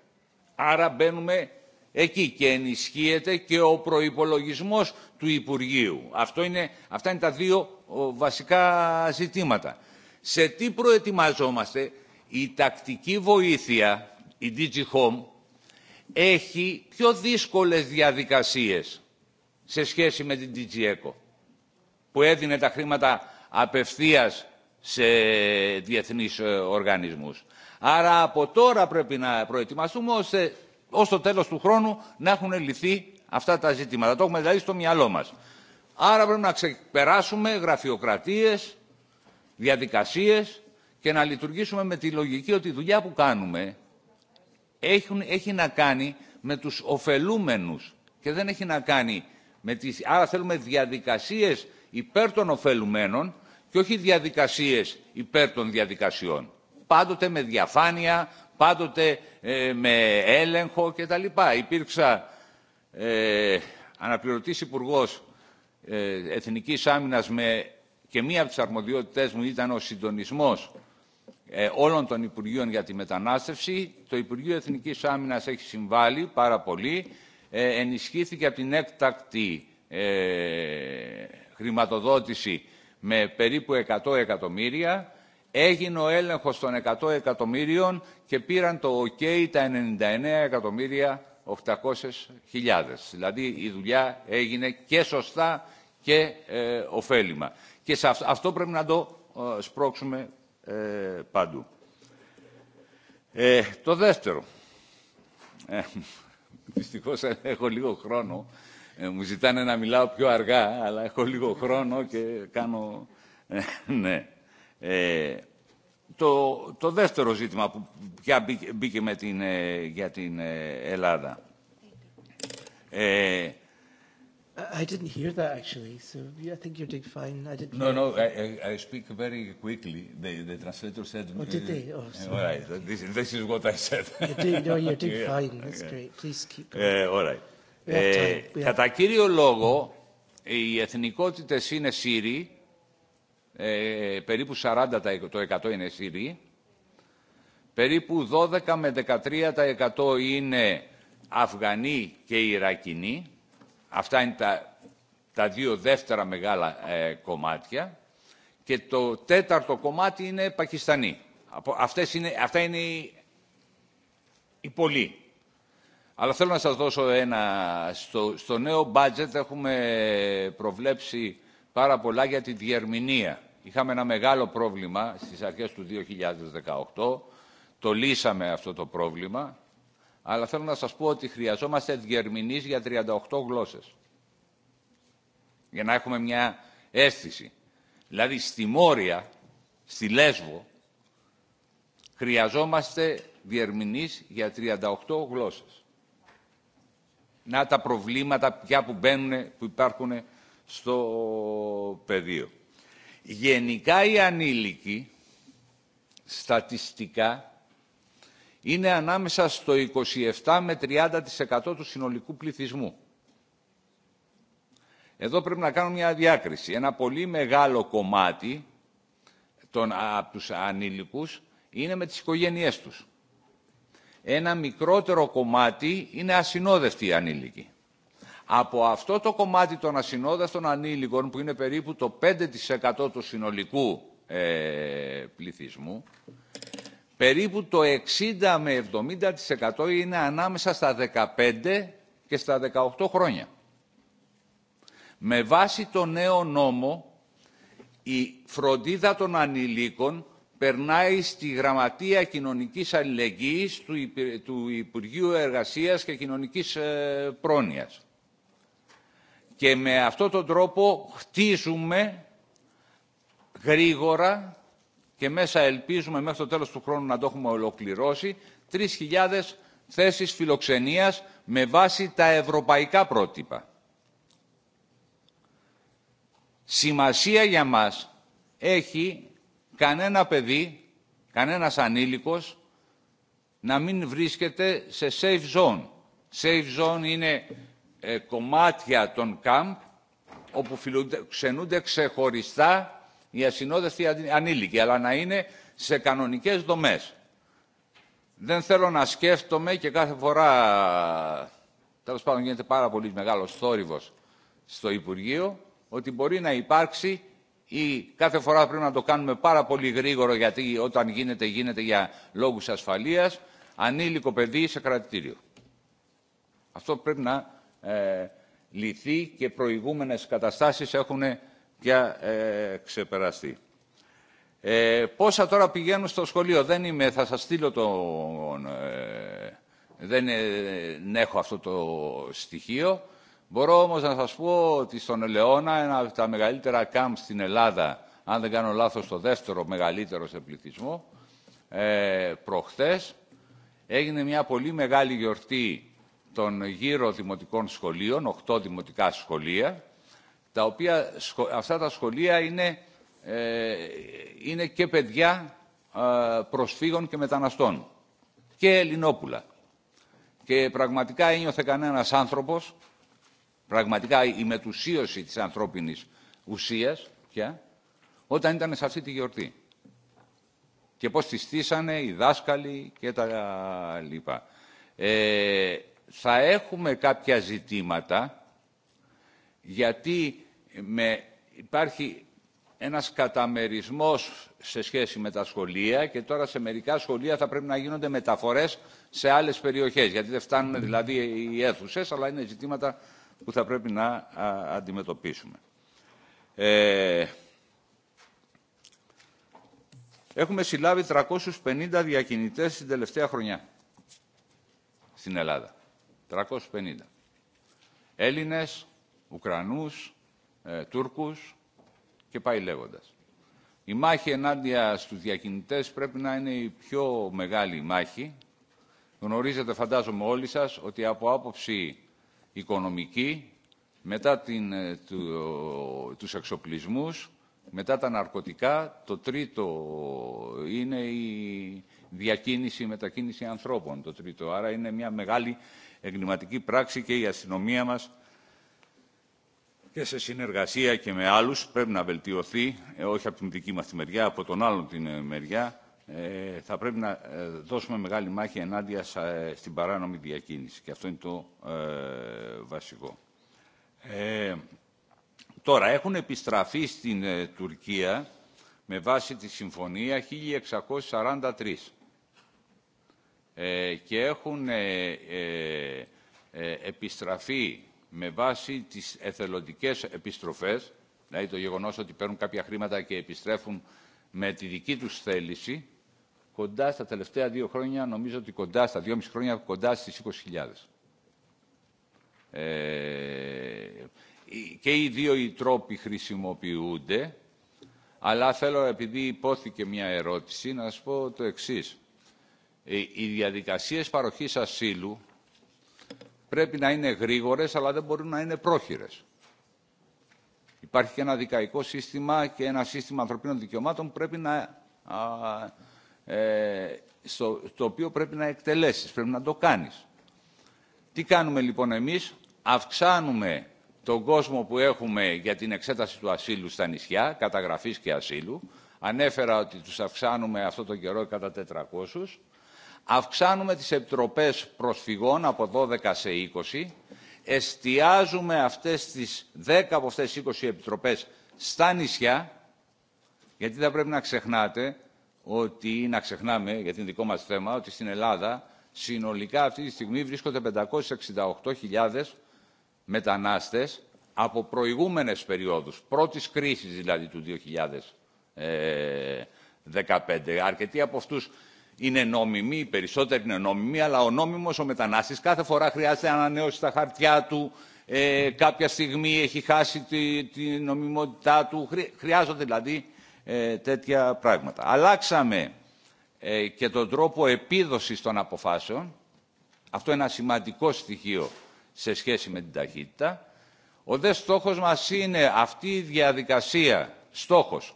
Άρα μπαίνουμε εκεί και ενισχύεται και ο προϋπολογισμός του Υπουργείου. Αυτό είναι, αυτά είναι τα δύο βασικά ζητήματα. Σε τι προετοιμαζόμαστε, η τακτική βοήθεια, η DigiHome, έχει πιο δύσκολες διαδικασίες σε σχέση με την DigiEco, που έδινε τα χρήματα απευθείας σε διεθνείς ε, οργανισμούς. Άρα από τώρα πρέπει να προετοιμαστούμε ώστε ως το τέλος του χρόνου να έχουν λυθεί αυτά τα ζητήματα. Το έχουμε δηλαδή στο μυαλό μας. Άρα πρέπει να ξεπεράσουμε γραφειοκρατίες, διαδικασίες και να λειτουργήσουμε με τη λογική ότι η δουλειά που κάνουμε έχουν, έχει να κάνει με τους ωφελούμενους και δεν έχει να κάνει με τις... Άρα θέλουμε διαδικασίες υπέρ των ωφελουμένων και όχι διαδικασίες υπέρ των διαδικασιών. Πάντοτε με διαφάνεια, πάντοτε ε, με έλεγχο κτλ. Υπήρξα ε, αναπληρωτής υπουργός ε, εθνικής Άμυνας με... και μία από τις αρμοδιότητές μου ήταν ο συντονισμός ε, όλων των Υπουργείων για τη μετανάστευση. Το Υπουργείο Εθνικής Άμυνας έχει συμβάλει πάρα πολύ. Ε, ενισχύθηκε από την έκτακτη χρηματοδότηση με περίπου 100 εκατομμύρια. Έγινε ο έλεγχος των 100 εκατομμύριων και πήραν το OK τα 99 εκατομμύρια 800.000. Δηλαδή η δουλειά έγινε και σωστά και ε, ωφέλιμα. Και αυτό, πρέπει να το ε, σπρώξουμε ε, παντού. Ε, το δεύτερο. Ε, δυστυχώς έχω λίγο χρόνο. μου ζητάνε να μιλάω πιο αργά, αλλά έχω λίγο χρόνο και κάνω... ναι το, το δεύτερο ζήτημα που πια μπήκε με την, για την Ελλάδα. Ε, I didn't hear that actually, so I think you're doing fine. I didn't. No, no, I, I speak very quickly. The, the translator said. Oh, did they? Oh, sorry. All right, this, this is what I said. You doing, no, you're doing yeah. fine. That's okay. great. Please keep going. Uh, all right. Ε, κατά κύριο λόγο, οι εθνικότητες είναι Σύριοι, ε, περίπου 40% είναι Σύριοι, περίπου 12 με 13% είναι Αφγανοί και Ιρακινοί, αυτά είναι τα, τα δύο δεύτερα μεγάλα ε, κομμάτια, και το τέταρτο κομμάτι είναι Πακιστανοί. Αυτές είναι, αυτά είναι οι, οι πολλοί. Αλλά θέλω να σας δώσω ένα... Στο, στο νέο budget έχουμε προβλέψει πάρα πολλά για τη διερμηνία. Είχαμε ένα μεγάλο πρόβλημα στις αρχές του 2018. Το λύσαμε αυτό το πρόβλημα. Αλλά θέλω να σας πω ότι χρειαζόμαστε διερμηνείς για 38 γλώσσες. Για να έχουμε μια αίσθηση. Δηλαδή στη Μόρια, στη Λέσβο, χρειαζόμαστε διερμηνείς για 38 γλώσσες. Να τα προβλήματα πια που μπαίνουν, που υπάρχουν στο πεδίο. Γενικά οι ανήλικοι στατιστικά είναι ανάμεσα στο 27 με 30% του συνολικού πληθυσμού. Εδώ πρέπει να κάνουμε μια διάκριση. Ένα πολύ μεγάλο κομμάτι των, από τους ανήλικους είναι με τις οικογένειές τους. Ένα μικρότερο κομμάτι είναι ασυνόδευτοι οι ανήλικοι από αυτό το κομμάτι των ασυνόδευτων ανήλικων που είναι περίπου το 5% του συνολικού ε, πληθυσμού περίπου το 60 με 70% είναι ανάμεσα στα 15 και στα 18 χρόνια. Με βάση το νέο νόμο η φροντίδα των ανηλίκων περνάει στη Γραμματεία Κοινωνικής Αλληλεγγύης του Υπουργείου Εργασίας και Κοινωνικής ε, Πρόνοιας. Και με αυτόν τον τρόπο χτίζουμε γρήγορα και μέσα ελπίζουμε μέχρι το τέλος του χρόνου να το έχουμε ολοκληρώσει 3.000 θέσεις φιλοξενίας με βάση τα ευρωπαϊκά πρότυπα. Σημασία για μας έχει κανένα παιδί, κανένας ανήλικος να μην βρίσκεται σε safe zone. Safe zone είναι ε, κομμάτια των ΚΑΜΠ όπου ξενούνται ξεχωριστά οι ασυνόδευτοι ανήλικοι, αλλά να είναι σε κανονικές δομές. Δεν θέλω να σκέφτομαι και κάθε φορά, τέλος πάντων γίνεται πάρα πολύ μεγάλος θόρυβος στο Υπουργείο, ότι μπορεί να υπάρξει ή κάθε φορά πρέπει να το κάνουμε πάρα πολύ γρήγορο γιατί όταν γίνεται, γίνεται για λόγους ασφαλείας, ανήλικο παιδί σε κρατητήριο. Αυτό πρέπει να ε, λυθεί και προηγούμενες καταστάσεις έχουν πια ε, ξεπεραστεί. Ε, πόσα τώρα πηγαίνουν στο σχολείο. Δεν είμαι, θα σας στείλω το, ε, δεν έχω αυτό το στοιχείο. Μπορώ όμως να σας πω ότι στον Ελαιώνα, ένα από τα μεγαλύτερα κάμπ στην Ελλάδα, αν δεν κάνω λάθος το δεύτερο μεγαλύτερο σε πληθυσμό, προχθές έγινε μια πολύ μεγάλη γιορτή των γύρω δημοτικών σχολείων, οκτώ δημοτικά σχολεία, τα οποία αυτά τα σχολεία είναι, ε, είναι και παιδιά ε, προσφύγων και μεταναστών και Ελληνόπουλα. Και πραγματικά ένιωθε κανένας άνθρωπος, πραγματικά η μετουσίωση της ανθρώπινης ουσίας πια, όταν ήταν σε αυτή τη γιορτή. Και πώς τη στήσανε οι δάσκαλοι και τα λοιπά. Ε, θα έχουμε κάποια ζητήματα γιατί με, υπάρχει ένας καταμερισμός σε σχέση με τα σχολεία και τώρα σε μερικά σχολεία θα πρέπει να γίνονται μεταφορές σε άλλες περιοχές γιατί δεν φτάνουν δηλαδή οι αίθουσε, αλλά είναι ζητήματα που θα πρέπει να αντιμετωπίσουμε. Ε, έχουμε συλλάβει 350 διακινητές την τελευταία χρονιά στην Ελλάδα. 350. Έλληνες, Ουκρανούς, ε, Τούρκους και πάει λέγοντας. Η μάχη ενάντια στους διακινητές πρέπει να είναι η πιο μεγάλη μάχη. Γνωρίζετε φαντάζομαι όλοι σας ότι από άποψη οικονομική, μετά την, ε, του, τους εξοπλισμούς, μετά τα ναρκωτικά, το τρίτο είναι η διακίνηση, η μετακίνηση ανθρώπων το τρίτο. Άρα είναι μια μεγάλη εγκληματική πράξη και η αστυνομία μας και σε συνεργασία και με άλλους πρέπει να βελτιωθεί, ε, όχι από την δική μας τη μεριά, από τον άλλον την ε, μεριά. Ε, θα πρέπει να δώσουμε μεγάλη μάχη ενάντια στην παράνομη διακίνηση και αυτό είναι το βασικό. Ε, τώρα έχουν επιστραφεί στην Τουρκία με βάση τη συμφωνία 1643 ε, και έχουν ε, ε, επιστραφεί με βάση τις εθελοντικές επιστροφές, δηλαδή το γεγονός ότι παίρνουν κάποια χρήματα και επιστρέφουν με τη δική τους θέληση, κοντά στα τελευταία δύο χρόνια, νομίζω ότι κοντά στα δύο μισή χρόνια, κοντά στις 20.000. και οι δύο οι τρόποι χρησιμοποιούνται, αλλά θέλω επειδή υπόθηκε μια ερώτηση να σας πω το εξής. Ε, οι διαδικασίες παροχής ασύλου πρέπει να είναι γρήγορες αλλά δεν μπορούν να είναι πρόχειρες. Υπάρχει και ένα δικαϊκό σύστημα και ένα σύστημα ανθρωπίνων δικαιωμάτων που πρέπει να, ε, στο, το οποίο πρέπει να εκτελέσεις, πρέπει να το κάνεις. Τι κάνουμε λοιπόν εμείς, αυξάνουμε τον κόσμο που έχουμε για την εξέταση του ασύλου στα νησιά, καταγραφής και ασύλου. Ανέφερα ότι τους αυξάνουμε αυτό τον καιρό κατά 400 Αυξάνουμε τις επιτροπές προσφυγών από 12 σε 20. Εστιάζουμε αυτές τις 10 από αυτές τις 20 επιτροπές στα νησιά, γιατί δεν πρέπει να ξεχνάτε ότι, να ξεχνάμε για την δικό μας θέμα, ότι στην Ελλάδα συνολικά αυτή τη στιγμή βρίσκονται 568.000 μετανάστες από προηγούμενες περιόδους, πρώτης κρίσης δηλαδή του 2015. Ε, Αρκετοί από αυτούς είναι νόμιμοι, οι περισσότεροι είναι νόμιμοι, αλλά ο νόμιμος ο μετανάστης κάθε φορά χρειάζεται ανανέωση τα χαρτιά του, ε, κάποια στιγμή έχει χάσει τη, νομιμότητά του, χρειάζονται δηλαδή ε, τέτοια πράγματα. Αλλάξαμε ε, και τον τρόπο επίδοσης των αποφάσεων, αυτό είναι ένα σημαντικό στοιχείο σε σχέση με την ταχύτητα. Ο δε στόχος μας είναι αυτή η διαδικασία, στόχος,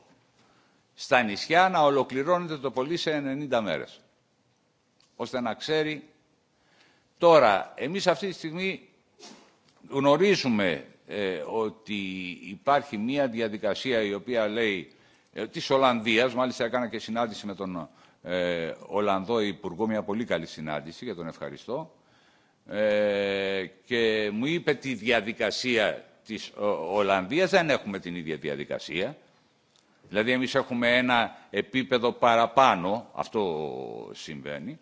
στα νησιά να ολοκληρώνεται το πολύ σε 90 μέρες. Ώστε να ξέρει τώρα, εμείς αυτή τη στιγμή γνωρίζουμε ε, ότι υπάρχει μία διαδικασία η οποία λέει ε, της Ολλανδίας, μάλιστα έκανα και συνάντηση με τον ε, Ολλανδό Υπουργό, μια πολύ καλή συνάντηση για τον ευχαριστώ, ε, και μου είπε τη διαδικασία της ε, Ολλανδίας, δεν έχουμε την ίδια διαδικασία. Δηλαδή εμείς έχουμε ένα επίπεδο παραπάνω, αυτό συμβαίνει.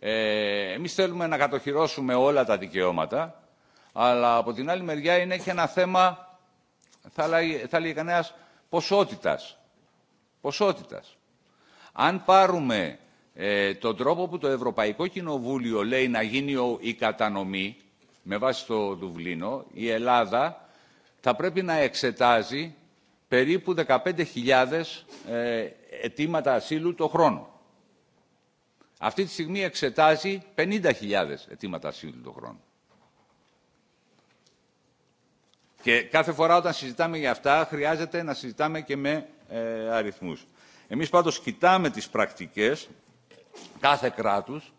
Ε, εμείς θέλουμε να κατοχυρώσουμε όλα τα δικαιώματα, αλλά από την άλλη μεριά είναι και ένα θέμα, θα λέει, θα λέει κανένας, ποσότητας. Ποσότητας. Αν πάρουμε ε, τον τρόπο που το Ευρωπαϊκό Κοινοβούλιο λέει να γίνει η κατανομή, με βάση το Δουβλίνο, η Ελλάδα θα πρέπει να εξετάζει περίπου 15.000 ε, αιτήματα ασύλου το χρόνο. Αυτή τη στιγμή εξετάζει 50.000 αιτήματα ασύλου το χρόνο. Και κάθε φορά όταν συζητάμε για αυτά χρειάζεται να συζητάμε και με ε, αριθμούς. Εμείς πάντως κοιτάμε τις πρακτικές κάθε κράτους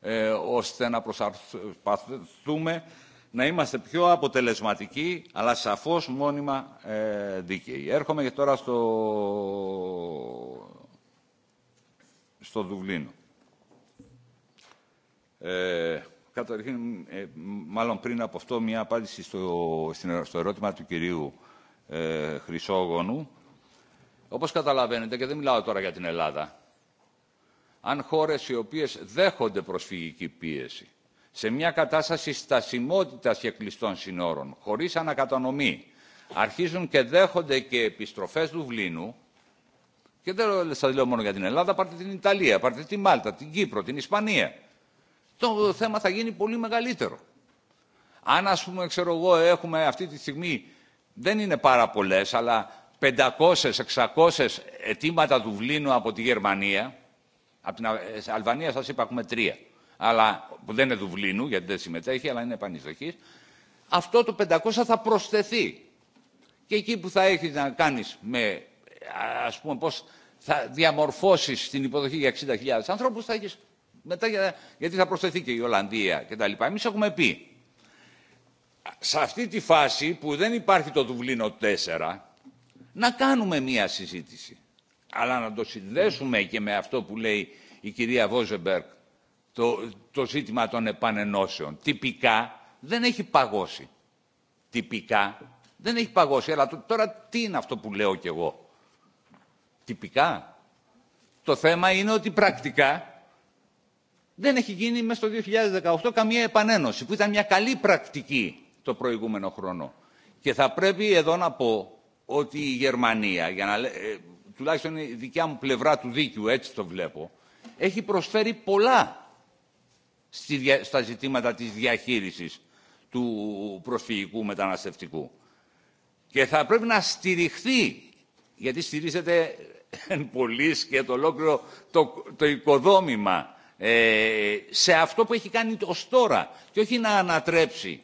ε, ώστε να προσπαθούμε να είμαστε πιο αποτελεσματικοί, αλλά σαφώς μόνιμα ε, δίκαιοι. Έρχομαι και τώρα στο, στο Δουβλίνο. Ε, καταρχήν, ε, μάλλον πριν από αυτό, μια απάντηση στο, στο ερώτημα του κυρίου ε, Χρυσόγονου. Όπως καταλαβαίνετε, και δεν μιλάω τώρα για την Ελλάδα, αν χώρες οι οποίες δέχονται προσφυγική πίεση, σε μια κατάσταση στασιμότητας και κλειστών συνόρων, χωρίς ανακατανομή, αρχίζουν και δέχονται και επιστροφές Βλήνου. και δεν σα λέω μόνο για την Ελλάδα, πάρτε την Ιταλία, πάρτε τη Μάλτα, την Κύπρο, την Ισπανία. Το θέμα θα γίνει πολύ μεγαλύτερο. Αν ας πούμε, ξέρω εγώ, έχουμε αυτή τη στιγμή, δεν είναι πάρα πολλέ, αλλά 500-600 αιτήματα του Βλήνου από τη Γερμανία, από την ε, Αλβανία σας είπα έχουμε τρία αλλά, που δεν είναι Δουβλίνου γιατί δεν συμμετέχει, αλλά είναι επανεισδοχή, αυτό το 500 θα προσθεθεί. Και εκεί που θα έχεις να κάνεις με, ας πούμε, πώς θα διαμορφώσεις την υποδοχή για 60.000 ανθρώπους, θα έχεις μετά, γιατί θα προσθεθεί και η Ολλανδία κτλ. Εμεί έχουμε πει, σε αυτή τη φάση που δεν υπάρχει το Δουβλίνο 4, να κάνουμε μία συζήτηση. Αλλά να το συνδέσουμε και με αυτό που λέει η κυρία Βόζεμπερκ το, το ζήτημα των επανενώσεων. Τυπικά δεν έχει παγώσει. Τυπικά δεν έχει παγώσει. Αλλά τώρα τι είναι αυτό που λέω κι εγώ. Τυπικά. Το θέμα είναι ότι πρακτικά δεν έχει γίνει μέσα στο 2018 καμία επανένωση που ήταν μια καλή πρακτική το προηγούμενο χρόνο. Και θα πρέπει εδώ να πω ότι η Γερμανία, για να, ε, τουλάχιστον η δικιά μου πλευρά του δίκαιου, έτσι το βλέπω, έχει προσφέρει πολλά στα ζητήματα της διαχείρισης του προσφυγικού μεταναστευτικού. Και θα πρέπει να στηριχθεί, γιατί στηρίζεται εν πολλής και το ολόκληρο το, το οικοδόμημα ε, σε αυτό που έχει κάνει ως τώρα και όχι να ανατρέψει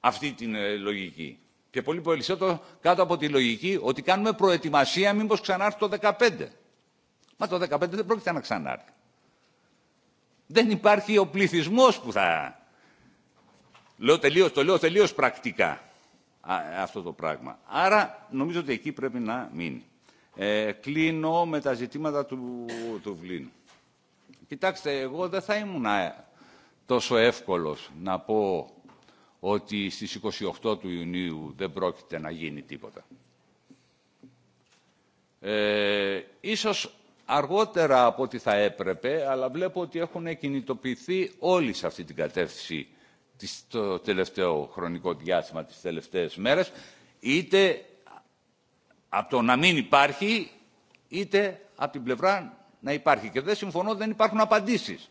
αυτή την ε, λογική. Και πολύ περισσότερο κάτω από τη λογική ότι κάνουμε προετοιμασία μήπως ξανάρθει το 2015. Μα το 2015 δεν πρόκειται να ξανάρθει. Δεν υπάρχει ο πληθυσμό που θα... Λέω το λέω τελείω πρακτικά αυτό το πράγμα. Άρα νομίζω ότι εκεί πρέπει να μείνει. Ε, κλείνω με τα ζητήματα του, του Βλήνου. Κοιτάξτε, εγώ δεν θα ήμουν ε, τόσο εύκολος να πω ότι στις 28 του Ιουνίου δεν πρόκειται να γίνει τίποτα. Ε, ίσως αργότερα από ό,τι θα έπρεπε, αλλά βλέπω ότι έχουν κινητοποιηθεί όλοι σε αυτή την κατεύθυνση το τελευταίο χρονικό διάστημα, τις τελευταίες μέρες, είτε από το να μην υπάρχει, είτε από την πλευρά να υπάρχει. Και δεν συμφωνώ, δεν υπάρχουν απαντήσεις.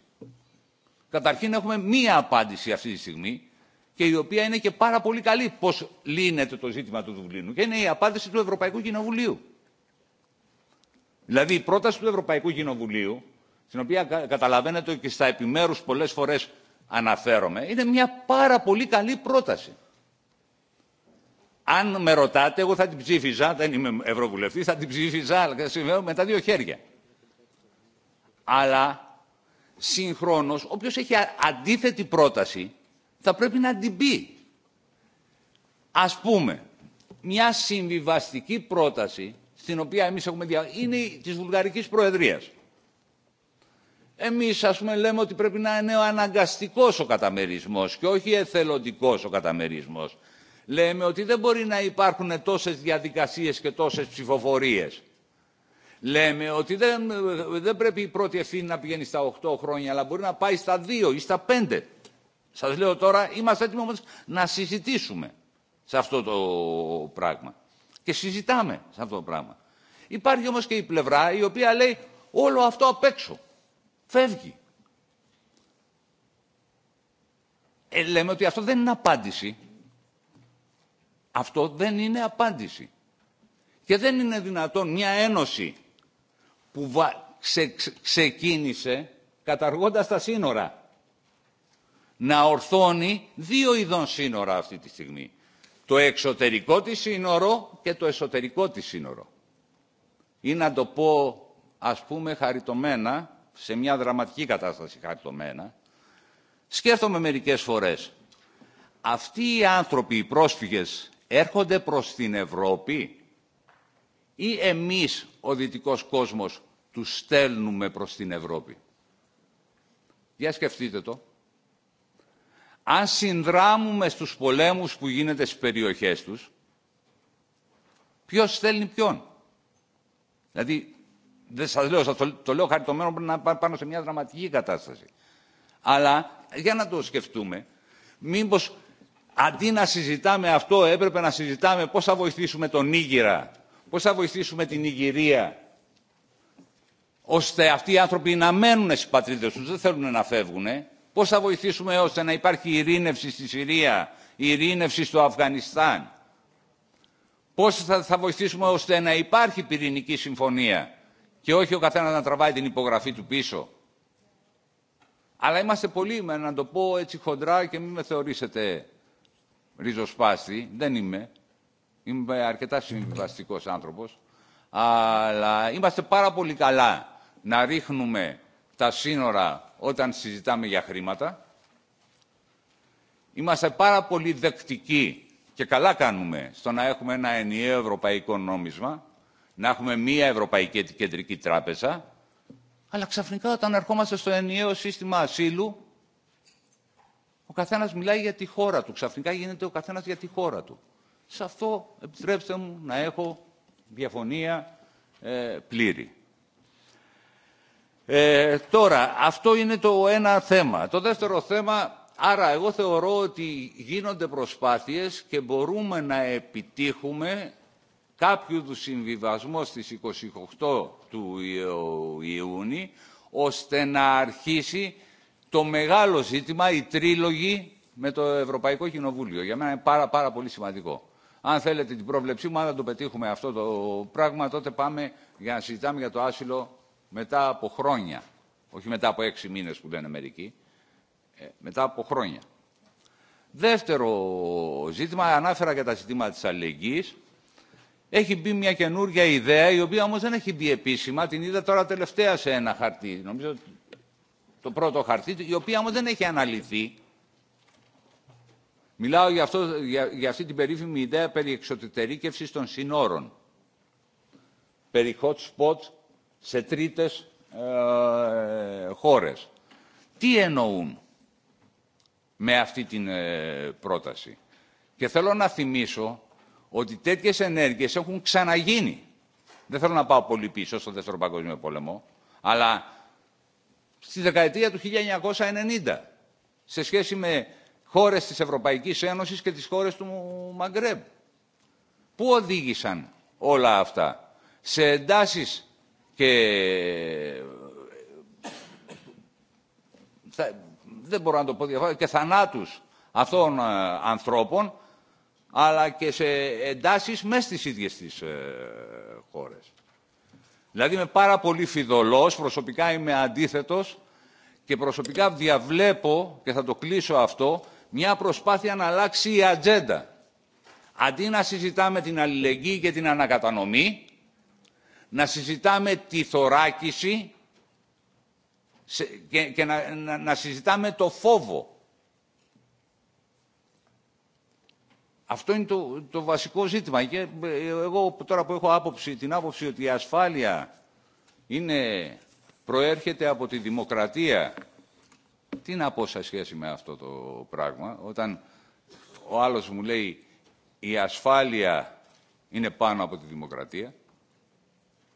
Καταρχήν έχουμε μία απάντηση αυτή τη στιγμή και η οποία είναι και πάρα πολύ καλή πώς λύνεται το ζήτημα του Δουβλίνου και είναι η απάντηση του Ευρωπαϊκού Κοινοβουλίου. Δηλαδή η πρόταση του Ευρωπαϊκού Κοινοβουλίου, στην οποία καταλαβαίνετε και στα επιμέρους πολλές φορές αναφέρομαι, είναι μια πάρα πολύ καλή πρόταση. Αν με ρωτάτε, εγώ θα την ψήφιζα, δεν είμαι ευρωβουλευτή, θα την ψήφιζα με τα δύο χέρια. Αλλά συγχρονώ, όποιο έχει αντίθετη πρόταση, θα πρέπει να την πει. Ας πούμε, μια συμβιβαστική πρόταση στην οποία εμείς έχουμε δια... είναι της Βουλγαρικής Προεδρίας. Εμείς ας πούμε λέμε ότι πρέπει να είναι ο αναγκαστικός ο καταμερισμός και όχι εθελοντικός ο καταμερισμός. Λέμε ότι δεν μπορεί να υπάρχουν τόσες διαδικασίες και τόσες ψηφοφορίες. Λέμε ότι δεν, δεν πρέπει η πρώτη ευθύνη να πηγαίνει στα 8 χρόνια, αλλά μπορεί να πάει στα 2 ή στα 5. Σας λέω τώρα, είμαστε έτοιμοι να συζητήσουμε σε αυτό το πράγμα. Και συζητάμε σε αυτό το πράγμα. Υπάρχει όμως και η πλευρά η οποία λέει όλο αυτό απ' έξω. Φεύγει. Ε, λέμε ότι αυτό δεν είναι απάντηση. Αυτό δεν είναι απάντηση. Και δεν είναι δυνατόν μια ένωση που ξεκίνησε καταργώντας τα σύνορα να ορθώνει δύο ειδών σύνορα αυτή τη στιγμή το εξωτερικό της σύνορο και το εσωτερικό της σύνορο. Ή να το πω ας πούμε χαριτωμένα, σε μια δραματική κατάσταση χαριτωμένα, σκέφτομαι μερικές φορές, αυτοί οι άνθρωποι, οι πρόσφυγες, έρχονται προς την Ευρώπη ή εμείς ο δυτικός κόσμος τους στέλνουμε προς την Ευρώπη. Για σκεφτείτε το αν συνδράμουμε στους πολέμους που γίνεται στις περιοχές τους, ποιος στέλνει ποιον. Δηλαδή, δεν σας λέω, σας το, το λέω χαριτωμένο πρέπει να πάνω σε μια δραματική κατάσταση. Αλλά, για να το σκεφτούμε, μήπως αντί να συζητάμε αυτό, έπρεπε να συζητάμε πώς θα βοηθήσουμε τον Νίγηρα, πώς θα βοηθήσουμε την Ιγυρία, ώστε αυτοί οι άνθρωποι να μένουν στις πατρίδες τους, δεν θέλουν να φεύγουν, Πώς θα βοηθήσουμε ώστε να υπάρχει ειρήνευση στη Συρία, ειρήνευση στο Αφγανιστάν. Πώς θα, βοηθήσουμε ώστε να υπάρχει πυρηνική συμφωνία και όχι ο καθένας να τραβάει την υπογραφή του πίσω. Αλλά είμαστε πολλοί, με να το πω έτσι χοντρά και μην με θεωρήσετε ριζοσπάστη. Δεν είμαι. Είμαι αρκετά συμβαστικό άνθρωπος. Αλλά είμαστε πάρα πολύ καλά να ρίχνουμε τα σύνορα όταν συζητάμε για χρήματα. Είμαστε πάρα πολύ δεκτικοί και καλά κάνουμε στο να έχουμε ένα ενιαίο ευρωπαϊκό νόμισμα, να έχουμε μία ευρωπαϊκή κεντρική τράπεζα, αλλά ξαφνικά όταν ερχόμαστε στο ενιαίο σύστημα ασύλου, ο καθένας μιλάει για τη χώρα του. Ξαφνικά γίνεται ο καθένας για τη χώρα του. Σε αυτό επιτρέψτε μου να έχω διαφωνία ε, πλήρη. Ε, τώρα, αυτό είναι το ένα θέμα. Το δεύτερο θέμα, άρα εγώ θεωρώ ότι γίνονται προσπάθειες και μπορούμε να επιτύχουμε κάποιου του συμβιβασμό στις 28 του Ιούνιου, ώστε να αρχίσει το μεγάλο ζήτημα, η τρίλογη με το Ευρωπαϊκό Κοινοβούλιο. Για μένα είναι πάρα, πάρα πολύ σημαντικό. Αν θέλετε την πρόβλεψή μου, αν δεν το πετύχουμε αυτό το πράγμα, τότε πάμε για να συζητάμε για το άσυλο μετά από χρόνια, όχι μετά από έξι μήνες που λένε μερικοί, ε, μετά από χρόνια. Δεύτερο ζήτημα, ανάφερα για τα ζητήματα της αλληλεγγύης, έχει μπει μια καινούργια ιδέα, η οποία όμως δεν έχει μπει επίσημα, την είδα τώρα τελευταία σε ένα χαρτί, νομίζω το πρώτο χαρτί, η οποία όμως δεν έχει αναλυθεί. Μιλάω για, αυτό, για, αυτή την περίφημη ιδέα περί εξωτερήκευσης των συνόρων, περί hot spot σε τρίτες ε, χώρες. Τι εννοούν με αυτή την ε, πρόταση. Και θέλω να θυμίσω ότι τέτοιες ενέργειες έχουν ξαναγίνει. Δεν θέλω να πάω πολύ πίσω στο Δεύτερο Παγκόσμιο Πόλεμο, αλλά στη δεκαετία του 1990, σε σχέση με χώρες της Ευρωπαϊκής Ένωσης και τις χώρες του Μαγκρέμπ. Πού οδήγησαν όλα αυτά. Σε εντάσεις και δεν μπορώ να το πω διαφορετικά, και θανάτους αυτών ε, ανθρώπων, αλλά και σε εντάσεις μέσα στις ίδιες τις ε, χώρες. Δηλαδή είμαι πάρα πολύ φιδωλός, προσωπικά είμαι αντίθετος και προσωπικά διαβλέπω, και θα το κλείσω αυτό, μια προσπάθεια να αλλάξει η ατζέντα. Αντί να συζητάμε την αλληλεγγύη και την ανακατανομή, να συζητάμε τη θωράκιση και, να, να, συζητάμε το φόβο. Αυτό είναι το, το βασικό ζήτημα. Και ε, εγώ τώρα που έχω άποψη, την άποψη ότι η ασφάλεια είναι, προέρχεται από τη δημοκρατία, τι να πω σε σχέση με αυτό το πράγμα, όταν ο άλλος μου λέει η ασφάλεια είναι πάνω από τη δημοκρατία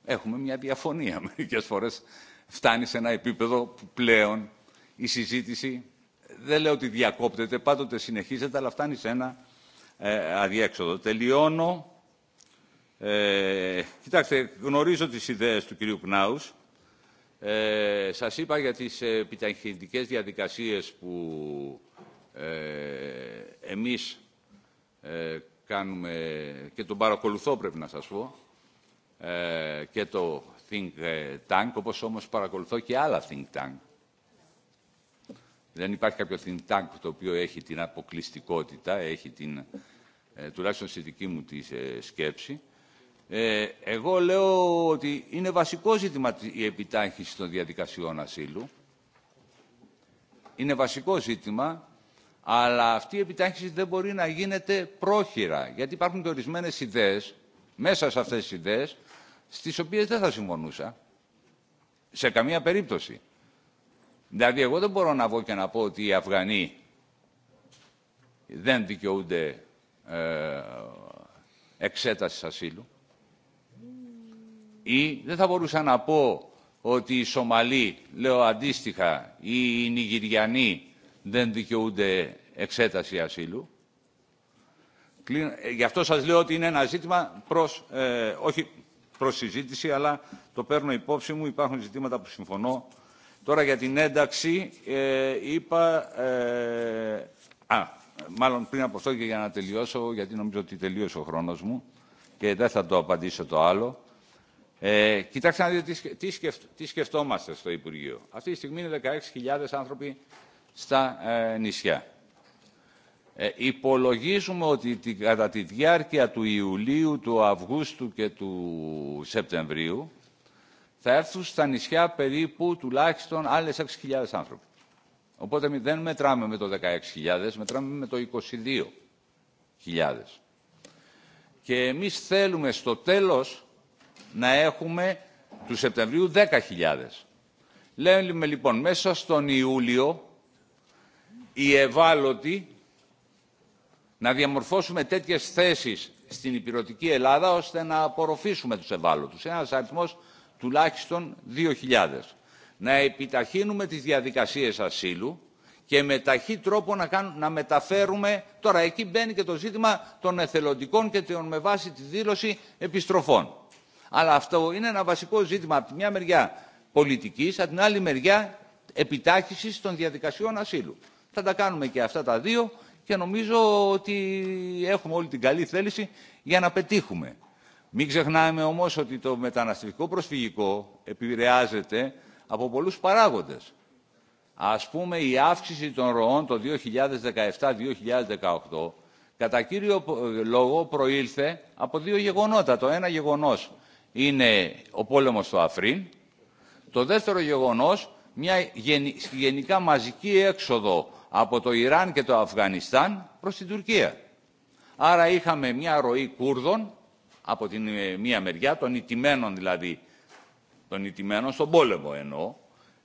έχουμε μια διαφωνία *laughs* μερικές φορές. Φτάνει σε ένα επίπεδο που πλέον η συζήτηση δεν λέω ότι διακόπτεται, πάντοτε συνεχίζεται, αλλά φτάνει σε ένα ε, αδιέξοδο. Τελειώνω. Ε, κοιτάξτε, γνωρίζω τις ιδέες του κυρίου Πνάους. Ε, σας είπα για τις επιταχυντικές διαδικασίες που ε, εμείς ε, κάνουμε και τον παρακολουθώ πρέπει να σας πω ε, και το think ε, tank, όπως όμως παρακολουθώ και άλλα think tank. Δεν υπάρχει κάποιο think tank το οποίο έχει την αποκλειστικότητα, έχει την, ε, τουλάχιστον στη δική μου τη σκέψη. εγώ λέω ότι είναι βασικό ζήτημα η επιτάχυνση των διαδικασιών ασύλου. Είναι βασικό ζήτημα, αλλά αυτή η επιτάχυνση δεν μπορεί να γίνεται πρόχειρα, γιατί υπάρχουν και ορισμένες ιδέες μέσα σε αυτές τις ιδέες στις οποίες δεν θα συμφωνούσα. Σε καμία περίπτωση. Δηλαδή εγώ δεν μπορώ να βγω και να πω ότι οι Αφγανοί δεν δικαιούνται ε, εξέταση ασύλου. Ή δεν θα μπορούσα να πω ότι οι Σομαλοί, λέω αντίστοιχα, ή οι Νιγηριανοί δεν δικαιούνται εξέταση ασύλου. Ε, γι' αυτό σας λέω ότι είναι ένα ζήτημα προς, ε, όχι προ αλλά το παίρνω υπόψη μου, υπάρχουν ζητήματα που συμφωνώ. Τώρα για την ένταξη ε, είπα... Ε, μάλλον πριν από αυτό και για να τελειώσω, γιατί νομίζω ότι τελείωσε ο χρόνος μου και δεν θα το απαντήσω το άλλο. Ε, κοιτάξτε να δείτε τι, σκεφτόμαστε στο Υπουργείο. Αυτή τη στιγμή είναι 16.000 άνθρωποι στα ε, νησιά. Ε, υπολογίζουμε ότι κατά τη διάρκεια του Ιουλίου, του Αυγούστου και του Σεπτεμβρίου θα έρθουν στα νησιά περίπου τουλάχιστον άλλες 6.000 άνθρωποι. Οπότε δεν μετράμε με το 16.000, μετράμε με το 22.000. Και εμείς θέλουμε στο τέλος να έχουμε του Σεπτεμβρίου 10.000. Λέμε λοιπόν μέσα στον Ιούλιο οι ευάλωτοι να διαμορφώσουμε τέτοιες θέσεις στην υπηρετική Ελλάδα ώστε να απορροφήσουμε τους ευάλωτους. Ένας αριθμός τουλάχιστον 2.000. Να επιταχύνουμε τις διαδικασίες ασύλου και με ταχύ τρόπο να, να μεταφέρουμε... Τώρα εκεί μπαίνει και το ζήτημα των εθελοντικών και των με βάση τη δήλωση επιστροφών. Αλλά αυτό είναι ένα βασικό ζήτημα από τη μια μεριά πολιτικής, από την άλλη μεριά επιτάχυσης των διαδικασιών ασύλου. Θα τα κάνουμε και αυτά τα δύο και νομίζω ότι έχουμε όλη την καλή θέληση για να πετύχουμε. Μην ξεχνάμε όμως ότι το μεταναστευτικό προσφυγικό επηρεάζεται από πολλούς παράγοντες. Ας πούμε η αύξηση των ροών το 2017-2018 κατά κύριο λόγο προήλθε από δύο γεγονότα. Το ένα γεγονός είναι ο πόλεμος στο Αφρίν. Το δεύτερο γεγονός μια γενικά μαζική έξοδο από το Ιράν και το Αφγανιστάν προς την Τουρκία. Άρα είχαμε μια ροή Κούρδων από την ε, μία μεριά, των ιτημένων δηλαδή, των ιτημένων στον πόλεμο εννοώ,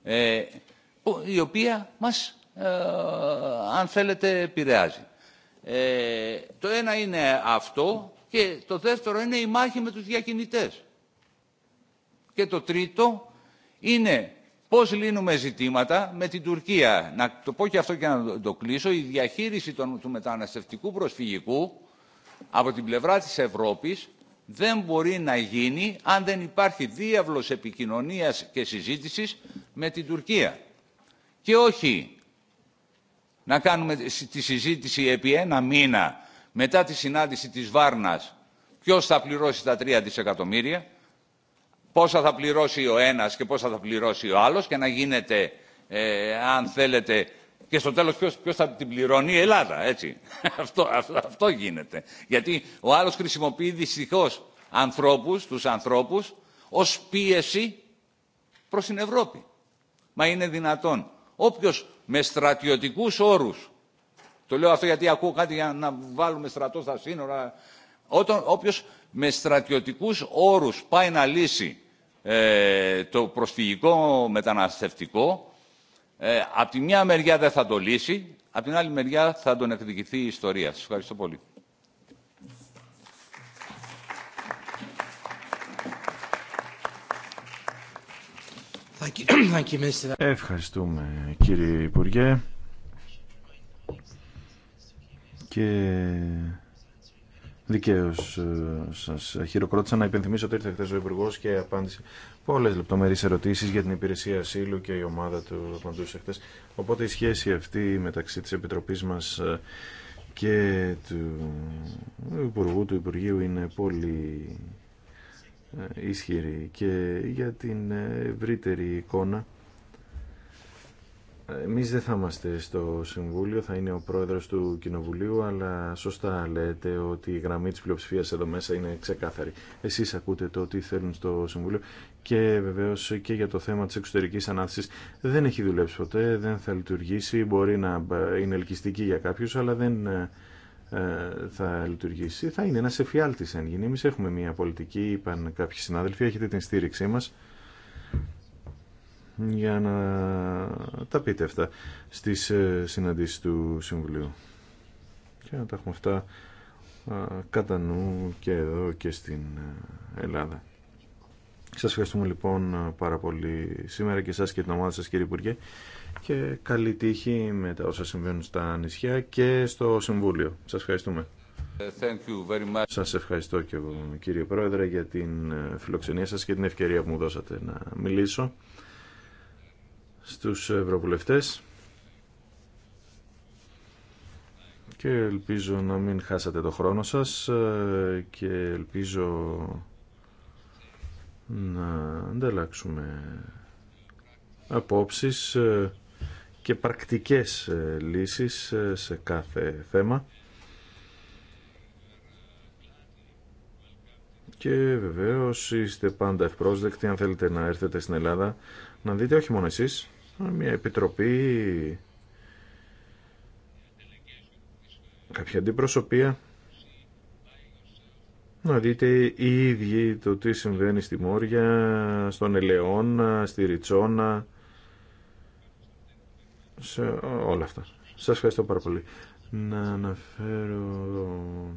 ε, η οποία μας, ε, αν θέλετε, επηρεάζει. το ένα είναι αυτό και το δεύτερο είναι η μάχη με τους διακινητές. Και το τρίτο είναι πώς λύνουμε ζητήματα με την Τουρκία. Να το πω και αυτό και να το κλείσω. Η διαχείριση του μεταναστευτικού προσφυγικού από την πλευρά της Ευρώπης δεν μπορεί να γίνει αν δεν υπάρχει διάβλος επικοινωνίας και συζήτησης με την Τουρκία. Και όχι να κάνουμε τη συζήτηση επί ένα μήνα μετά τη συνάντηση της Βάρνας ποιος θα πληρώσει τα 3 δισεκατομμύρια πόσα θα πληρώσει ο ένας και πόσα θα πληρώσει ο άλλος και να γίνεται, ε, αν θέλετε, και στο τέλος ποιος, ποιος θα την πληρώνει η Ελλάδα, έτσι. *laughs* αυτό, αυτό, γίνεται. Γιατί ο άλλος χρησιμοποιεί δυστυχώ ανθρώπους, τους ανθρώπους, ως πίεση προς την Ευρώπη. Μα είναι δυνατόν. Όποιος με στρατιωτικούς όρους, το λέω αυτό γιατί ακούω κάτι για να βάλουμε στρατό στα σύνορα, όταν όποιος με στρατιωτικούς όρους πάει να λύσει ε, το προσφυγικό μεταναστευτικό, ε, από τη μια μεριά δεν θα το λύσει, από την άλλη μεριά θα τον εκδικηθεί η ιστορία. Σας ευχαριστώ πολύ. *clears throat* Ευχαριστούμε κύριε Υπουργέ Δικαίω ε, σα χειροκρότησα να υπενθυμίσω ότι ήρθε χθε ο Υπουργό και απάντησε πολλέ λεπτομερεί ερωτήσει για την υπηρεσία ασύλου και η ομάδα του απαντούσε χθε. Οπότε η σχέση αυτή μεταξύ τη Επιτροπή μα ε, και του Υπουργού του Υπουργείου είναι πολύ ε, ισχυρή και για την ευρύτερη εικόνα εμείς δεν θα είμαστε στο Συμβούλιο, θα είναι ο πρόεδρος του Κοινοβουλίου, αλλά σωστά λέτε ότι η γραμμή της πλειοψηφίας εδώ μέσα είναι ξεκάθαρη. Εσείς ακούτε το τι θέλουν στο Συμβούλιο και βεβαίως και για το θέμα της εξωτερικής ανάθεσης δεν έχει δουλέψει ποτέ, δεν θα λειτουργήσει, μπορεί να είναι ελκυστική για κάποιους, αλλά δεν ε, θα λειτουργήσει. Θα είναι ένας εφιάλτης αν γίνει. Εμείς έχουμε μια πολιτική, είπαν κάποιοι συνάδελφοι, έχετε την στήριξή μας για να τα πείτε αυτά στις ε, συναντήσεις του Συμβουλίου. Και να τα έχουμε αυτά κατά νου και εδώ και στην ε, Ελλάδα. Σας ευχαριστούμε λοιπόν πάρα πολύ σήμερα και σας και την ομάδα σας κύριε Υπουργέ και καλή τύχη με τα όσα συμβαίνουν στα νησιά και στο Συμβούλιο. Σας ευχαριστούμε. Thank Σας ευχαριστώ και εγώ κύριε Πρόεδρε για την ε, φιλοξενία σας και την ευκαιρία που μου δώσατε να μιλήσω στους ευρωβουλευτές και ελπίζω να μην χάσατε το χρόνο σας ε, και ελπίζω να ανταλλάξουμε απόψεις ε, και πρακτικές ε, λύσεις σε κάθε θέμα και βεβαίως είστε πάντα ευπρόσδεκτοι αν θέλετε να έρθετε στην Ελλάδα να δείτε όχι μόνο εσείς, μια επιτροπή, κάποια αντιπροσωπεία, να δείτε οι ίδιοι το τι συμβαίνει στη Μόρια, στον Ελαιώνα, στη Ριτσόνα, σε όλα αυτά. Σας ευχαριστώ πάρα πολύ. Να αναφέρω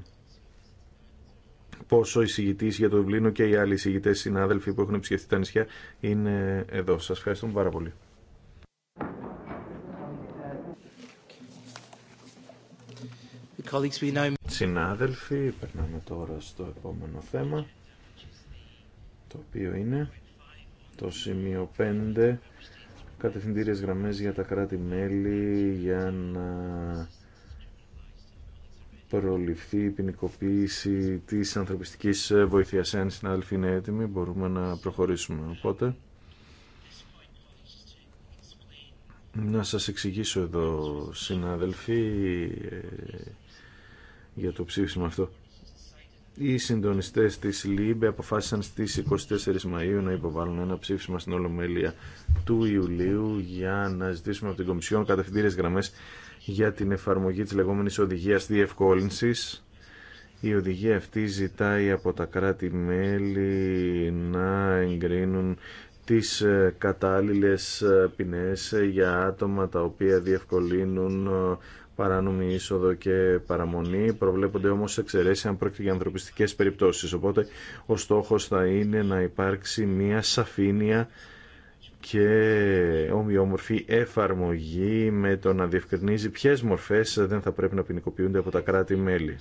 πόσο οι συγητή για το Δουβλίνο και οι άλλοι συγητέ συνάδελφοι που έχουν επισκεφτεί τα νησιά είναι εδώ. Σα ευχαριστούμε πάρα πολύ. Συνάδελφοι, περνάμε τώρα στο επόμενο θέμα, το οποίο είναι το σημείο 5, κατευθυντήριες γραμμές για τα κράτη-μέλη για να προληφθεί η ποινικοποίηση της ανθρωπιστικής βοήθειας. Εάν οι συνάδελφοι είναι έτοιμοι, μπορούμε να προχωρήσουμε. Οπότε, να σας εξηγήσω εδώ, συνάδελφοι, ε, για το ψήφισμα αυτό. Οι συντονιστές της ΛΥΜΠΕ αποφάσισαν στις 24 Μαΐου να υποβάλουν ένα ψήφισμα στην Ολομέλεια του Ιουλίου για να ζητήσουμε από την Κομισιόν κατευθυντήρες γραμμές για την εφαρμογή της λεγόμενης οδηγίας διευκόλυνσης. Η οδηγία αυτή ζητάει από τα κράτη-μέλη να εγκρίνουν τις ε, κατάλληλες ε, ποινές για άτομα τα οποία διευκολύνουν ε, παράνομη είσοδο και παραμονή. Προβλέπονται όμως εξαιρέσεις αν πρόκειται για ανθρωπιστικές περιπτώσεις. Οπότε ο στόχος θα είναι να υπάρξει μια σαφήνεια και ομοιόμορφη εφαρμογή με το να διευκρινίζει ποιες μορφές δεν θα πρέπει να ποινικοποιούνται από τα κράτη-μέλη.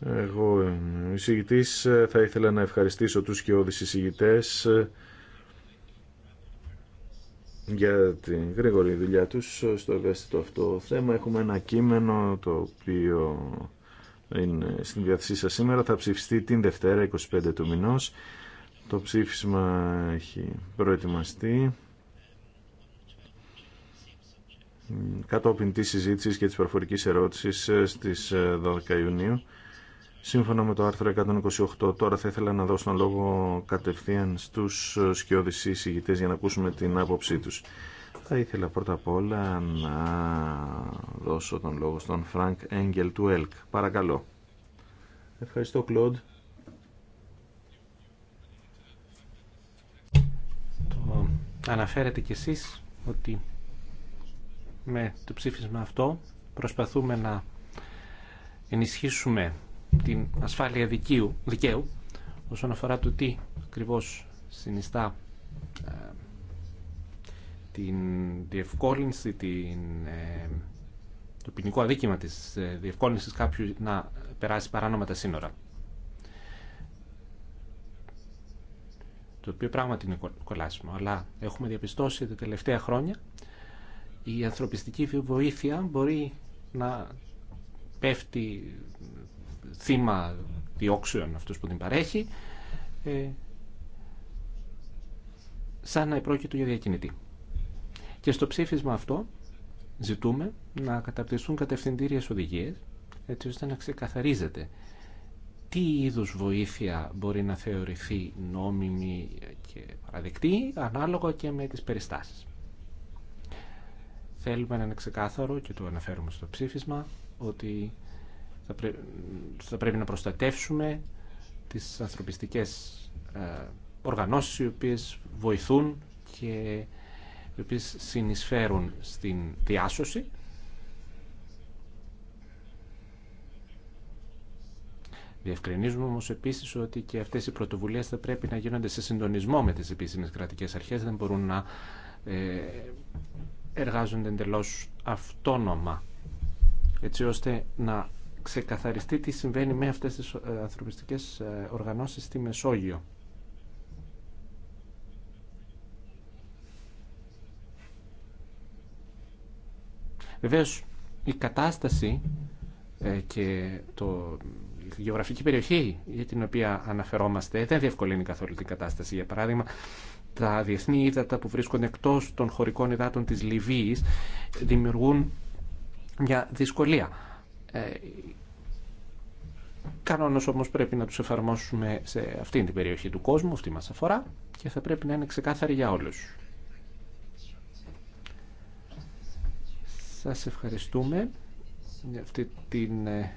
Εγώ, εισηγητής, θα ήθελα να ευχαριστήσω τους και όδης εισηγητές για την γρήγορη δουλειά τους στο ευαίσθητο αυτό θέμα. Έχουμε ένα κείμενο το οποίο είναι στην διάθεσή σας σήμερα. Θα ψηφιστεί την Δευτέρα, 25 του μηνός. Το ψήφισμα έχει προετοιμαστεί κατόπιν τη συζήτηση και τη προφορική ερώτηση ε, στις 12 ε, Ιουνίου. Σύμφωνα με το άρθρο 128, τώρα θα ήθελα να δώσω τον λόγο κατευθείαν στους ε, σκιώδεις εισηγητές για να ακούσουμε την άποψή του. Θα ήθελα πρώτα απ' όλα να δώσω τον λόγο στον Φρανκ Έγγελ του ΕΛΚ. Παρακαλώ. Ευχαριστώ, Κλοντ. αναφέρετε κι εσείς ότι με το ψήφισμα αυτό προσπαθούμε να ενισχύσουμε την ασφάλεια δικαίου, δικαίου όσον αφορά το τι ακριβώ συνιστά ε, την διευκόλυνση, την, ε, το ποινικό αδίκημα της ε, διευκόλυνσης κάποιου να περάσει παράνομα τα σύνορα. το οποίο πράγματι είναι κολάσιμο, αλλά έχουμε διαπιστώσει τα τελευταία χρόνια η ανθρωπιστική βοήθεια μπορεί να πέφτει θύμα διώξεων αυτούς που την παρέχει, ε, σαν να επρόκειτο για διακινητή. Και στο ψήφισμα αυτό ζητούμε να καταπτυσσούν κατευθυντήριες οδηγίες, έτσι ώστε να ξεκαθαρίζεται τι είδους βοήθεια μπορεί να θεωρηθεί νόμιμη και παραδεκτή, ανάλογα και με τις περιστάσεις. Θέλουμε να είναι ξεκάθαρο, και το αναφέρουμε στο ψήφισμα, ότι θα, πρέπει να προστατεύσουμε τις ανθρωπιστικές ε, οργανώσεις οι οποίες βοηθούν και οι οποίες συνεισφέρουν στην διάσωση Διευκρινίζουμε όμω επίση ότι και αυτέ οι πρωτοβουλίε θα πρέπει να γίνονται σε συντονισμό με τι επίσημε κρατικέ αρχέ. Δεν μπορούν να ε, εργάζονται εντελώ αυτόνομα έτσι ώστε να ξεκαθαριστεί τι συμβαίνει με αυτές τις ε, ανθρωπιστικές ε, οργανώσεις στη Μεσόγειο. Βεβαίω η κατάσταση και το γεωγραφική περιοχή για την οποία αναφερόμαστε δεν διευκολύνει καθόλου την κατάσταση. Για παράδειγμα, τα διεθνή ύδατα που βρίσκονται εκτό των χωρικών υδάτων της Λιβύης δημιουργούν μια δυσκολία. Ε, κανόνες όμως πρέπει να τους εφαρμόσουμε σε αυτήν την περιοχή του κόσμου, αυτή μα αφορά και θα πρέπει να είναι ξεκάθαρη για όλου. Σας ευχαριστούμε για αυτή την ε,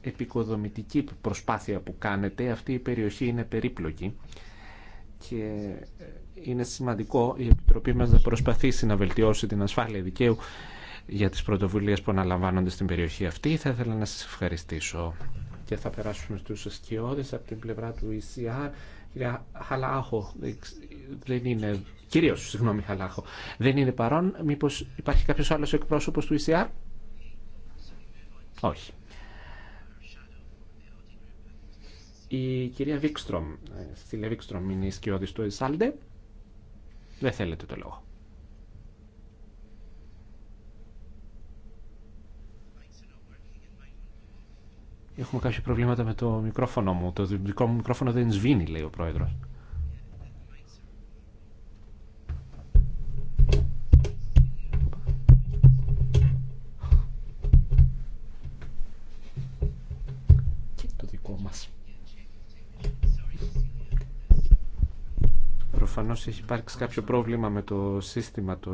επικοδομητική προσπάθεια που κάνετε. Αυτή η περιοχή είναι περίπλοκη και είναι σημαντικό η Επιτροπή μας να προσπαθήσει να βελτιώσει την ασφάλεια δικαίου για τις πρωτοβουλίες που αναλαμβάνονται στην περιοχή αυτή. Θα ήθελα να σας ευχαριστήσω και θα περάσουμε στους ασκιώδες από την πλευρά του ECR. Κυρία Χαλάχο, δεν είναι... Κυρίως, συγγνώμη, Χαλάχο. Δεν είναι παρόν. Μήπως υπάρχει κάποιος άλλος εκπρόσωπος του ECR? Όχι. Η κυρία Βίκστρομ, ε, Σίλια Βίκστρομ είναι η σκιώδης του Εσάλντε. Δεν θέλετε το λόγο. Έχουμε κάποια προβλήματα με το μικρόφωνο μου. Το δικό μου μικρόφωνο δεν σβήνει, λέει ο πρόεδρος. Φανώ έχει υπάρξει κάποιο πρόβλημα με το σύστημα το,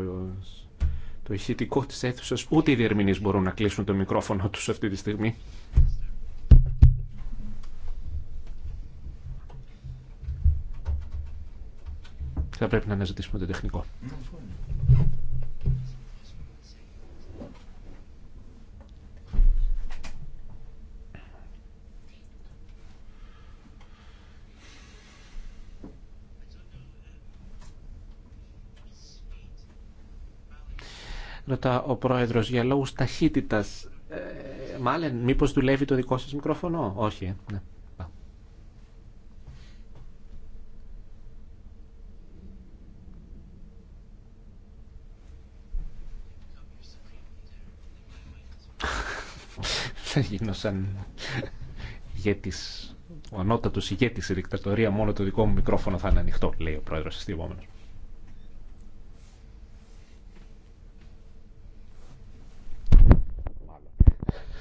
το ηχητικό τη αίθουσα. Ούτε οι διερμηνείς μπορούν να κλείσουν το μικρόφωνο του αυτή τη στιγμή. Θα πρέπει να αναζητήσουμε το τεχνικό. ρωτά ο πρόεδρος, για λόγου ταχύτητας, ε, μάλλον μήπως δουλεύει το δικό σας μικρόφωνο. Όχι, ε, ναι. θα γίνω σαν ηγέτης, ο ανώτατος ηγέτης η δικτατορία, μόνο το δικό μου μικρόφωνο θα είναι ανοιχτό, λέει ο πρόεδρος επόμενο.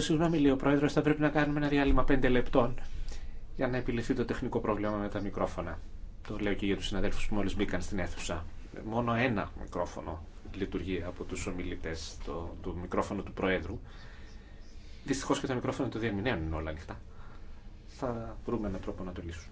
συγγνώμη, λέει ο Πρόεδρος, θα πρέπει να κάνουμε ένα διάλειμμα 5 λεπτών για να επιληθεί το τεχνικό πρόβλημα με τα μικρόφωνα. Το λέω και για τους συναδέλφους που μόλις μπήκαν στην αίθουσα. Μόνο ένα μικρόφωνο λειτουργεί από τους ομιλητές, το, το μικρόφωνο του Προέδρου. Δυστυχώ και τα μικρόφωνα του διαμηνέων είναι όλα ανοιχτά. Θα βρούμε έναν τρόπο να το λύσουμε.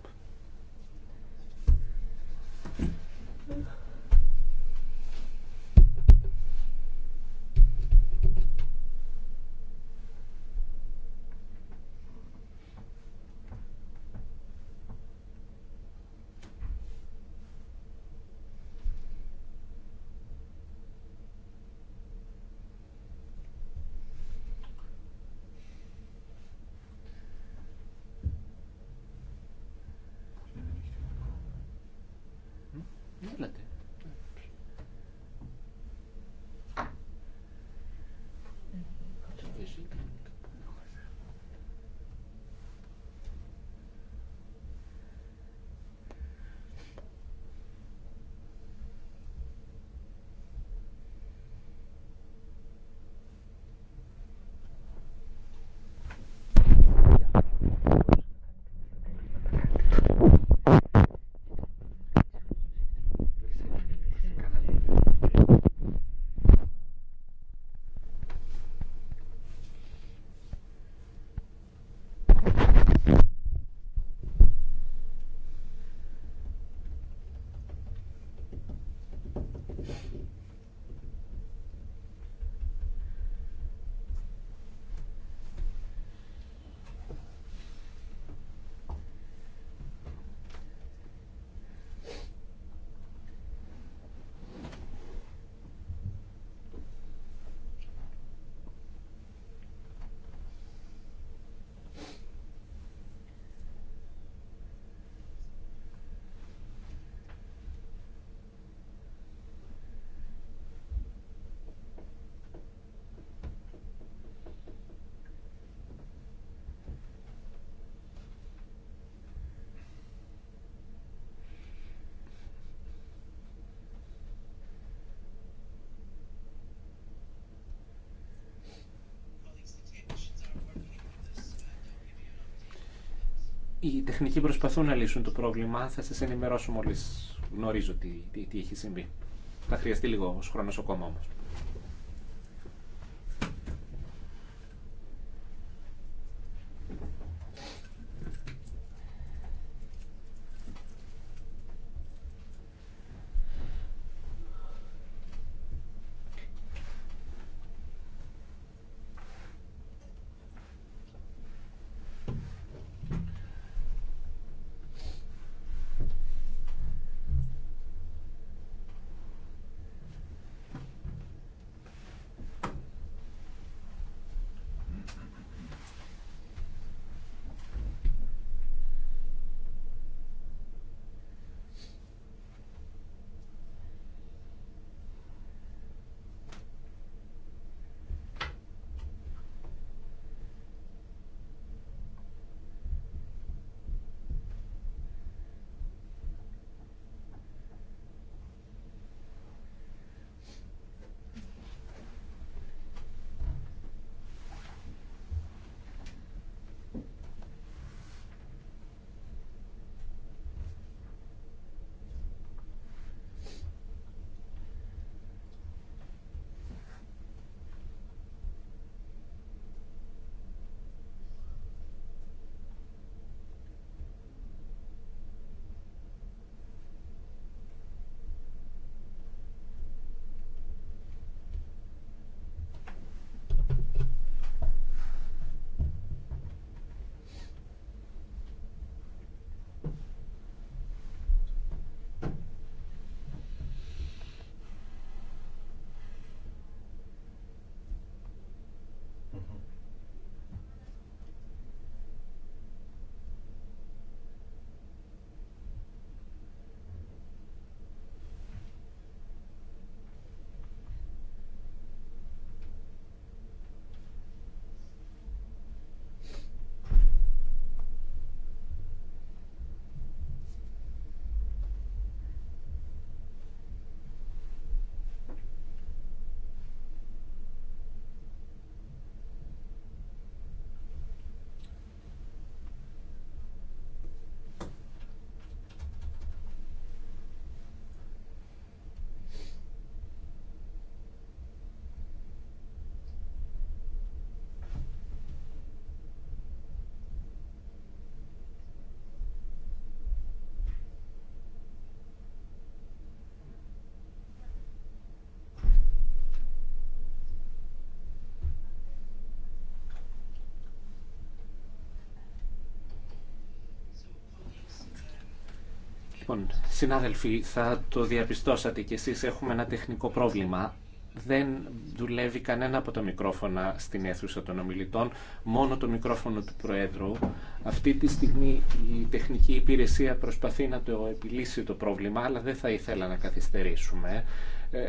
οι τεχνικοί προσπαθούν να λύσουν το πρόβλημα. Θα σας ενημερώσω μόλι γνωρίζω τι, τι, έχει συμβεί. Θα χρειαστεί λίγο χρόνο ακόμα όμως. Λοιπόν, συνάδελφοι, θα το διαπιστώσατε κι εσείς, έχουμε ένα τεχνικό πρόβλημα. Δεν δουλεύει κανένα από τα μικρόφωνα στην αίθουσα των ομιλητών, μόνο το μικρόφωνο του Προέδρου. Αυτή τη στιγμή η τεχνική υπηρεσία προσπαθεί να το επιλύσει το πρόβλημα, αλλά δεν θα ήθελα να καθυστερήσουμε. Ε,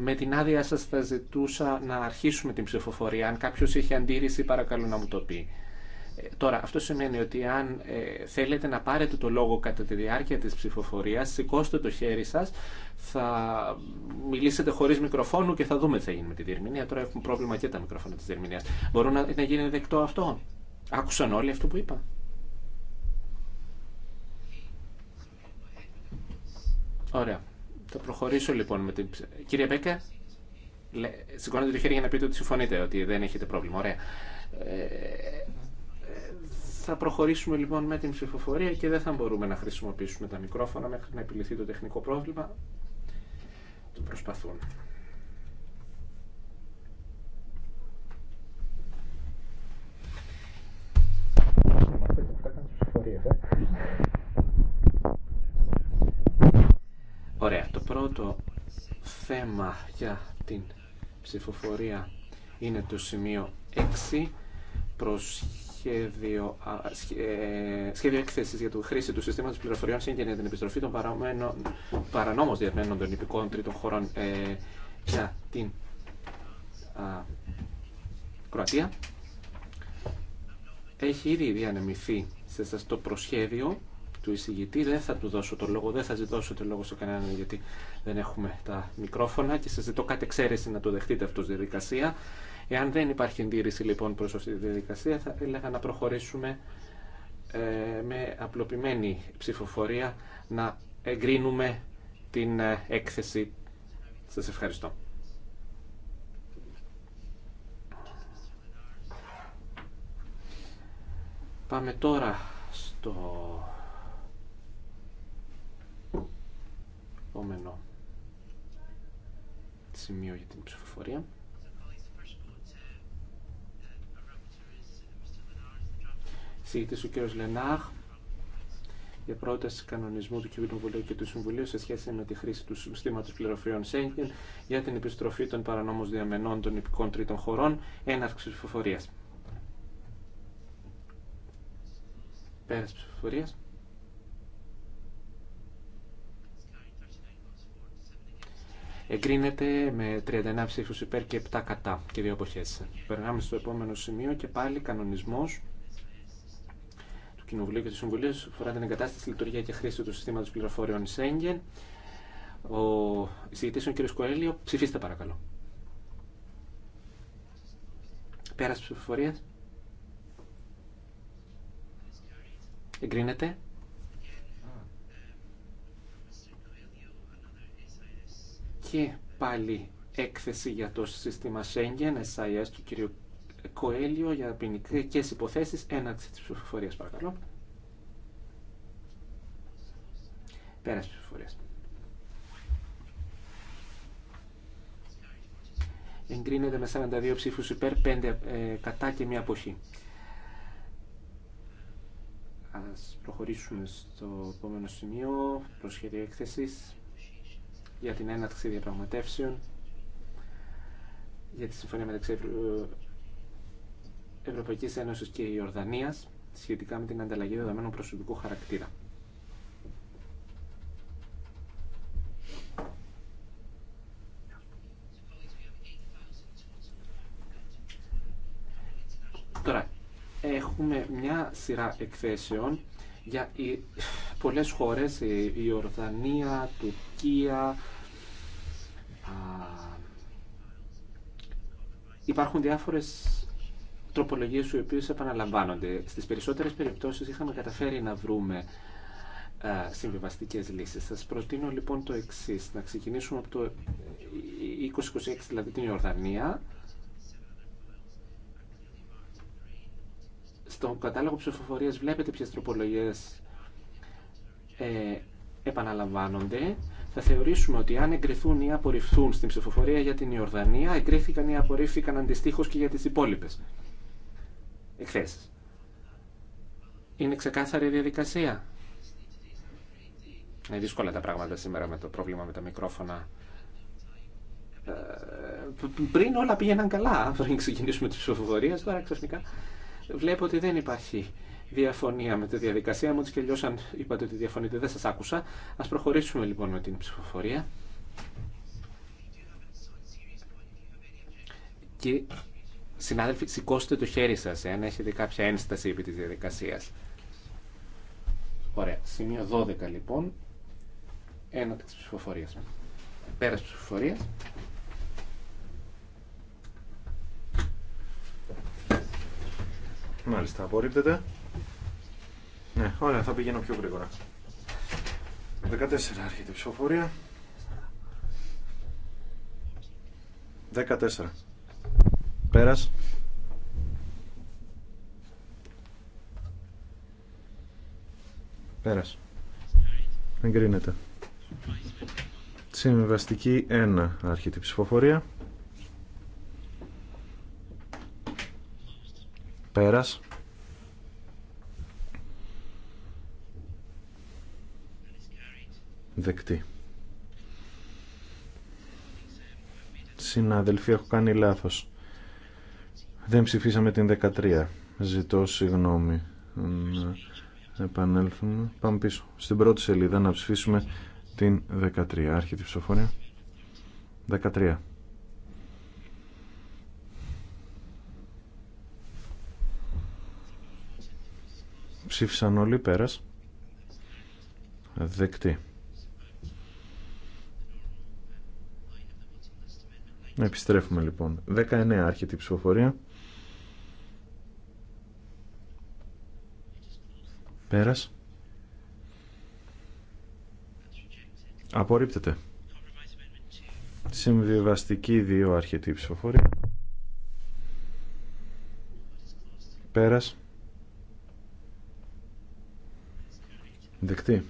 με την άδεια σας θα ζητούσα να αρχίσουμε την ψηφοφορία. Αν κάποιος έχει αντίρρηση, παρακαλώ να μου το πει. Τώρα, αυτό σημαίνει ότι αν ε, θέλετε να πάρετε το λόγο κατά τη διάρκεια της ψηφοφορίας, σηκώστε το χέρι σας, θα μιλήσετε χωρίς μικροφόνου και θα δούμε τι θα γίνει με τη διερμηνία. Τώρα έχουμε πρόβλημα και τα μικροφόνα της διερμηνίας. Μπορούν να, να γίνει δεκτό αυτό. Άκουσαν όλοι αυτό που είπα. Ωραία. Θα προχωρήσω λοιπόν με την... Κύριε Μπέκα, σηκώνετε το χέρι για να πείτε ότι συμφωνείτε, ότι δεν έχετε πρόβλημα. Ωραία. Ε, θα προχωρήσουμε λοιπόν με την ψηφοφορία και δεν θα μπορούμε να χρησιμοποιήσουμε τα μικρόφωνα μέχρι να επιληθεί το τεχνικό πρόβλημα. Το προσπαθούν. Ωραία. Το πρώτο θέμα για την ψηφοφορία είναι το σημείο 6 προς σχέδιο, ε, σχέδιο έκθεση για τη χρήση του συστήματο πληροφοριών σύγκαινε για την επιστροφή των παρανόμω διαμένων των υπηκών τρίτων χωρών ε, για την α, Κροατία. Έχει ήδη διανεμηθεί σε το προσχέδιο του εισηγητή. Δεν θα του δώσω το λόγο, δεν θα ζητώσω το λόγο σε κανέναν γιατί δεν έχουμε τα μικρόφωνα και σα ζητώ κάτι εξαίρεση να το δεχτείτε αυτό στη διαδικασία. Εάν δεν υπάρχει εντήρηση λοιπόν προς αυτή τη διαδικασία θα έλεγα να προχωρήσουμε ε, με απλοποιημένη ψηφοφορία να εγκρίνουμε την ε, έκθεση. Σας ευχαριστώ. Πάμε τώρα στο επόμενο σημείο για την ψηφοφορία. Συγητής ο κ. Λενάχ για πρόταση κανονισμού του Κοινοβουλίου και του Συμβουλίου σε σχέση με τη χρήση του συστήματο πληροφοριών Σέγγεν για την επιστροφή των παρανόμων διαμενών των υπηκών τρίτων χωρών, έναρξη ψηφοφορία. Πέρα ψηφοφορία. Εγκρίνεται με 39 ψήφους υπέρ και 7 κατά και δύο αποχές. Περνάμε στο επόμενο σημείο και πάλι κανονισμός Κοινοβουλίου και του Συμβουλίου αφορά την εγκατάσταση, λειτουργία και χρήση του συστήματο πληροφοριών Σέγγεν. Ο εισηγητή ο κ. Κοέλιο. Ψηφίστε παρακαλώ. Πέρα τη ψηφοφορία. Εγκρίνεται. Και πάλι έκθεση για το σύστημα Schengen, SIS του κ. Κοέλιο για ποινικέ υποθέσει. Έναρξη τη ψηφοφορία, παρακαλώ. Πέρα ψηφοφορία. Εγκρίνεται με 42 ψήφου υπέρ, 5 ε, κατά και μία αποχή. Α προχωρήσουμε στο επόμενο σημείο, προσχέδιο έκθεση για την έναρξη διαπραγματεύσεων για τη συμφωνία μεταξύ Ευρωπαϊκής Ένωσης και Ιορδανίας σχετικά με την ανταλλαγή δεδομένων προσωπικού χαρακτήρα. Τώρα, έχουμε μια σειρά εκθέσεων για οι, πολλές χώρες, η Ιορδανία, Τουρκία, υπάρχουν διάφορες τροπολογίε οι οποίε επαναλαμβάνονται. Στι περισσότερε περιπτώσει είχαμε καταφέρει να βρούμε ε, συμβιβαστικέ λύσει. Σα προτείνω λοιπόν το εξή. Να ξεκινήσουμε από το 2026, δηλαδή την Ιορδανία. Στον κατάλογο ψηφοφορία βλέπετε ποιε τροπολογίε ε, επαναλαμβάνονται. Θα θεωρήσουμε ότι αν εγκριθούν ή απορριφθούν στην ψηφοφορία για την Ιορδανία, εγκρίθηκαν ή απορρίφθηκαν αντιστοίχω και για τι υπόλοιπε εκθέσεις. Είναι ξεκάθαρη η διαδικασία. Είναι δύσκολα τα πράγματα σήμερα με το πρόβλημα με τα μικρόφωνα. Ε, πριν όλα πήγαιναν καλά, *laughs* πριν ξεκινήσουμε τη ψηφοφορία. τώρα ξαφνικά βλέπω ότι δεν υπάρχει διαφωνία με τη διαδικασία μου, και αλλιώς αν είπατε ότι διαφωνείτε δεν σας άκουσα. Ας προχωρήσουμε λοιπόν με την ψηφοφορία. Και Συνάδελφοι, σηκώστε το χέρι σας, εάν έχετε κάποια ένσταση επί της διαδικασίας. Ωραία. Σημείο 12, λοιπόν. Ένα της ψηφοφορίας. Πέρας ψηφοφορίας. Μάλιστα, απορρίπτεται. Ναι, ωραία, θα πηγαίνω πιο γρήγορα. 14 άρχεται η ψηφοφορία. 14. Πέρας. Πέρας. Εγκρίνεται. Συμβαστική 1. Άρχεται η ψηφοφορία. Πέρας. Δεκτή. Συναδελφοί, έχω κάνει λάθος. Δεν ψηφίσαμε την 13. Ζητώ συγγνώμη. Να επανέλθουμε. Πάμε πίσω. Στην πρώτη σελίδα να ψηφίσουμε την 13. Άρχεται η ψηφοφορία. 13. Ψήφισαν όλοι πέρας. Δεκτή. Επιστρέφουμε λοιπόν. 19 άρχεται η ψηφοφορία. Πέρας. Απορρίπτεται. Συμβιβαστική 2 αρχετή ψηφοφορία. Πέρας. Δεκτή.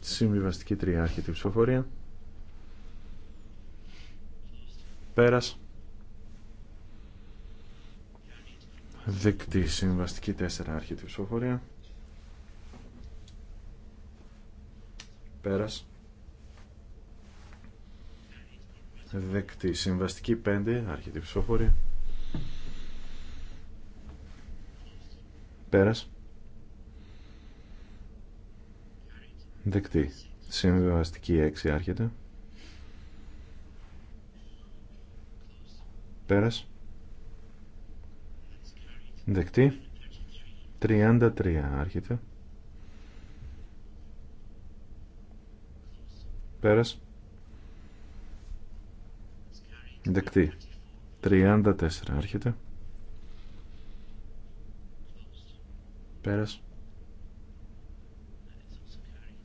Συμβιβαστική 3 αρχετή ψηφοφορία. Πέρας. Δεκτή συμβαστική 4 αρχετή ψηφοφορία. Πέρας. Δεκτή. Συμβαστική 5. Άρχεται η ψηφοφορία. Πέρας. Δεκτή. Συμβαστική 6. Άρχεται. Πέρας. Δεκτή. 33. Άρχεται. Πέρας. Δεκτή. 34. Άρχεται. Πέρας.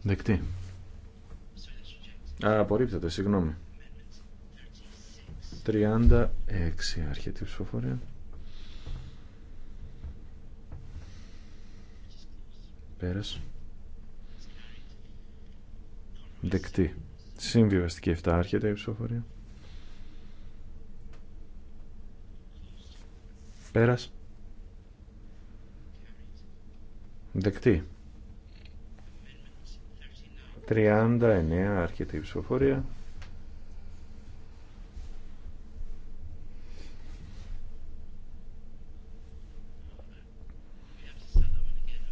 Δεκτή. Α, απορρίπτεται, συγγνώμη. 36. Άρχεται η ψηφοφορία. Πέρας. Δεκτή. Συμβιβαστική 7 άρχεται η ψηφοφορία. Πέρας. Δεκτή. 39 άρχεται η ψηφοφορία.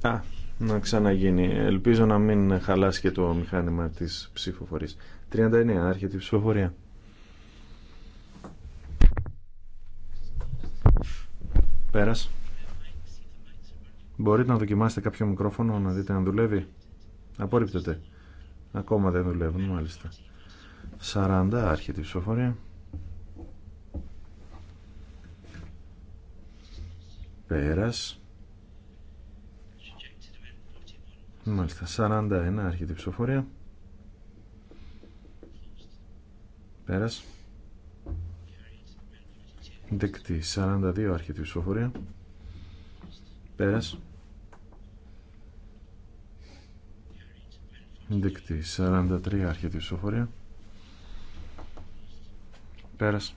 Α, να ξαναγίνει. Ελπίζω να μην χαλάσει και το μηχάνημα της ψηφοφορίας. 39. Άρχεται η ψηφοφορία. Πέρας. Μπορείτε να δοκιμάσετε κάποιο μικρόφωνο να δείτε αν δουλεύει. Απορρίπτεται. Ακόμα δεν δουλεύουν μάλιστα. 40. Άρχεται η ψηφοφορία. Πέρας. Μάλιστα. 41. Άρχεται η ψηφοφορία. Πέρας. Δεκτή. 42 αρχιετή ψηφοφορία. Πέρας. Δεκτή. 43 αρχιετή ψηφοφορία. Πέρας.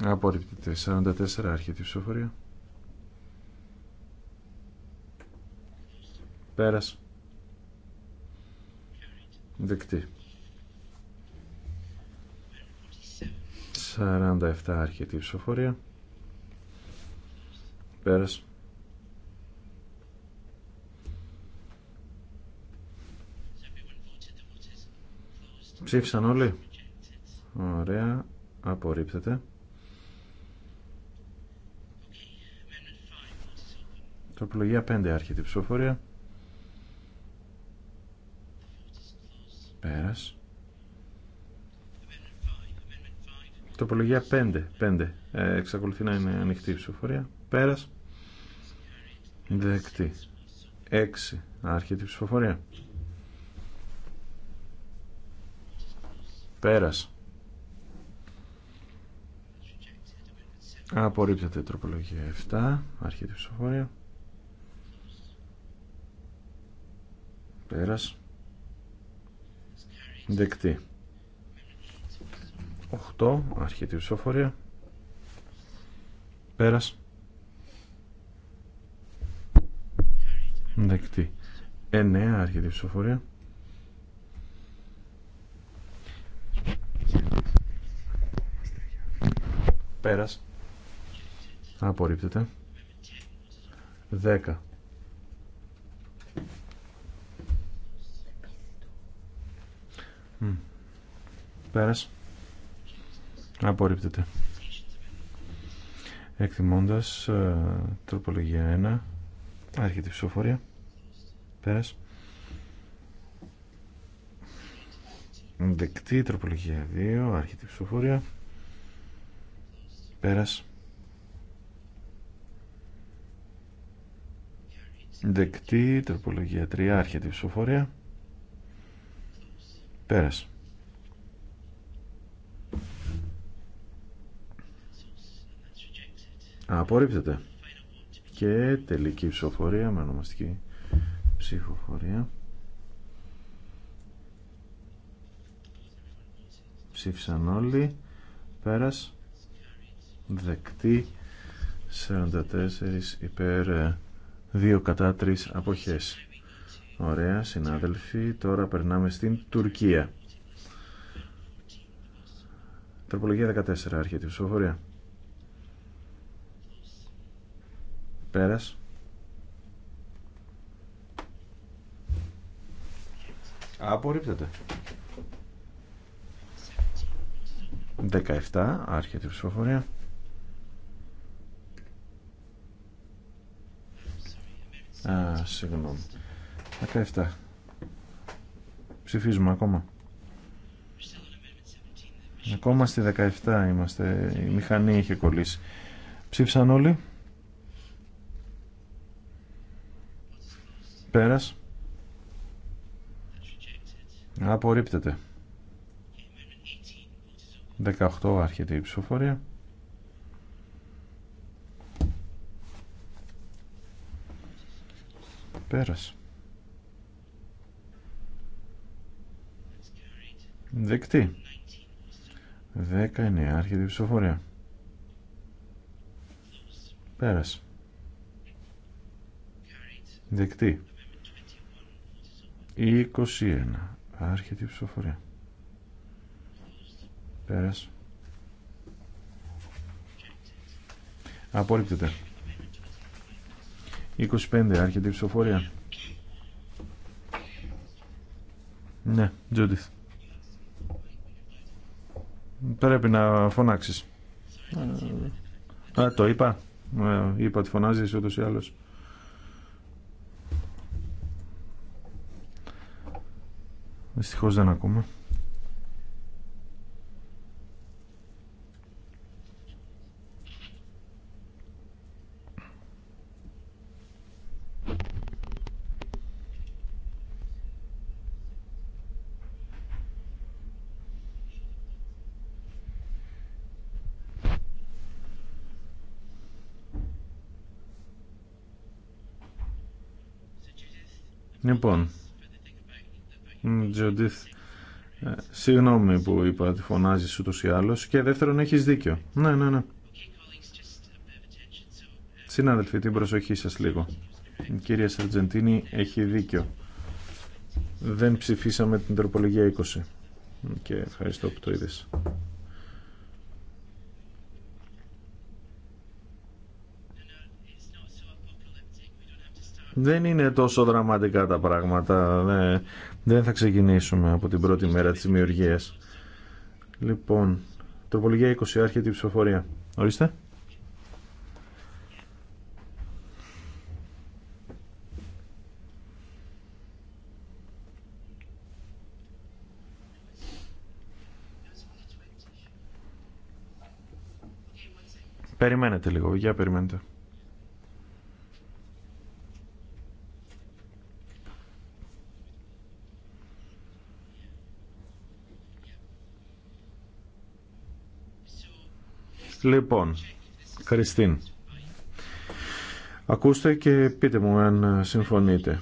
Απορριπτείται. 44 άρχεται ψηφοφορία. Πέρας. Δεκτή. 47 αρχιετή ψηφοφορία. Πέρας. Ψήφισαν όλοι. Ωραία. Απορρίπτεται. Τροπολογία 5 άρχεται η ψηφοφορία. Πέρας. Τοπολογία 5. 5. Ε, εξακολουθεί να είναι ανοιχτή η ψηφοφορία. Πέρας. Δεκτή. 6. Άρχεται η ψηφοφορία. Πέρας. Απορρίπτεται η τροπολογία 7. Άρχεται η ψηφοφορία. Πέρας. Δεκτή. 8. Αρχιτή ψηφοφορία. Πέρας. Δεκτή. 9. Αρχιτή ψηφοφορία. Πέρας. Απορρίπτεται. 10. Πέρας. Απορρίπτεται. Εκτιμώντας ε, τροπολογία 1. Άρχεται η ψηφοφορία. Πέρας. Δεκτή τροπολογία 2. Άρχεται η ψηφοφορία. Πέρας. Δεκτή τροπολογία 3. Άρχεται η ψηφοφορία. Πέρας. Απορρίπτεται. Και τελική ψηφοφορία με ονομαστική ψηφοφορία. Ψήφισαν όλοι. Πέρας. Δεκτή. 44 υπέρ 2 ε, κατά 3 αποχές. Ωραία, συνάδελφοι. Τώρα περνάμε στην Τουρκία. Τροπολογία 14, αρχιετή ψηφοφορία. Πέρας. Απορρίπτεται. 17, αρχιετή ψηφοφορία. Α, συγγνώμη. 17. Ψηφίζουμε ακόμα. Ακόμα στη 17 είμαστε. Η μηχανή είχε κολλήσει. Ψήφισαν όλοι. Πέρας. Απορρίπτεται. 18 άρχεται η ψηφοφορία. Πέρασε. Δεκτή. 19. Άρχεται η ψηφοφορία. Πέρασε. Δεκτή. 21. Άρχεται ψηφοφορία. Πέρασε. Απορρίπτεται. 25. Άρχεται ψηφοφορία. Ναι, Τζούντιθ. Πρέπει να φωνάξεις. το είπα. Ε, είπα ότι φωνάζεις ούτω ή άλλω. Δυστυχώ δεν ακούμε. Λοιπόν, Τζοντίθ, ε, συγγνώμη που είπα ότι φωνάζει ούτω ή άλλω. και δεύτερον έχει δίκιο. Ναι, ναι, ναι. Συνάδελφοι, την προσοχή σα λίγο. Η κυρία Σαρτζεντίνη έχει δίκιο. Δεν ψηφίσαμε την τροπολογία 20. Και ευχαριστώ που το είδες. Δεν είναι τόσο δραματικά τα πράγματα. Ναι, δεν θα ξεκινήσουμε από την πρώτη μέρα τη δημιουργία. Λοιπόν, τροπολογία 20, άρχεται η ψηφοφορία. Ορίστε. Περιμένετε λίγο, για περιμένετε. Λοιπόν, Χριστίν, ακούστε και πείτε μου αν συμφωνείτε.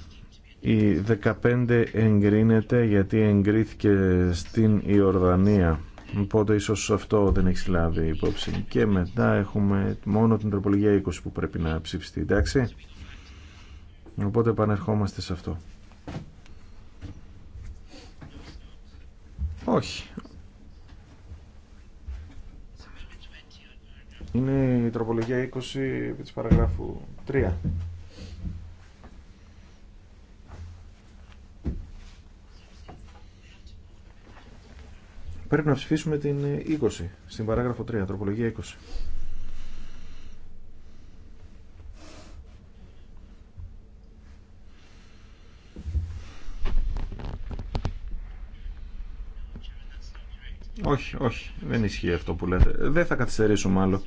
Η 15 εγκρίνεται γιατί εγκρίθηκε στην Ιορδανία. Οπότε ίσως αυτό δεν έχει λάβει υπόψη. Και μετά έχουμε μόνο την τροπολογία 20 που πρέπει να ψηφιστεί, εντάξει. Οπότε επανερχόμαστε σε αυτό. Όχι, Είναι η τροπολογία 20 επί της παραγράφου 3. Πρέπει να ψηφίσουμε την 20, στην παράγραφο 3, τροπολογία 20. Όχι, όχι, δεν ισχύει αυτό που λέτε. Δεν θα καθυστερήσουμε άλλο.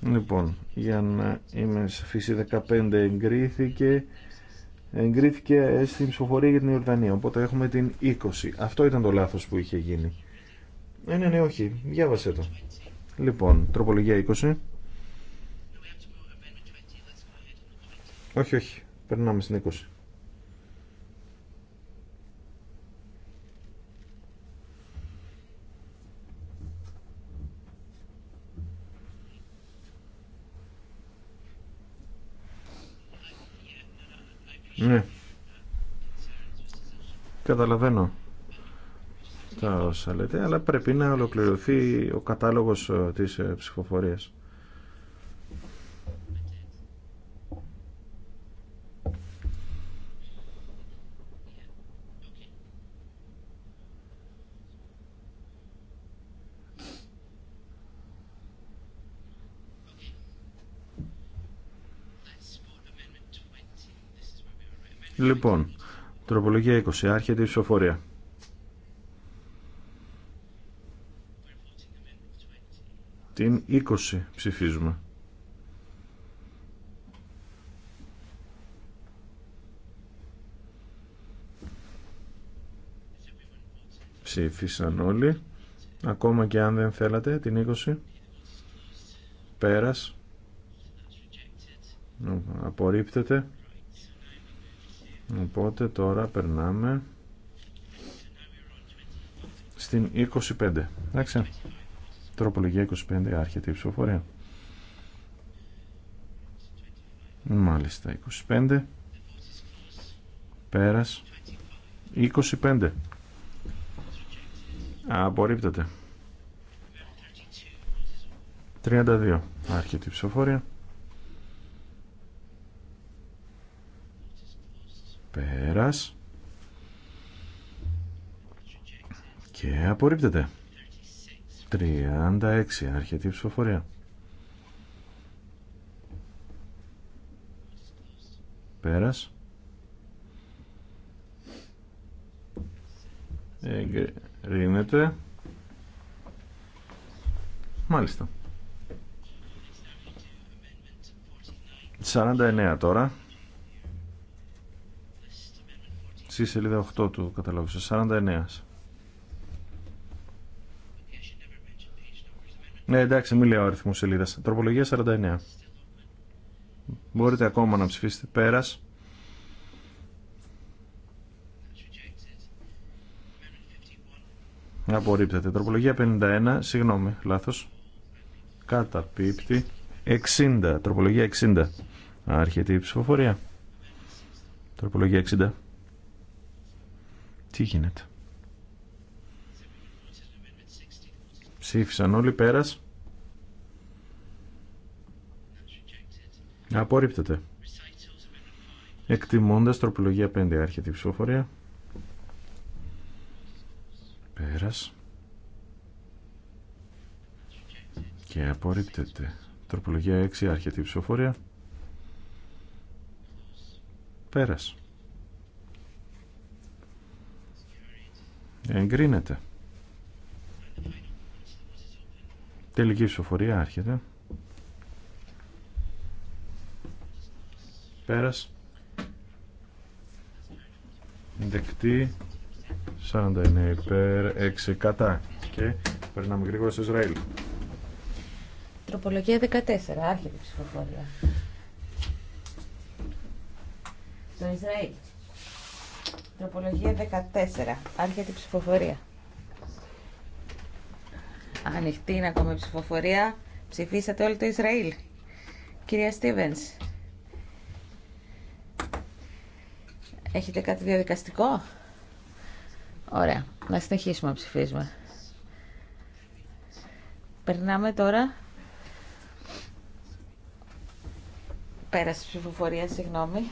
Λοιπόν, για να είμαι φύση 15 εγκρίθηκε, εγκρίθηκε στην ψηφοφορία για την Ιορδανία, οπότε έχουμε την 20. Αυτό ήταν το λάθος που είχε γίνει. Ναι, ναι, ναι, όχι, διάβασέ το. Λοιπόν, τροπολογία 20. Όχι, όχι, περνάμε στην 20. Ναι. Καταλαβαίνω τα όσα λέτε, αλλά πρέπει να ολοκληρωθεί ο κατάλογος ε, της ε, ψηφοφορίας. Λοιπόν, τροπολογία 20. Άρχεται η ψηφοφορία. Την 20 ψηφίζουμε. Ψήφισαν όλοι. Ακόμα και αν δεν θέλατε την 20. Πέρας. Απορρίπτεται. Οπότε τώρα περνάμε στην 25. Εντάξει. Τροπολογία 25, άρχεται η ψηφοφορία. Μάλιστα, 25. Πέρας. 25. Απορρίπτεται. 32. Άρχεται η ψηφοφορία. Πέρας. Και απορρίπτεται. 36. αρχιετή ψηφοφορία. Πέρας. Εγκρίνεται. Μάλιστα. 49 τώρα. στη σελίδα 8 του καταλόγου σας, 49. Ναι, εντάξει, μην λέω αριθμό σελίδα. Τροπολογία 49. Μπορείτε ακόμα να ψηφίσετε. Πέρας. Απορρίπτεται. Τροπολογία 51. Συγγνώμη, λάθος. Καταπίπτει. 60. Τροπολογία 60. Άρχεται η ψηφοφορία. Τροπολογία 60. Τι γίνεται. Ψήφισαν όλοι πέρας. Απορρίπτεται. Εκτιμώντας τροπολογία 5 άρχεται η ψηφοφορία. Πέρας. Και απορρίπτεται. Τροπολογία 6 άρχεται η ψηφοφορία. Πέρας. Εγκρίνεται. Τελική ψηφοφορία άρχεται. Πέρας. Δεκτή. 49 υπέρ, 6 κατά. Και περνάμε γρήγορα στο Ισραήλ. Τροπολογία 14, άρχεται η ψηφοφορία. Στο Ισραήλ. Τροπολογία 14. Άρχεται η ψηφοφορία. Ανοιχτή είναι ακόμα η ψηφοφορία. Ψηφίσατε όλο το Ισραήλ. Κυρία Στίβενς, έχετε κάτι διαδικαστικό? Ωραία, να συνεχίσουμε να ψηφίσουμε. Περνάμε τώρα... Πέρασε η ψηφοφορία, συγγνώμη.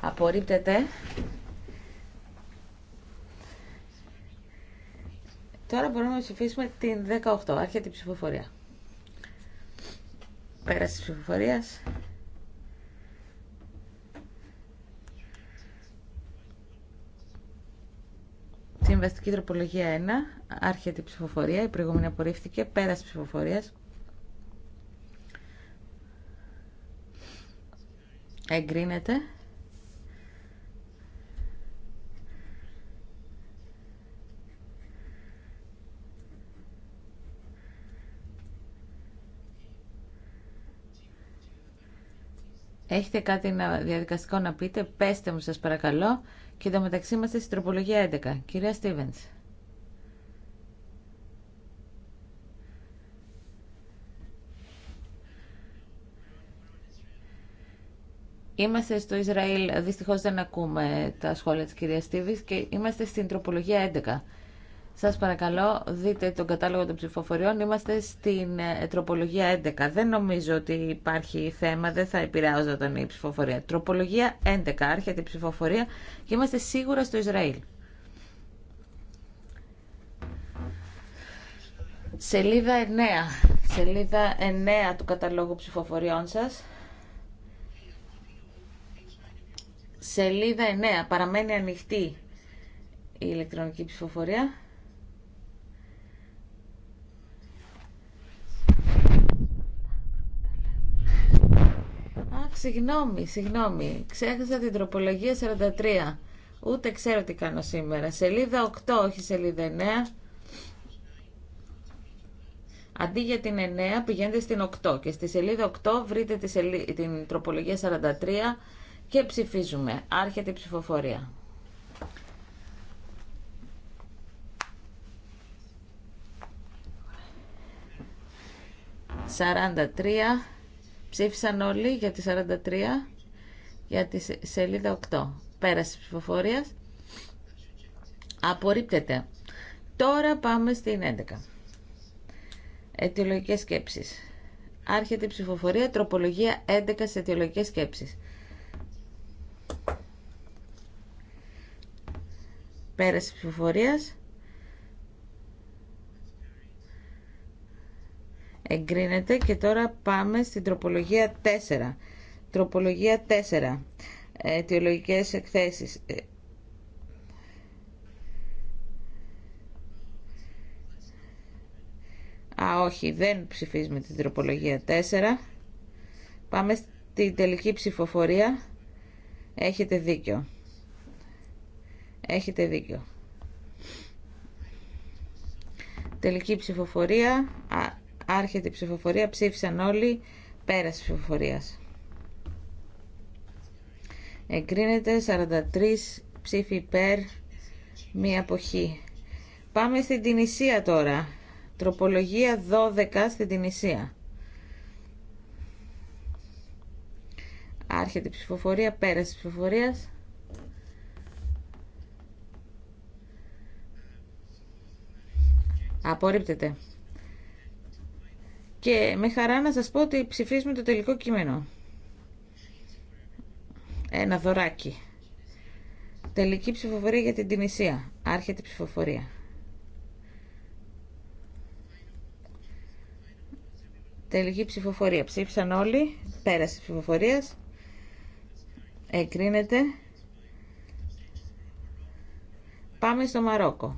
Απορρίπτεται Τώρα μπορούμε να ψηφίσουμε την 18. Άρχεται η ψηφοφορία. Πέραση ψηφοφορία. Συμβαστική τροπολογία 1. Άρχεται η ψηφοφορία. Η προηγούμενη απορρίφθηκε. Πέραση ψηφοφορία. Εγκρίνεται. Έχετε κάτι να, διαδικαστικό να πείτε, πέστε μου σας παρακαλώ. Και το μεταξύ είμαστε στην τροπολογία 11. Κυρία Στίβενς. Είμαστε στο Ισραήλ, δυστυχώς δεν ακούμε τα σχόλια της κυρίας Στίβης και είμαστε στην τροπολογία 11. Σας παρακαλώ, δείτε τον κατάλογο των ψηφοφοριών. Είμαστε στην ε, τροπολογία 11. Δεν νομίζω ότι υπάρχει θέμα, δεν θα επηρεάζονταν η ψηφοφορία. Τροπολογία 11, άρχεται η ψηφοφορία και είμαστε σίγουρα στο Ισραήλ. Σελίδα 9. Σελίδα 9 του καταλόγου ψηφοφοριών σας. Σελίδα 9. Παραμένει ανοιχτή η ηλεκτρονική ψηφοφορία. Συγγνώμη, συγγνώμη. Ξέχασα την τροπολογία 43. Ούτε ξέρω τι κάνω σήμερα. Σελίδα 8, όχι σελίδα 9. Αντί για την 9 πηγαίνετε στην 8 και στη σελίδα 8 βρείτε τη την τροπολογία 43 και ψηφίζουμε. Άρχεται η ψηφοφορία. 43 Ψήφισαν όλοι για τη 43, για τη σελίδα 8. Πέραση ψηφοφορία. Απορρίπτεται. Τώρα πάμε στην 11. Αιτιολογικές σκέψεις. Άρχεται η ψηφοφορία, τροπολογία 11 σε αιτιολογικές σκέψεις. Πέραση ψηφοφορίας. εγκρίνεται και τώρα πάμε στην τροπολογία 4 τροπολογία 4 αιτιολογικές εκθέσεις Α, όχι, δεν ψηφίζουμε την τροπολογία 4. Πάμε στην τελική ψηφοφορία. Έχετε δίκιο. Έχετε δίκιο. Τελική ψηφοφορία. Άρχεται η ψηφοφορία. Ψήφισαν όλοι. Πέραση ψηφοφορία. Εγκρίνεται 43 ψήφοι υπέρ, μία αποχή. Πάμε στην Τινησία τώρα. Τροπολογία 12 στην Τινησία. Άρχεται η ψηφοφορία, πέραση της ψηφοφορίας. Απορρίπτεται και με χαρά να σας πω ότι ψηφίζουμε το τελικό κείμενο. Ένα δωράκι. Τελική ψηφοφορία για την Τινησία. Άρχεται η ψηφοφορία. Τελική ψηφοφορία. Ψήφισαν όλοι. Πέρασε ψηφοφορία. Εκρίνεται. Πάμε στο Μαρόκο.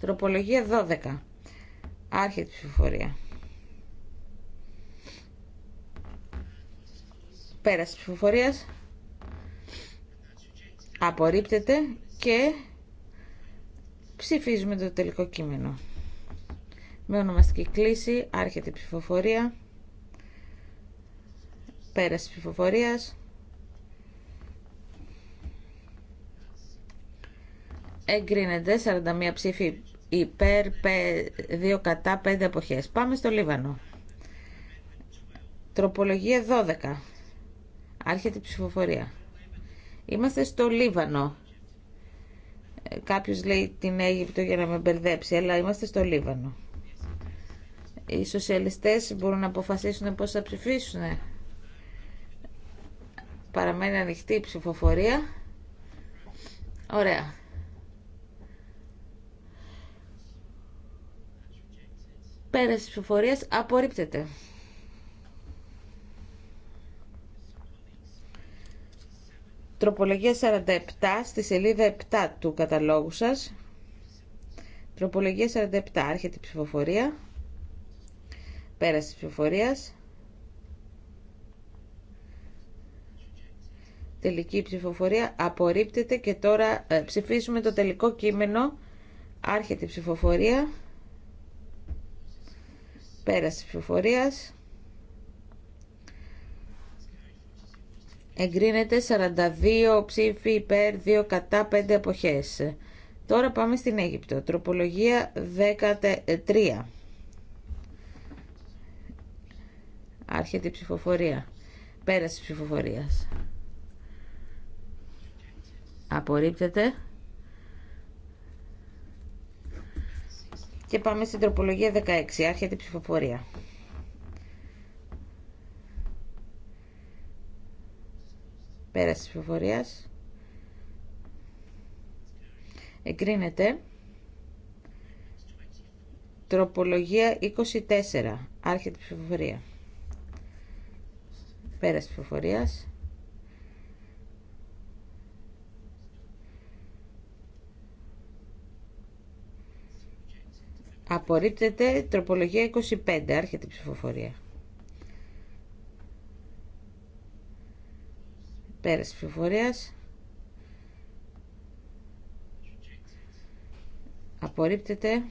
Τροπολογία 12. Άρχεται η ψηφοφορία. Πέραση ψηφοφορία ψηφοφορίας. Απορρίπτεται και ψηφίζουμε το τελικό κείμενο. Με ονομαστική κλίση άρχεται η ψηφοφορία. Πέραση ψηφοφορία. ψηφοφορίας. Εγκρίνεται 41 ψήφοι υπέρ 2 κατά 5 εποχές Πάμε στο Λίβανο. Τροπολογία 12. Άρχεται η ψηφοφορία. Είμαστε στο Λίβανο. Ε, κάποιος λέει την Αίγυπτο για να με μπερδέψει, αλλά είμαστε στο Λίβανο. Οι σοσιαλιστές μπορούν να αποφασίσουν πώς θα ψηφίσουν. Παραμένει ανοιχτή η ψηφοφορία. Ωραία. Πέρας ψηφοφορίας απορρίπτεται. Τροπολογία 47 στη σελίδα 7 του καταλόγου σας. Τροπολογία 47, άρχεται η ψηφοφορία. Πέραση τη ψηφοφορίας. Τελική ψηφοφορία απορρίπτεται και τώρα ε, ψηφίσουμε το τελικό κείμενο. Άρχεται η ψηφοφορία. Πέραση ψηφοφορίας. Εγκρίνεται 42 ψήφοι υπέρ, 2 κατά, 5 εποχές. Τώρα πάμε στην Αίγυπτο. Τροπολογία 13. Άρχεται η ψηφοφορία. Πέραση ψηφοφορίας. Απορρίπτεται. Και πάμε στην τροπολογία 16. Άρχεται η ψηφοφορία. Πέραση της ψηφοφορίας. Εγκρίνεται. Τροπολογία 24. Άρχεται η ψηφοφορία. Πέραση της ψηφοφορίας. Απορρίπτεται τροπολογία 25. Άρχεται η ψηφοφορία. Πέραση ψηφοφορίας. Απορρίπτεται.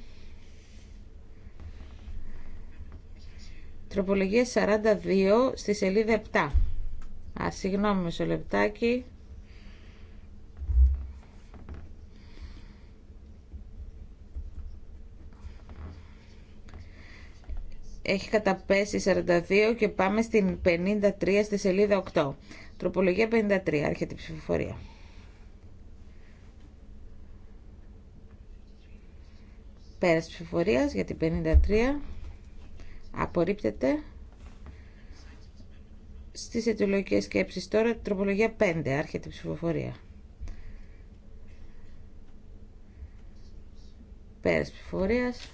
Τροπολογία 42 στη σελίδα 7. Α, συγγνώμη μισό λεπτάκι. έχει καταπέσει 42 και πάμε στην 53 στη σελίδα 8. Τροπολογία 53, άρχεται η ψηφοφορία. Πέρας ψηφοφορίας για την 53 απορρίπτεται στις αιτιολογικές σκέψεις τώρα τροπολογία 5 άρχεται η ψηφοφορία πέρας ψηφοφορίας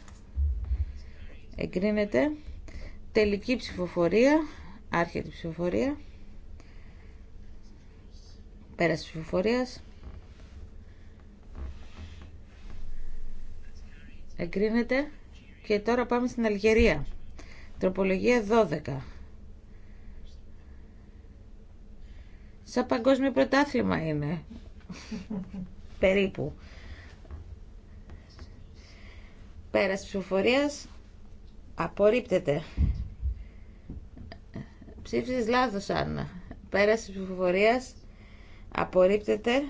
εγκρίνεται Τελική ψηφοφορία. Άρχεται η ψηφοφορία. Πέραση ψηφοφορίας. Εγκρίνεται. Και τώρα πάμε στην Αλγερία. Τροπολογία 12. Σαν παγκόσμιο πρωτάθλημα είναι. *laughs* Περίπου. τη ψηφοφορίας απορρίπτεται. Ψήφισες λάθος, Άννα. Πέραση ψηφοφορία. Απορρίπτεται.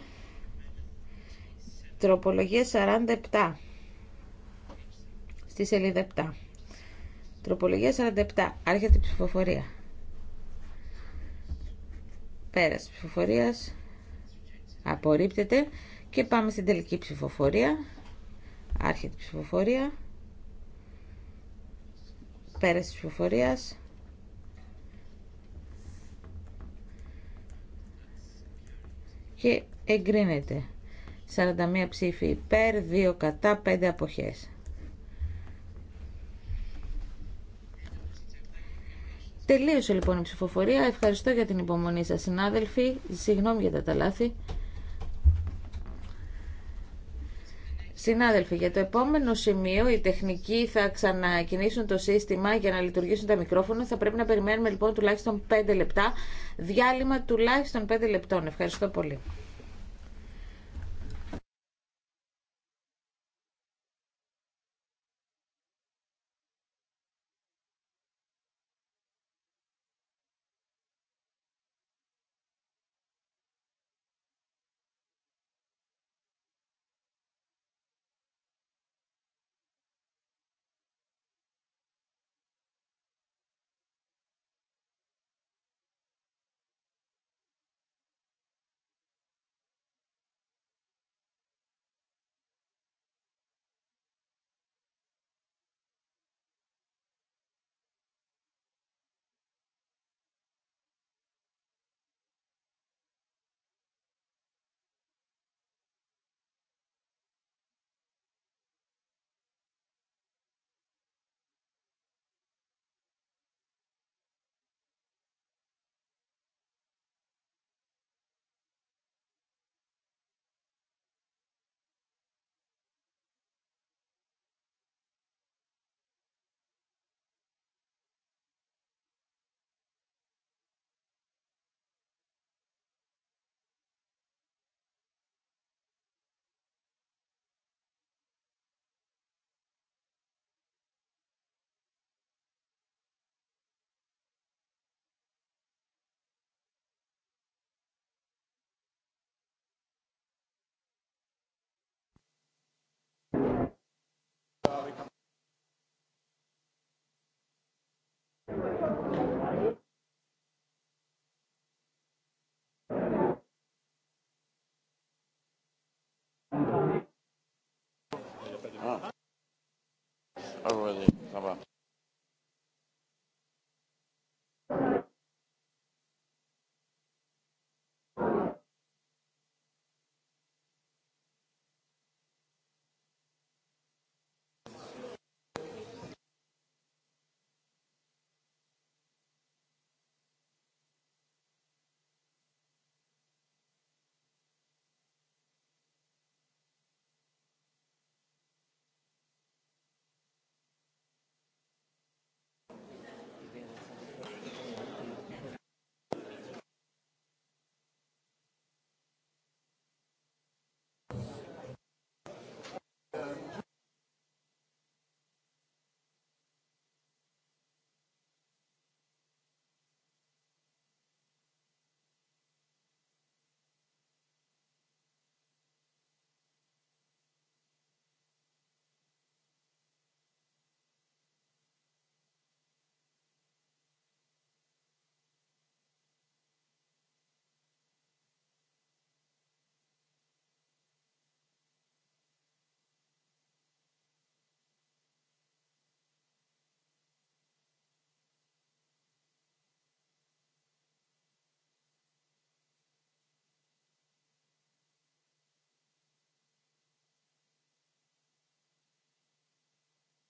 Τροπολογία 47. Στη σελίδα 7. Τροπολογία 47. Άρχεται η ψηφοφορία. Πέραση ψηφοφορία. Απορρίπτεται. Και πάμε στην τελική ψηφοφορία. Άρχεται η ψηφοφορία. Πέραση ψηφοφορία. και εγκρίνεται. 41 ψήφοι υπέρ, 2 κατά, 5 αποχές. Τελείωσε λοιπόν η ψηφοφορία. Ευχαριστώ για την υπομονή σας συνάδελφοι. Συγγνώμη για τα λάθη. Συνάδελφοι, για το επόμενο σημείο οι τεχνικοί θα ξανακινήσουν το σύστημα για να λειτουργήσουν τα μικρόφωνα. Θα πρέπει να περιμένουμε λοιπόν τουλάχιστον 5 λεπτά. Διάλειμμα τουλάχιστον 5 λεπτών. Ευχαριστώ πολύ. Ah. Ah, ça va.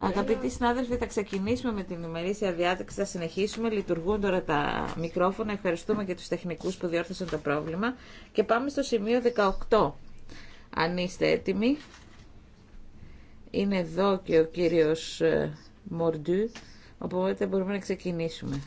Αγαπητοί συνάδελφοι, θα ξεκινήσουμε με την ημερήσια διάταξη, θα συνεχίσουμε. Λειτουργούν τώρα τα μικρόφωνα. Ευχαριστούμε και τους τεχνικού που διόρθωσαν το πρόβλημα. Και πάμε στο σημείο 18. Αν είστε έτοιμοι. Είναι εδώ και ο κύριος ε, Μορντού, οπότε μπορούμε να ξεκινήσουμε.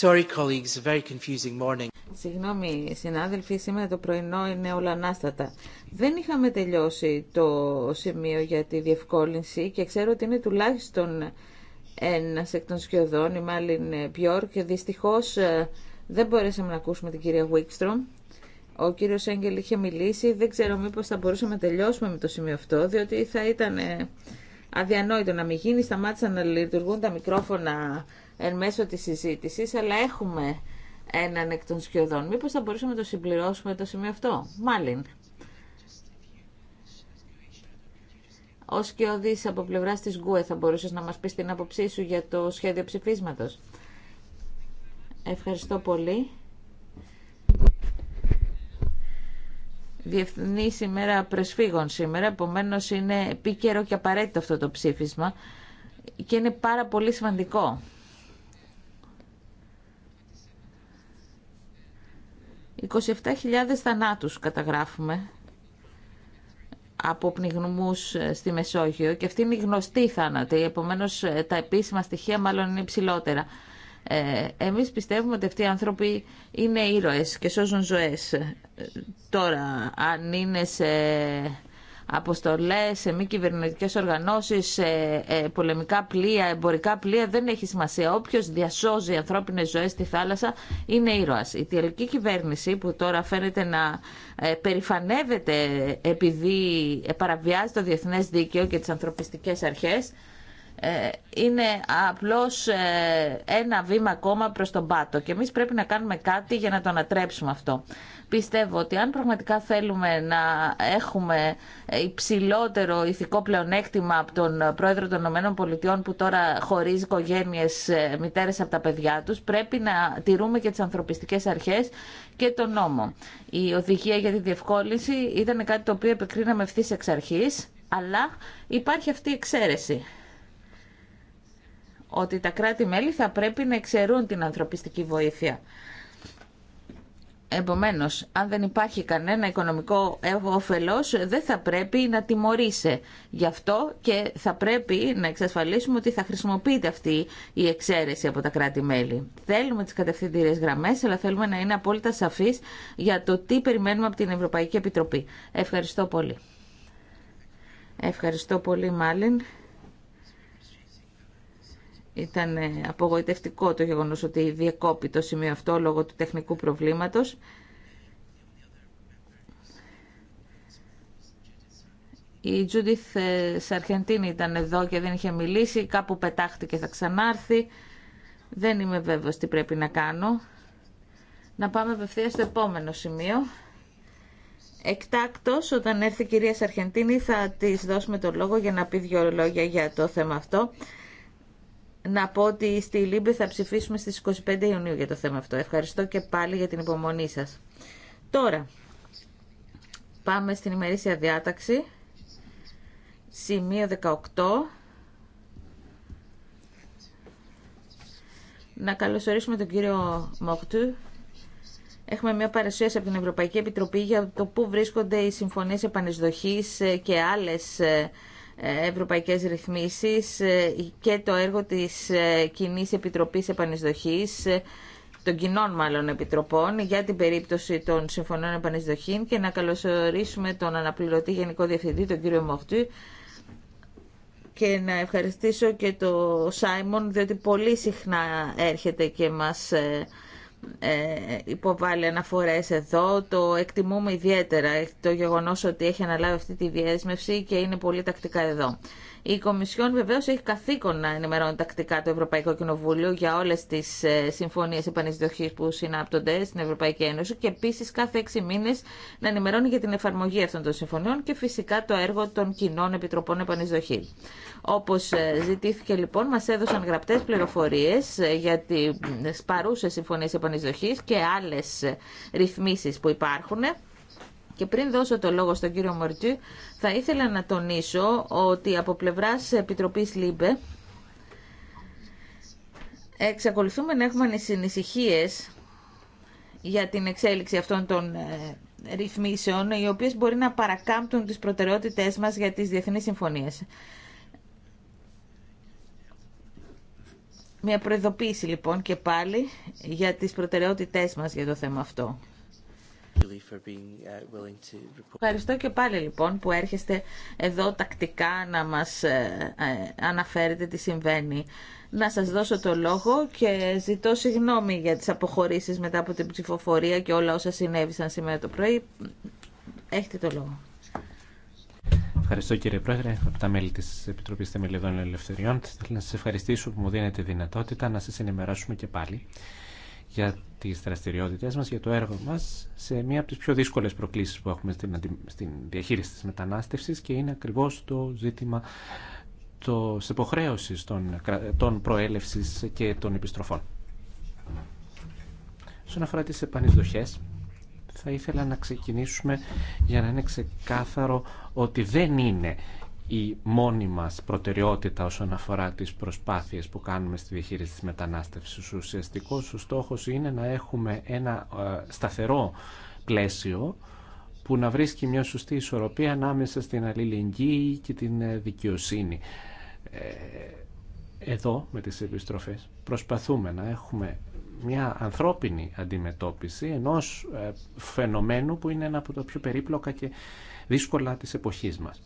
Sorry, colleagues, a very confusing morning. Συγγνώμη, συνάδελφοι, σήμερα το πρωινό είναι όλα ανάστατα. Δεν είχαμε τελειώσει το σημείο για τη διευκόλυνση και ξέρω ότι είναι τουλάχιστον ένα εκ των σκιωδών, η Μάλιν Πιόρ, και δυστυχώ ε, δεν μπορέσαμε να ακούσουμε την κυρία Βίξτρομ. Ο κύριος Έγκελ είχε μιλήσει, δεν ξέρω μήπως θα μπορούσαμε να τελειώσουμε με το σημείο αυτό, διότι θα ήταν ε, αδιανόητο να μην γίνει, σταμάτησαν να λειτουργούν τα μικρόφωνα εν μέσω της συζήτησης, αλλά έχουμε έναν εκ των σκιωδών. Μήπως θα μπορούσαμε να το συμπληρώσουμε το σημείο αυτό. Μάλιν. Ω και από πλευρά τη ΓΚΟΕ, θα μπορούσες να μας πεις την άποψή σου για το σχέδιο ψηφίσματος. Ευχαριστώ πολύ. Διευθυνή σήμερα πρεσφύγων σήμερα, επομένω είναι επίκαιρο και απαραίτητο αυτό το ψήφισμα και είναι πάρα πολύ σημαντικό. 27.000 θανάτους καταγράφουμε από πνιγμούς ε, στη Μεσόγειο και αυτή είναι η γνωστή θάνατη, επομένως ε, τα επίσημα στοιχεία μάλλον είναι υψηλότερα. Ε, εμείς πιστεύουμε ότι αυτοί οι άνθρωποι είναι ήρωες και σώζουν ζωές. Ε, τώρα, αν είναι σε αποστολές, σε μη κυβερνητικές οργανώσεις, σε ε, πολεμικά πλοία, εμπορικά πλοία, δεν έχει σημασία. Όποιος διασώζει ανθρώπινες ζωές στη θάλασσα είναι ήρωα. Η τελική κυβέρνηση που τώρα φαίνεται να ε, περηφανεύεται επειδή ε, παραβιάζει το διεθνές δίκαιο και τις ανθρωπιστικές αρχές, είναι απλώς ένα βήμα ακόμα προς τον πάτο και εμείς πρέπει να κάνουμε κάτι για να το ανατρέψουμε αυτό. Πιστεύω ότι αν πραγματικά θέλουμε να έχουμε υψηλότερο ηθικό πλεονέκτημα από τον πρόεδρο των ΗΠΑ που τώρα χωρίζει οικογένειε ε, μητέρε από τα παιδιά του, πρέπει να τηρούμε και τι ανθρωπιστικέ αρχέ και τον νόμο. Η οδηγία για τη διευκόλυνση ήταν κάτι το οποίο επικρίναμε ευθύ εξ αρχή, αλλά υπάρχει αυτή η εξαίρεση ότι τα κράτη-μέλη θα πρέπει να εξαιρούν την ανθρωπιστική βοήθεια. Επομένω, αν δεν υπάρχει κανένα οικονομικό όφελος, δεν θα πρέπει να τιμωρήσει. Γι' αυτό και θα πρέπει να εξασφαλίσουμε ότι θα χρησιμοποιείται αυτή η εξαίρεση από τα κράτη-μέλη. Θέλουμε τις κατευθυντήριες γραμμές, αλλά θέλουμε να είναι απόλυτα σαφείς για το τι περιμένουμε από την Ευρωπαϊκή Επιτροπή. Ευχαριστώ πολύ. Ευχαριστώ πολύ, Μάλιν. Ήταν ε, απογοητευτικό το γεγονός ότι διεκόπη το σημείο αυτό λόγω του τεχνικού προβλήματος. Η Τζούντιθ ε, Σαρχεντίνη ήταν εδώ και δεν είχε μιλήσει. Κάπου πετάχτηκε θα ξανάρθει. Δεν είμαι βέβαιος τι πρέπει να κάνω. Να πάμε απευθεία στο επόμενο σημείο. Εκτάκτος, όταν έρθει η κυρία Σαρχεντίνη θα της δώσουμε το λόγο για να πει δυο λόγια για το θέμα αυτό να πω ότι στη Λίμπη θα ψηφίσουμε στις 25 Ιουνίου για το θέμα αυτό. Ευχαριστώ και πάλι για την υπομονή σας. Τώρα, πάμε στην ημερήσια διάταξη. Σημείο 18. Να καλωσορίσουμε τον κύριο Μόχτου. Έχουμε μια παρουσίαση από την Ευρωπαϊκή Επιτροπή για το πού βρίσκονται οι συμφωνίες επανεισδοχής ε, και άλλες ε, ευρωπαϊκές ρυθμίσεις ε, και το έργο της ε, κοινή Επιτροπής Επανεισδοχής ε, των κοινών μάλλον επιτροπών για την περίπτωση των συμφωνών επανεισδοχήν και να καλωσορίσουμε τον αναπληρωτή Γενικό Διευθυντή, τον κύριο Μοχτή, και να ευχαριστήσω και τον Σάιμον, διότι πολύ συχνά έρχεται και μας ε, υποβάλει αναφορές εδώ. Το εκτιμούμε ιδιαίτερα ε, το γεγονός ότι έχει αναλάβει αυτή τη διέσμευση και είναι πολύ τακτικά εδώ. Η Κομισιόν βεβαίως έχει καθήκον να ενημερώνει τακτικά το Ευρωπαϊκό Κοινοβούλιο για όλες τις ε, συμφωνίες επανεισδοχής που συνάπτονται στην Ευρωπαϊκή Ένωση και επίσης κάθε έξι μήνες να ενημερώνει για την εφαρμογή αυτών των συμφωνιών και φυσικά το έργο των κοινών επιτροπών επανεισδοχή. Όπως ε, ζητήθηκε λοιπόν μα έδωσαν γραπτές πληροφορίες ε, για τι παρούσε συμφωνίε επανεισδοχή και άλλε ρυθμίσει που υπάρχουν και πριν δώσω το λόγο στον κύριο Μορτζή, θα ήθελα να τονίσω ότι από πλευράς Επιτροπής ΛΥΜΠΕ εξακολουθούμε να έχουμε ανησυχίε για την εξέλιξη αυτών των ε, ρυθμίσεων, οι οποίες μπορεί να παρακάμπτουν τις προτεραιότητές μας για τις διεθνείς συμφωνίες. Μια προειδοποίηση λοιπόν και πάλι για τις προτεραιότητές μας για το θέμα αυτό. Uh, Ευχαριστώ και πάλι λοιπόν που έρχεστε εδώ τακτικά να μας ε, ε, αναφέρετε τι συμβαίνει. Να σας δώσω το λόγο και ζητώ συγγνώμη για τις αποχωρήσεις μετά από την ψηφοφορία και όλα όσα συνέβησαν σήμερα το πρωί. Έχετε το λόγο. Ευχαριστώ κύριε Πρόεδρε, από τα μέλη τη Επιτροπή Θεμελιωδών Ελευθεριών. Θέλω να σα ευχαριστήσω που μου δίνετε δυνατότητα να σα ενημερώσουμε και πάλι για τις δραστηριότητες μας, για το έργο μας, σε μία από τις πιο δύσκολες προκλήσεις που έχουμε στην διαχείριση της μετανάστευσης και είναι ακριβώς το ζήτημα το, της των, των προέλευσης και των επιστροφών. Στον αφορά τις επανεισδοχές, θα ήθελα να ξεκινήσουμε για να είναι ξεκάθαρο ότι δεν είναι η μόνη μας προτεραιότητα όσον αφορά τις προσπάθειες που κάνουμε στη διαχείριση της μετανάστευσης. Ουσιαστικός ο στόχος είναι να έχουμε ένα ε, σταθερό πλαίσιο που να βρίσκει μια σωστή ισορροπία ανάμεσα στην αλληλεγγύη και την ε, δικαιοσύνη. Ε, εδώ με τις επιστροφές προσπαθούμε να έχουμε μια ανθρώπινη αντιμετώπιση ενός φαινομένου που είναι ένα από τα πιο περίπλοκα και δύσκολα της εποχής μας.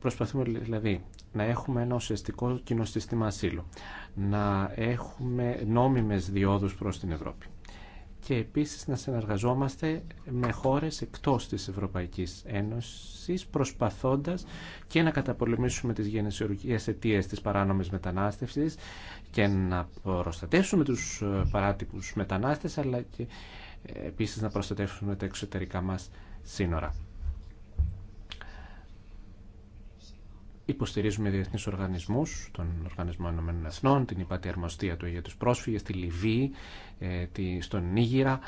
Προσπαθούμε δηλαδή να έχουμε ένα ουσιαστικό κοινό σύστημα ασύλου, να έχουμε νόμιμες διόδους προς την Ευρώπη και επίσης να συνεργαζόμαστε με χώρες εκτός της Ευρωπαϊκής Ένωσης προσπαθώντας και να καταπολεμήσουμε τις γενεσιολογικές αιτίες της παράνομης μετανάστευσης και να προστατεύσουμε τους ε, παράτυπους μετανάστες αλλά και ε, επίσης να προστατεύσουμε τα εξωτερικά μας σύνορα. Υποστηρίζουμε διεθνείς οργανισμούς, τον Οργανισμό Ενωμένων Εθνών, την Υπάτη Αρμοστία του για τους πρόσφυγες, τη Λιβύη, ε, στον Νίγηρα.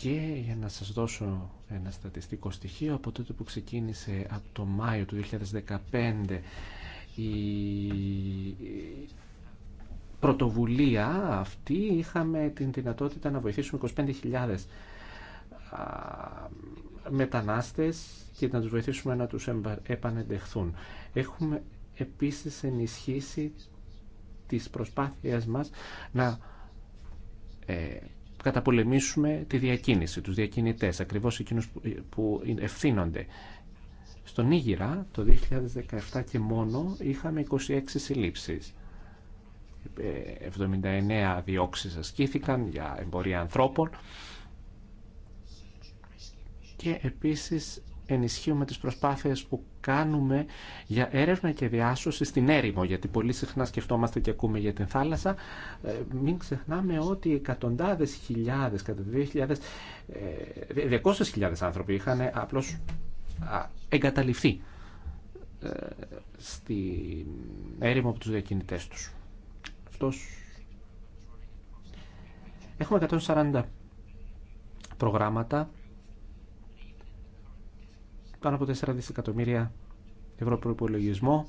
Και για να σας δώσω ένα στατιστικό στοιχείο, από τότε που ξεκίνησε από το Μάιο του 2015 η πρωτοβουλία αυτή, είχαμε την δυνατότητα να βοηθήσουμε 25.000 μετανάστες και να τους βοηθήσουμε να τους επανεντεχθούν. Έχουμε επίσης ενισχύσει τις προσπάθειες μας να ε, καταπολεμήσουμε τη διακίνηση, τους διακινητές, ακριβώς εκείνους που ευθύνονται. Στον Ήγηρα το 2017 και μόνο είχαμε 26 συλλήψεις. 79 ε, διώξεις ασκήθηκαν για εμπορία ανθρώπων και επίσης ενισχύουμε τις προσπάθειες που κάνουμε για έρευνα και διάσωση στην έρημο, γιατί πολύ συχνά σκεφτόμαστε και ακούμε για την θάλασσα. Ε, μην ξεχνάμε ότι εκατοντάδες χιλιάδες, κατά δεκόσες ε, χιλιάδες άνθρωποι είχαν απλώς εγκαταληφθεί ε, στην έρημο από τους διακινητές τους. Αυτός... Έχουμε 140 προγράμματα πάνω από 4 δισεκατομμύρια ευρώ προπολογισμό.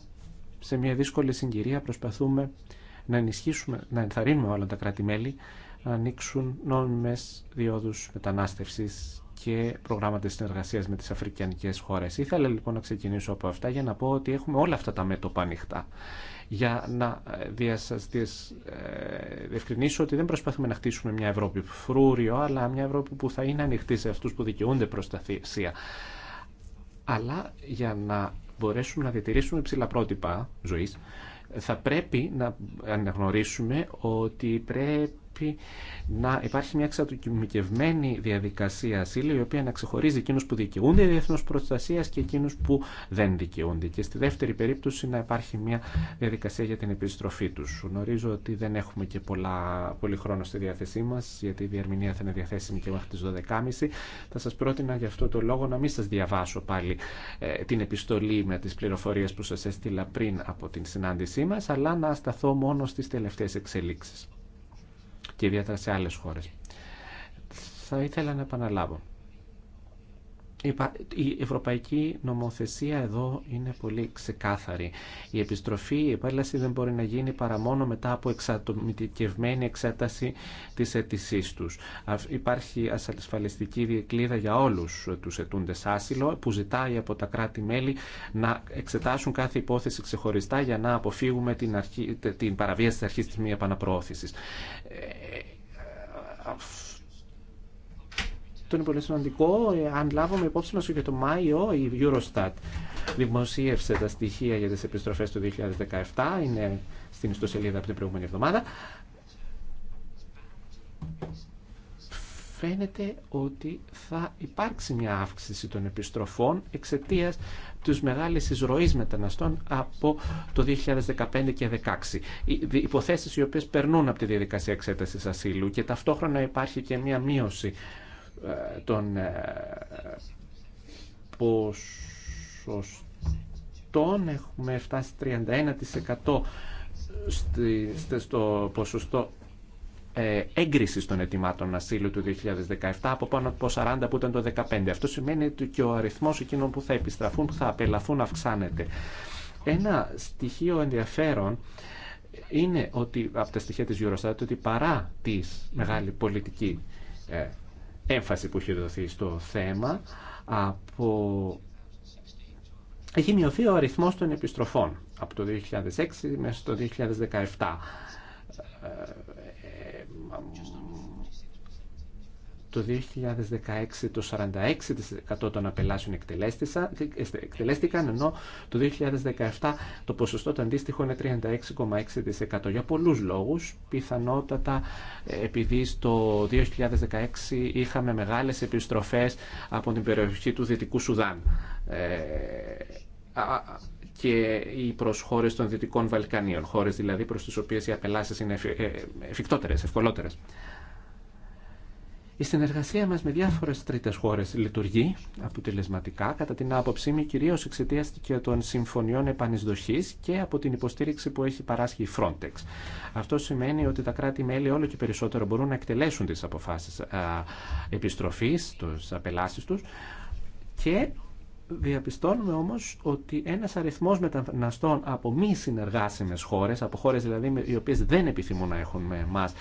Σε μια δύσκολη συγκυρία προσπαθούμε να ενισχύσουμε, να ενθαρρύνουμε όλα τα κράτη-μέλη να ανοίξουν νόμιμε διόδου μετανάστευση και προγράμματα συνεργασία με τι αφρικανικέ χώρε. Ήθελα λοιπόν να ξεκινήσω από αυτά για να πω ότι έχουμε όλα αυτά τα μέτωπα ανοιχτά. Για να ε, ε, διευκρινίσω ότι δεν προσπαθούμε να χτίσουμε μια Ευρώπη φρούριο, αλλά μια Ευρώπη που θα είναι ανοιχτή σε αυτού που δικαιούνται προστασία αλλά για να μπορέσουμε να διατηρήσουμε υψηλά πρότυπα ζωής, θα πρέπει να αναγνωρίσουμε ότι πρέπει πρέπει να υπάρχει μια εξατομικευμένη διαδικασία ασύλου, η οποία να ξεχωρίζει εκείνου που δικαιούνται διεθνώ προστασία και εκείνου που δεν δικαιούνται. Και στη δεύτερη περίπτωση να υπάρχει μια διαδικασία για την επιστροφή του. Γνωρίζω ότι δεν έχουμε και πολλά, πολύ χρόνο στη διάθεσή μα, γιατί η διερμηνία θα είναι διαθέσιμη και μέχρι τι 12.30. Θα σα πρότεινα γι' αυτό το λόγο να μην σα διαβάσω πάλι ε, την επιστολή με τι πληροφορίε που σα έστειλα πριν από την συνάντησή μα, αλλά να σταθώ μόνο στι τελευταίε εξελίξει και ιδιαίτερα σε άλλες χώρες. Θα ήθελα να επαναλάβω η ευρωπαϊκή νομοθεσία εδώ είναι πολύ ξεκάθαρη. Η επιστροφή, η επέλαση δεν μπορεί να γίνει παρά μόνο μετά από εξατομικευμένη εξέταση της αιτησή του. Υπάρχει ασφαλιστική διεκλίδα για όλους τους ετούντε άσυλο που ζητάει από τα κράτη-μέλη να εξετάσουν κάθε υπόθεση ξεχωριστά για να αποφύγουμε την, την παραβίαση τη αρχής της μη επαναπροώθησης ε, ε, το είναι πολύ σημαντικό. Ε, αν λάβουμε υπόψη μας και το Μάιο, η Eurostat δημοσίευσε τα στοιχεία για τις επιστροφές του 2017. Είναι στην ιστοσελίδα από την προηγούμενη εβδομάδα. Φαίνεται ότι θα υπάρξει μια αύξηση των επιστροφών εξαιτία της μεγάλης εισρωής μεταναστών από το 2015 και 2016. Οι υποθέσεις οι οποίες περνούν από τη διαδικασία εξέτασης ασύλου και ταυτόχρονα υπάρχει και μια μείωση των ε, ποσοστών έχουμε φτάσει 31% στο ποσοστό ε, έγκριση των ετοιμάτων ασύλου του 2017 από πάνω από 40 που ήταν το 2015. Αυτό σημαίνει ότι και ο αριθμός εκείνων που θα επιστραφούν, που θα απελαθούν αυξάνεται. Ένα στοιχείο ενδιαφέρον είναι ότι από τα στοιχεία της Eurostat ότι παρά τη μεγάλη πολιτική ε, έμφαση που έχει δοθεί στο θέμα από... έχει μειωθεί ο αριθμός των επιστροφών από το 2006 μέχρι το 2017 το 2016 το 46% των απελάσεων εκτελέστηκαν, ενώ το 2017 το ποσοστό το αντίστοιχο είναι 36,6%. Για πολλούς λόγους, πιθανότατα ε, επειδή στο 2016 είχαμε μεγάλες επιστροφές από την περιοχή του Δυτικού Σουδάν ε, και οι προς χώρες των Δυτικών Βαλκανίων, χώρες δηλαδή προς τις οποίες οι απελάσεις είναι ε, εφικτότερες, ευκολότερες. Η συνεργασία μας με διάφορες τρίτες χώρες λειτουργεί αποτελεσματικά κατά την άποψή μου κυρίως εξαιτία και των συμφωνιών επανεισδοχής και από την υποστήριξη που έχει παράσχει η Frontex. Αυτό σημαίνει ότι τα κράτη-μέλη όλο και περισσότερο μπορούν να εκτελέσουν τις αποφάσεις επιστροφής, τους απελάσεις τους και Διαπιστώνουμε όμως ότι ένας αριθμός μεταναστών από μη συνεργάσιμες χώρες, από χώρες δηλαδή οι οποίες δεν επιθυμούν να έχουν με εμάς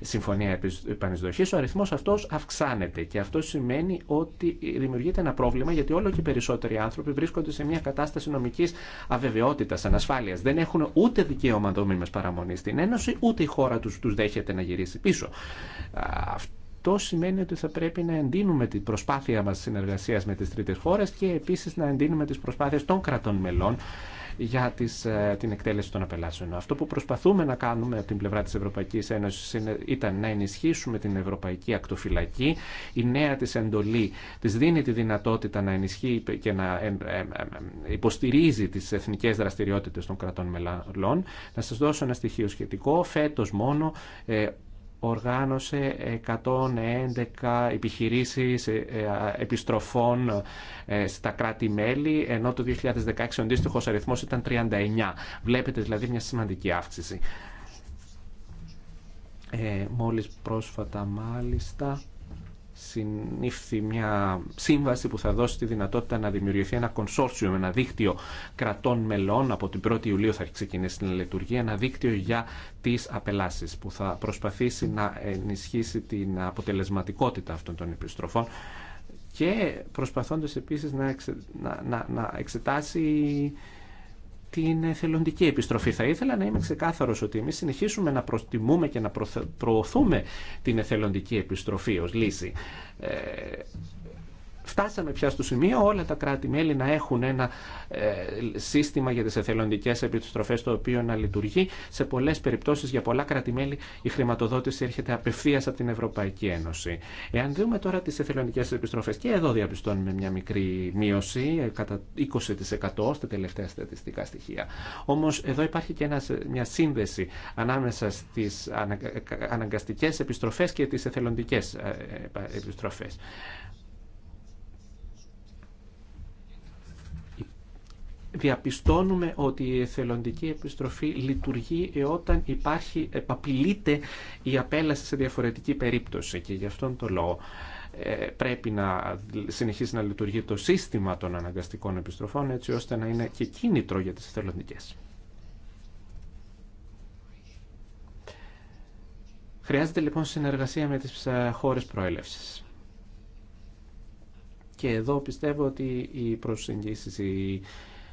συμφωνία επανεισδοχής, ο αριθμός αυτός αυξάνεται και αυτό σημαίνει ότι δημιουργείται ένα πρόβλημα γιατί όλο και περισσότεροι άνθρωποι βρίσκονται σε μια κατάσταση νομικής αβεβαιότητας, ανασφάλειας. Δεν έχουν ούτε δικαίωμα δομήμες παραμονή στην Ένωση, ούτε η χώρα τους τους δέχεται να γυρίσει πίσω. Αυτό σημαίνει ότι θα πρέπει να εντείνουμε την προσπάθεια μας συνεργασίας με τις τρίτες χώρες και επίσης να εντείνουμε τις προσπάθειες των κρατών μελών για τις, ε, την εκτέλεση των απελάσεων. Αυτό που προσπαθούμε να κάνουμε από την πλευρά της Ευρωπαϊκής Ένωσης ήταν να ενισχύσουμε την Ευρωπαϊκή Ακτοφυλακή. Η νέα της εντολή της δίνει τη δυνατότητα να ενισχύει και να ε, ε, υποστηρίζει τις εθνικές δραστηριότητες των κρατών μελών. Να σας δώσω ένα στοιχείο σχετικό. Φέτος μόνο οργάνωσε 111 επιχειρήσεις ε, ε, επιστροφών ε, στα κράτη-μέλη, ενώ το 2016 ο αντίστοιχο αριθμός ήταν 39. Βλέπετε δηλαδή μια σημαντική αύξηση. Ε, μόλις πρόσφατα μάλιστα συνήφθη μια σύμβαση που θα δώσει τη δυνατότητα να δημιουργηθεί ένα κονσόρσιο, ένα δίκτυο κρατών μελών. Από την 1η Ιουλίου θα ξεκινήσει την λειτουργία, ένα δίκτυο για τις απελάσεις που θα προσπαθήσει να ενισχύσει την αποτελεσματικότητα αυτών των επιστροφών και προσπαθώντας επίσης να, εξετάσει την εθελοντική επιστροφή. Θα ήθελα να είμαι ξεκάθαρος ότι εμείς συνεχίσουμε να προτιμούμε και να προωθούμε την εθελοντική επιστροφή ως λύση. Ε, Φτάσαμε πια στο σημείο όλα τα κράτη-μέλη να έχουν ένα ε, σύστημα για τις εθελοντικές επιστροφές το οποίο να λειτουργεί. Σε πολλές περιπτώσεις για πολλά κράτη-μέλη η χρηματοδότηση έρχεται απευθείας από την Ευρωπαϊκή Ένωση. Εάν δούμε τώρα τις εθελοντικές επιστροφές και εδώ διαπιστώνουμε μια μικρή μείωση ε, κατά 20% στα τελευταία στατιστικά στοιχεία. Όμως εδώ υπάρχει και μια σύνδεση ανάμεσα στις αναγκαστικές επιστροφές και τις εθελοντικές ε, επιστροφές. διαπιστώνουμε ότι η εθελοντική επιστροφή λειτουργεί όταν υπάρχει, επαπειλείται η απέλαση σε διαφορετική περίπτωση και γι' αυτόν τον λόγο ε, πρέπει να συνεχίσει να λειτουργεί το σύστημα των αναγκαστικών επιστροφών έτσι ώστε να είναι και κίνητρο για τις εθελοντικές. Χρειάζεται λοιπόν συνεργασία με τις ε, χώρες προέλευσης. Και εδώ πιστεύω ότι οι προσεγγίσεις, οι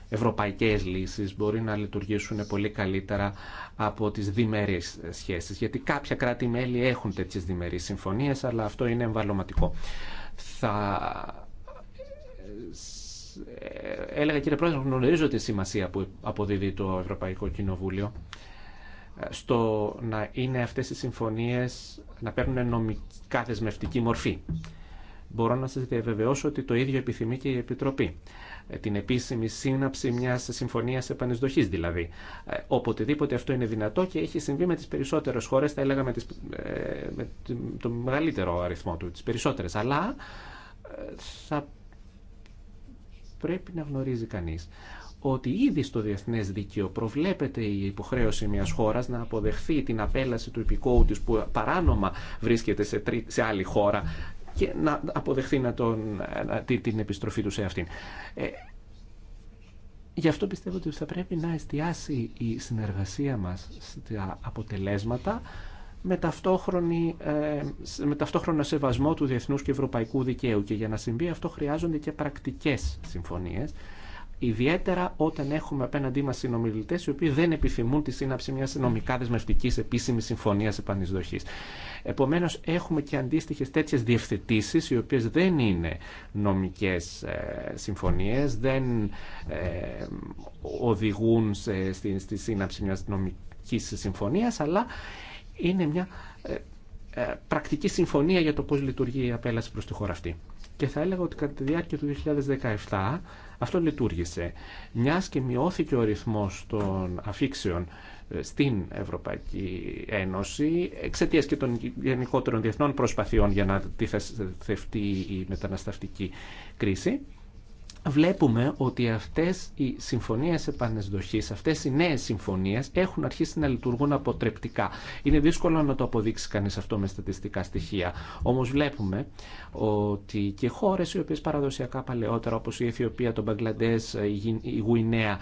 ευρωπαϊκές λύσεις μπορεί να λειτουργήσουν πολύ καλύτερα από τις διμερείς σχέσεις. Γιατί κάποια κράτη-μέλη έχουν τέτοιες διμερείς συμφωνίες, αλλά αυτό είναι εμβαλωματικό. Θα... Ε, έλεγα κύριε Πρόεδρε, γνωρίζω τη σημασία που αποδίδει το Ευρωπαϊκό Κοινοβούλιο ε, στο να είναι αυτές οι συμφωνίες να παίρνουν νομικά δεσμευτική μορφή. Μπορώ να σας διαβεβαιώσω ότι το ίδιο επιθυμεί και η Επιτροπή. Ε, την επίσημη σύναψη μιας συμφωνίας επανεισδοχή δηλαδή. Ε, οποτεδήποτε αυτό είναι δυνατό και έχει συμβεί με τις περισσότερες χώρες, θα έλεγα με, τις, ε, με το μεγαλύτερο αριθμό του, τι περισσότερες. Αλλά θα πρέπει να γνωρίζει κανεί ότι ήδη στο διεθνές δίκαιο προβλέπεται η υποχρέωση μιας χώρας να αποδεχθεί την απέλαση του υπηκόου της που παράνομα βρίσκεται σε, άλλη χώρα και να αποδεχθεί να τον, την επιστροφή του σε αυτήν. Ε, γι' αυτό πιστεύω ότι θα πρέπει να εστιάσει η συνεργασία μας στα αποτελέσματα με, ταυτόχρονη, ε, με ταυτόχρονα σεβασμό του διεθνούς και ευρωπαϊκού δικαίου και για να συμβεί αυτό χρειάζονται και πρακτικές συμφωνίες ιδιαίτερα όταν έχουμε απέναντί μα συνομιλητέ οι οποίοι δεν επιθυμούν τη σύναψη μια νομικά δεσμευτική επίσημη συμφωνία επανεισδοχή. Επομένως έχουμε και αντίστοιχε τέτοιες διευθετήσει, οι οποίες δεν είναι νομικές ε, συμφωνίες, δεν ε, οδηγούν στη σύναψη μια νομικής συμφωνίας, αλλά είναι μια ε, πρακτική συμφωνία για το πώ λειτουργεί η απέλαση προς τη χώρα αυτή. Και θα έλεγα ότι κατά τη διάρκεια του 2017 αυτό λειτουργήσε. Μιας και μειώθηκε ο ρυθμός των αφήξεων στην Ευρωπαϊκή Ένωση εξαιτία και των γενικότερων διεθνών προσπαθειών για να αντιθευτεί η μεταναστευτική κρίση βλέπουμε ότι αυτές οι συμφωνίες επανεσδοχής, αυτές οι νέες συμφωνίες έχουν αρχίσει να λειτουργούν αποτρεπτικά. Είναι δύσκολο να το αποδείξει κανείς αυτό με στατιστικά στοιχεία. Όμως βλέπουμε ότι και χώρες οι οποίες παραδοσιακά παλαιότερα όπως η Αιθιοπία, το Μπαγκλαντές, η Γουινέα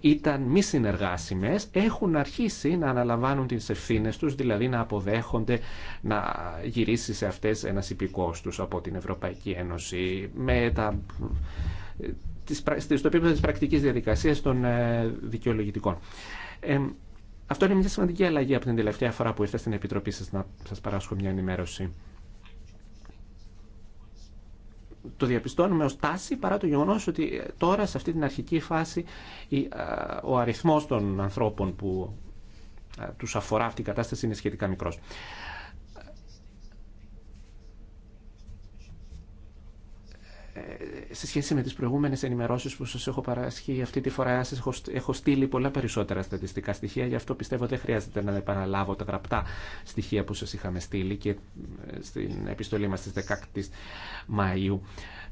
ήταν μη συνεργάσιμες έχουν αρχίσει να αναλαμβάνουν τις ευθύνε τους, δηλαδή να αποδέχονται να γυρίσει σε αυτές ένας υπηκός τους από την Ευρωπαϊκή Ένωση με τα στο επίπεδο της πρακτικής διαδικασίας των ε, δικαιολογητικών. Ε, αυτό είναι μια σημαντική αλλαγή από την τελευταία φορά που ήρθα στην Επιτροπή σας να σας παράσχω μια ενημέρωση. Το διαπιστώνουμε ως τάση παρά το γεγονός ότι ε, τώρα σε αυτή την αρχική φάση ε, ο αριθμός των ανθρώπων που τους αφορά αυτή η κατάσταση είναι σχετικά μικρός. σε σχέση με τις προηγούμενες ενημερώσεις που σας έχω παρασχεί αυτή τη φορά σας έχω, έχω στείλει πολλά περισσότερα στατιστικά στοιχεία γι' αυτό πιστεύω δεν χρειάζεται να επαναλάβω τα γραπτά στοιχεία που σας είχαμε στείλει και ε, στην επιστολή μας στις 16 Μαΐου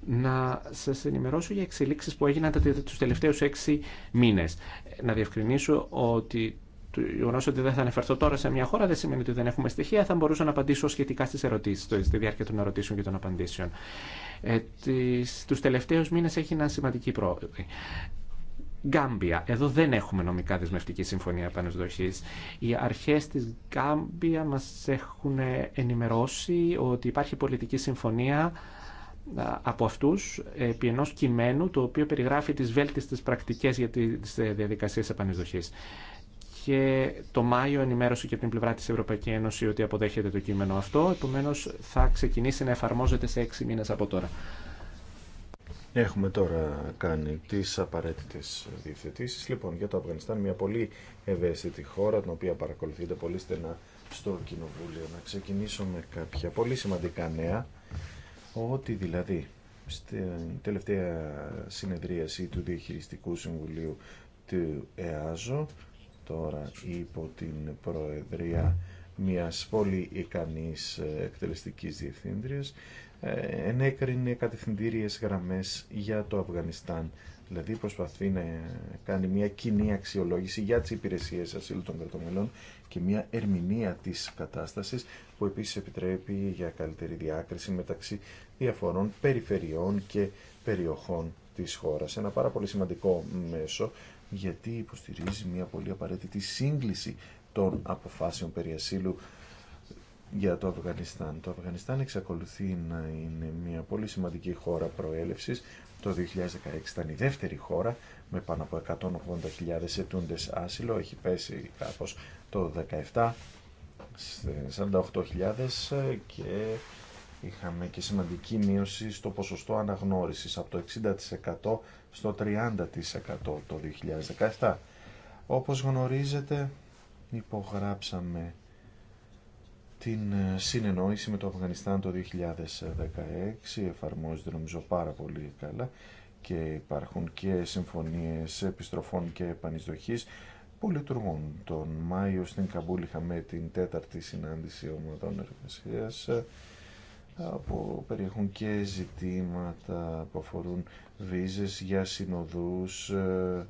να σας ενημερώσω για εξελίξεις που έγιναν τους τελευταίους έξι μήνες. Να διευκρινίσω ότι το γεγονό ότι δεν θα αναφερθώ τώρα σε μια χώρα δεν σημαίνει ότι δεν έχουμε στοιχεία. Θα μπορούσα να απαντήσω σχετικά στι ερωτήσει, στη διάρκεια των ερωτήσεων και των απαντήσεων. Ε, Του τελευταίου μήνε έχει ένα σημαντική πρόοδο. Γκάμπια. Εδώ δεν έχουμε νομικά δεσμευτική συμφωνία επανεσδοχή. Οι αρχέ τη Γκάμπια μα έχουν ενημερώσει ότι υπάρχει πολιτική συμφωνία από αυτού επί ενό κειμένου το οποίο περιγράφει τι βέλτιστε πρακτικέ για τι ε, διαδικασίε επανεσδοχή και το Μάιο ενημέρωσε και την πλευρά της Ευρωπαϊκή Ένωση ότι αποδέχεται το κείμενο αυτό. Επομένως θα ξεκινήσει να εφαρμόζεται σε έξι μήνες από τώρα. Έχουμε τώρα κάνει τις απαραίτητες διευθετήσεις. Λοιπόν, για το Αφγανιστάν, μια πολύ ευαίσθητη χώρα, την οποία παρακολουθείτε πολύ στενά στο Κοινοβούλιο. Να ξεκινήσω με κάποια πολύ σημαντικά νέα, ότι δηλαδή στην τελευταία συνεδρίαση του Διαχειριστικού Συμβουλίου του ΕΑΖΟ τώρα υπό την Προεδρία μιας πολύ ικανής ε, εκτελεστικής διευθύντριας ε, ενέκρινε κατευθυντήριες γραμμές για το Αφγανιστάν. Δηλαδή προσπαθεί να κάνει μια κοινή αξιολόγηση για τις υπηρεσίες ασύλου των κρατομελών και μια ερμηνεία της κατάστασης που επίσης επιτρέπει για καλύτερη διάκριση μεταξύ διαφορών περιφερειών και περιοχών της χώρας. Ένα πάρα πολύ σημαντικό μέσο γιατί υποστηρίζει μια πολύ απαραίτητη σύγκληση των αποφάσεων περί ασύλου για το Αφγανιστάν. Το Αφγανιστάν εξακολουθεί να είναι μια πολύ σημαντική χώρα προέλευσης. Το 2016 ήταν η δεύτερη χώρα με πάνω από 180.000 ετούντες άσυλο. Έχει πέσει κάπως το 17 48.000 και είχαμε και σημαντική μείωση στο ποσοστό αναγνώρισης από το 60% στο 30% το 2017. Όπως γνωρίζετε υπογράψαμε την ε, συνεννόηση με το Αφγανιστάν το 2016, εφαρμόζεται νομίζω πάρα πολύ καλά και υπάρχουν και συμφωνίες επιστροφών και επανεισδοχής που λειτουργούν. Τον Μάιο στην Καμπούλ είχαμε την τέταρτη συνάντηση ομάδων εργασίας που περιέχουν και ζητήματα που αφορούν βίζες για συνοδούς ε,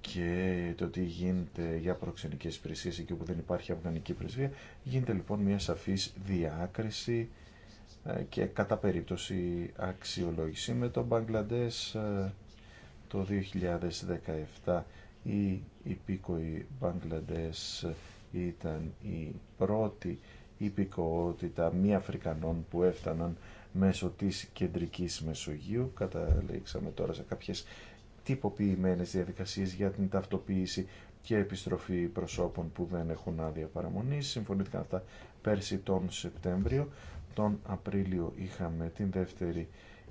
και το τι γίνεται για προξενικές υπηρεσίε εκεί όπου δεν υπάρχει αυγανική πρεσβεία. Γίνεται λοιπόν μια σαφής διάκριση ε, και κατά περίπτωση αξιολόγηση με τον Μπαγκλαντές ε, το 2017 η υπήκοοι Μπαγκλαντές ήταν η πρώτη υπηκοότητα μη Αφρικανών που έφταναν μέσω της κεντρικής Μεσογείου. Καταλήξαμε τώρα σε κάποιες τυποποιημένες διαδικασίες για την ταυτοποίηση και επιστροφή προσώπων που δεν έχουν άδεια παραμονής. Συμφωνήθηκαν αυτά πέρσι τον Σεπτέμβριο. Τον Απρίλιο είχαμε την δεύτερη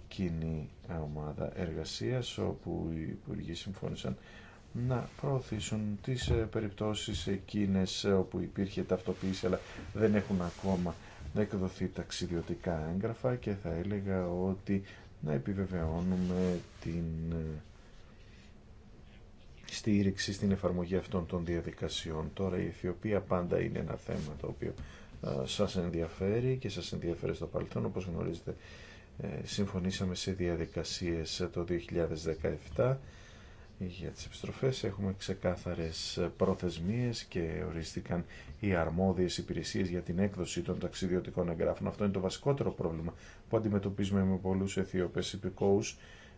κοινή ομάδα εργασίας όπου οι υπουργοί συμφώνησαν να προωθήσουν τις ε, περιπτώσεις εκείνες ε, όπου υπήρχε ταυτοποίηση αλλά δεν έχουν ακόμα να εκδοθεί ταξιδιωτικά έγγραφα και θα έλεγα ότι να επιβεβαιώνουμε την ε, στήριξη στην εφαρμογή αυτών των διαδικασιών. Τώρα η Αιθιοπία πάντα είναι ένα θέμα το οποίο σας ενδιαφέρει και σας ενδιαφέρει στο παρελθόν. Όπως γνωρίζετε συμφωνήσαμε σε διαδικασίες το 2017 για τις επιστροφές έχουμε ξεκάθαρες προθεσμίες και ορίστηκαν οι αρμόδιες υπηρεσίες για την έκδοση των ταξιδιωτικών εγγράφων. Αυτό είναι το βασικότερο πρόβλημα που αντιμετωπίζουμε με πολλούς Αιθιώπες υπηκόους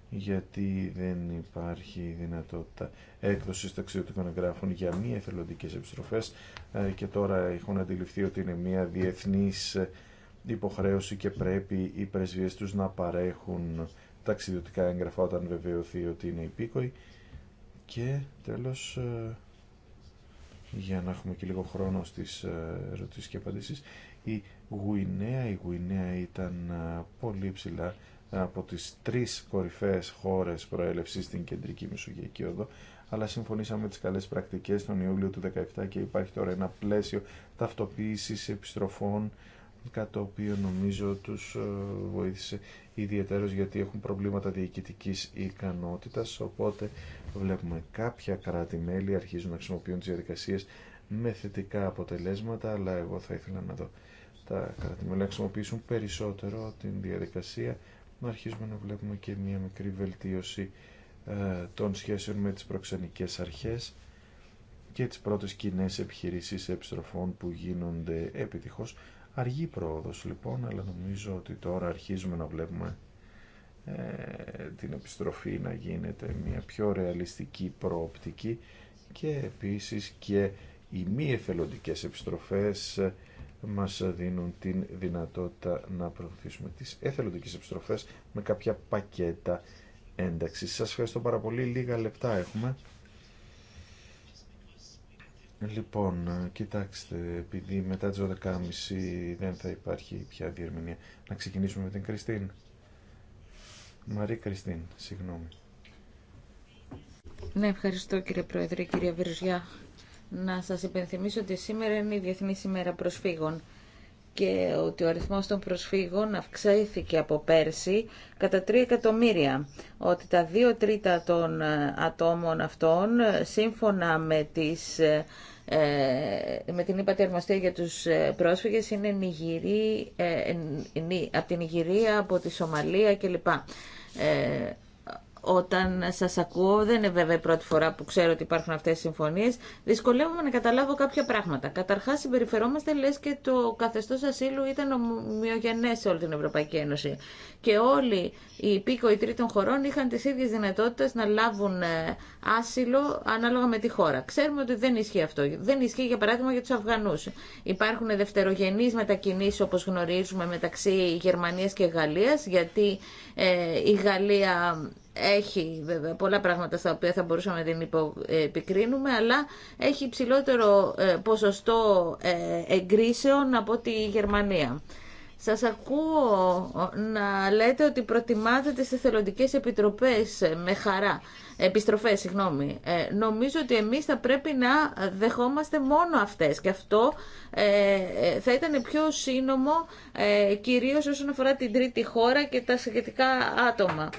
γιατί δεν υπάρχει δυνατότητα έκδοσης ταξιδιωτικών εγγράφων για μη εθελοντικέ επιστροφές ε, και τώρα έχουν αντιληφθεί ότι είναι μια διεθνή ε, υποχρέωση και πρέπει οι πρεσβείες τους να παρέχουν ταξιδιωτικά έγγραφα όταν βεβαιωθεί ότι είναι υπήκοοι και τέλος, ε, για να έχουμε και λίγο χρόνο στις ε, ερωτήσεις και απαντήσεις, η Γουινέα, η Γουινέα ήταν ε, πολύ ψηλά από τις τρεις κορυφαίες χώρες προέλευσης στην Κεντρική Μεσογειακή Οδό, αλλά συμφωνήσαμε με τις καλές πρακτικές τον Ιούλιο του 2017 και υπάρχει τώρα ένα πλαίσιο ταυτοποίησης επιστροφών κάτι το οποίο νομίζω τους ε, βοήθησε ιδιαίτερως γιατί έχουν προβλήματα διοικητικής ικανότητας οπότε βλέπουμε κάποια κράτη-μέλη αρχίζουν να χρησιμοποιούν τις διαδικασίες με θετικά αποτελέσματα αλλά εγώ θα ήθελα να δω τα κράτη-μέλη να χρησιμοποιήσουν περισσότερο την διαδικασία να αρχίσουμε να βλέπουμε και μια μικρή βελτίωση ε, των σχέσεων με τις προξενικές αρχές και τις πρώτες κοινέ επιχειρήσεις επιστροφών που γίνονται επιτυχώς Αργή πρόοδος λοιπόν, αλλά νομίζω ότι τώρα αρχίζουμε να βλέπουμε ε, την επιστροφή να γίνεται μια πιο ρεαλιστική προοπτική και επίσης και οι μη εθελοντικές επιστροφές ε, μας δίνουν την δυνατότητα να προωθήσουμε τις εθελοντικές επιστροφές με κάποια πακέτα ένταξης. Σας ευχαριστώ πάρα πολύ. Λίγα λεπτά έχουμε. Λοιπόν, ε, κοιτάξτε, επειδή μετά τις 12.30 δεν θα υπάρχει πια διερμηνία, να ξεκινήσουμε με την Κριστίν. Μαρή Κριστίν, συγγνώμη. Ναι, ευχαριστώ κύριε Πρόεδρε, κύριε Βερουζιά. Να σας υπενθυμίσω ότι σήμερα είναι η Διεθνή ημέρα Προσφύγων και ότι ο αριθμός των προσφύγων αυξήθηκε από πέρσι κατά 3 εκατομμύρια. Ότι τα 2 τρίτα των ε, ατόμων αυτών, ε, σύμφωνα με, τις, ε, με την ύπατη για τους πρόσφυγες, είναι από την Ιγυρία, από τη Σομαλία κλπ. Όταν σα ακούω, δεν είναι βέβαια η πρώτη φορά που ξέρω ότι υπάρχουν αυτέ οι συμφωνίες, δυσκολεύομαι να καταλάβω κάποια πράγματα. Καταρχά συμπεριφερόμαστε λε, και το καθεστώ ασύλου ήταν ομοιογενέ σε όλη την Ευρωπαϊκή Ένωση. Και όλοι οι υπήκοοι τρίτων χωρών είχαν τι ίδιε δυνατότητε να λάβουν ε, άσυλο ανάλογα με τη χώρα. Ξέρουμε ότι δεν ισχύει αυτό. Δεν ισχύει, για παράδειγμα, για του Αφγανού. Υπάρχουν δευτερογενεί μετακινήσει όπω γνωρίζουμε, μεταξύ Γερμανία και Γαλλία, γιατί ε, η Γαλλία έχει βέβαια πολλά πράγματα στα οποία θα μπορούσαμε να την ε, επικρίνουμε, αλλά έχει υψηλότερο ε, ποσοστό ε, εγκρίσεων από τη Γερμανία. Σας ακούω να λέτε ότι προτιμάτε τις εθελοντικές επιτροπές με χαρά. Επιστροφές, συγγνώμη. νομίζω ότι εμείς θα πρέπει να δεχόμαστε μόνο αυτές και αυτό θα ήταν πιο σύνομο ε, κυρίως όσον αφορά την τρίτη χώρα και τα σχετικά άτομα.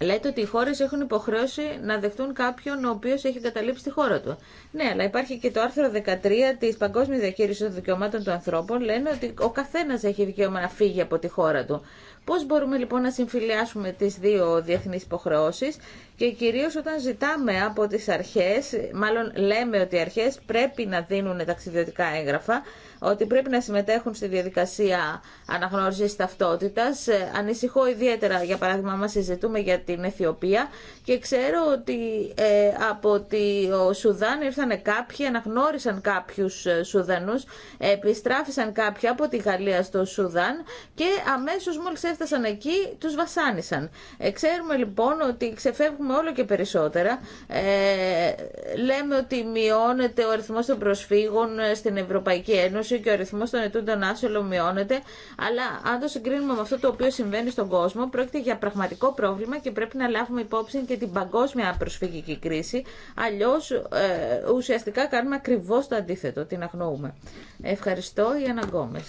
Λέτε ότι οι χώρε έχουν υποχρέωση να δεχτούν κάποιον ο οποίο έχει καταλήψει τη χώρα του. Ναι, αλλά υπάρχει και το άρθρο 13 τη Παγκόσμια Διακήρυξη των Δικαιωμάτων των Ανθρώπων. Λένε ότι ο καθένα έχει δικαίωμα να φύγει από τη χώρα του. Πώ μπορούμε λοιπόν να συμφιλιάσουμε τι δύο διεθνεί υποχρεώσει και κυρίω όταν ζητάμε από τι αρχέ, μάλλον λέμε ότι οι αρχέ πρέπει να δίνουν ταξιδιωτικά έγγραφα, ότι πρέπει να συμμετέχουν στη διαδικασία αναγνώρισης ταυτότητας. Ε, ανησυχώ ιδιαίτερα, για παράδειγμα, μας συζητούμε για την Αιθιοπία και ξέρω ότι ε, από τη ο Σουδάν ήρθαν κάποιοι, αναγνώρισαν κάποιους ε, Σουδανούς, επιστράφησαν κάποιοι από τη Γαλλία στο Σουδάν και αμέσως μόλις έφτασαν εκεί τους βασάνισαν. Ε, ξέρουμε λοιπόν ότι ξεφεύγουμε όλο και περισσότερα. Ε, λέμε ότι μειώνεται ο αριθμός των προσφύγων στην Ευρωπαϊκή Ένωση και ο αριθμό των ετούντων άσυλο μειώνεται, αλλά αν το συγκρίνουμε με αυτό το οποίο συμβαίνει στον κόσμο, πρόκειται για πραγματικό πρόβλημα και πρέπει να λάβουμε υπόψη και την παγκόσμια προσφυγική κρίση. Αλλιώ ε, ουσιαστικά κάνουμε ακριβώ το αντίθετο, την αγνοούμε. Ευχαριστώ, Ιάννα Γκόμε.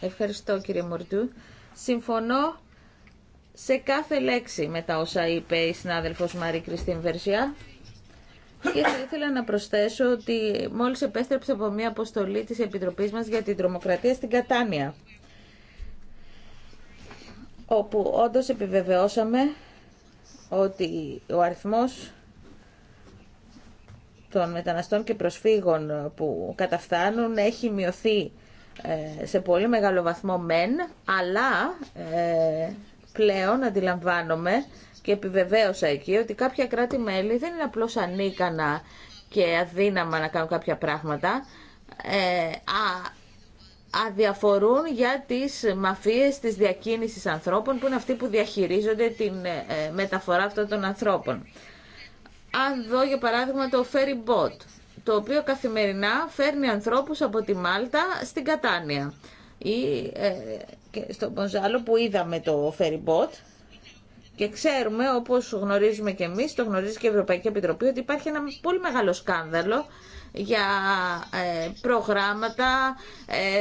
Ευχαριστώ, κύριε Μορτού. Συμφωνώ σε κάθε λέξη με τα όσα είπε η συνάδελφος Μαρή Κριστίν Βερσιά. Και θα ήθελα να προσθέσω ότι μόλις επέστρεψε από μια αποστολή της Επιτροπής μας για την τρομοκρατία στην Κατάνια, όπου όντως επιβεβαιώσαμε ότι ο αριθμός των μεταναστών και προσφύγων που καταφθάνουν έχει μειωθεί ε, σε πολύ μεγάλο βαθμό μεν, αλλά ε, πλέον αντιλαμβάνομαι και επιβεβαίωσα εκεί ότι κάποια κράτη-μέλη δεν είναι απλώς ανίκανα και αδύναμα να κάνουν κάποια πράγματα, ε, αδιαφορούν για τις μαφίες της διακίνησης ανθρώπων που είναι αυτοί που διαχειρίζονται την ε, μεταφορά αυτών των ανθρώπων. Αν δω για παράδειγμα το ferry boat, το οποίο καθημερινά φέρνει ανθρώπους από τη Μάλτα στην Κατάνια ή ε, και στο που είδαμε το ferry boat και ξέρουμε, όπως γνωρίζουμε και εμείς, το γνωρίζει και η Ευρωπαϊκή Επιτροπή, ότι υπάρχει ένα πολύ μεγάλο σκάνδαλο για ε, προγράμματα ε,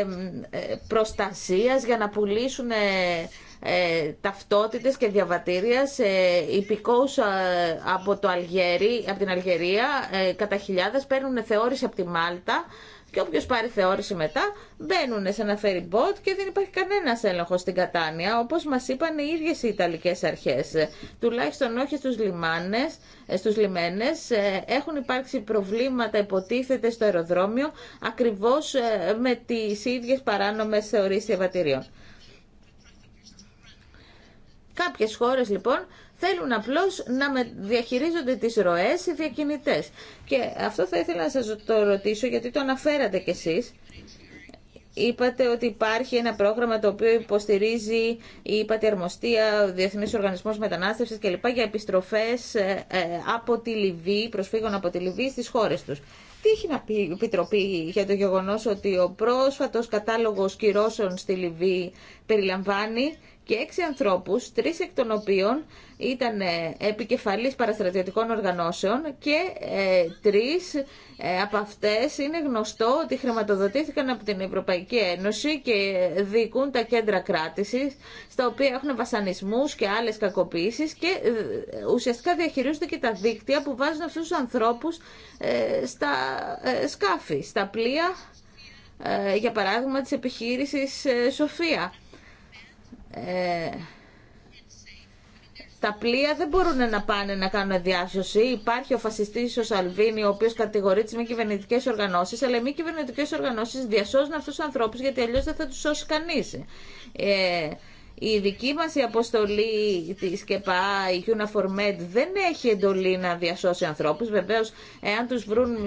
ε, προστασίας για να πουλήσουν ε, ε ταυτότητες και διαβατήρια σε υπηκόους από, το από την Αλγερία κατά χιλιάδες παίρνουν θεώρηση από τη Μάλτα και όποιο πάρει θεώρηση μετά μπαίνουν σε ένα ferry και δεν υπάρχει κανένα έλεγχο στην Κατάνια, όπω μα είπαν οι ίδιε οι Ιταλικέ αρχέ. Τουλάχιστον όχι στου λιμάνες, ε, στους λιμένες. Ε, έχουν υπάρξει προβλήματα, υποτίθεται, στο αεροδρόμιο, ακριβώ ε, με τι ίδιε παράνομε θεωρήσει διαβατηρίων. Κάποιες χώρες λοιπόν Θέλουν απλώς να διαχειρίζονται τις ροές οι διακινητές. Και αυτό θα ήθελα να σας το ρωτήσω γιατί το αναφέρατε κι εσείς. Είπατε ότι υπάρχει ένα πρόγραμμα το οποίο υποστηρίζει η Πατέρμοστία, ο Διεθνής Οργανισμός Μετανάστευσης κλπ. για επιστροφές ε, ε, από τη Λιβύη, προσφύγων από τη Λιβύη στις χώρες τους. Τι έχει να πει η Επιτροπή για το γεγονός ότι ο πρόσφατος κατάλογος κυρώσεων στη Λιβύη περιλαμβάνει και έξι ανθρώπους, τρεις εκ των οποίων ήταν ε, επικεφαλής παραστρατιωτικών οργανώσεων και ε, τρεις ε, από αυτές είναι γνωστό ότι χρηματοδοτήθηκαν από την Ευρωπαϊκή Ένωση και διοικούν τα κέντρα κράτησης, στα οποία έχουν βασανισμούς και άλλες κακοποίησεις και ε, ουσιαστικά διαχειρίζονται και τα δίκτυα που βάζουν αυτούς τους ανθρώπους στα σκάφη, στα πλοία, για παράδειγμα της επιχείρησης Σοφία ε, τα πλοία δεν μπορούν να πάνε να κάνουν διάσωση. Υπάρχει ο φασιστή ο Σαλβίνη, ο οποίο κατηγορεί τι μη κυβερνητικέ οργανώσει, αλλά οι μη κυβερνητικέ οργανώσει διασώζουν αυτού του ανθρώπου γιατί αλλιώ δεν θα του σώσει κανεί. Ε, η δική μας η αποστολή της ΚΕΠΑ, η CUNA4MED, δεν έχει εντολή να διασώσει ανθρώπους. Βεβαίως, εάν τους βρουν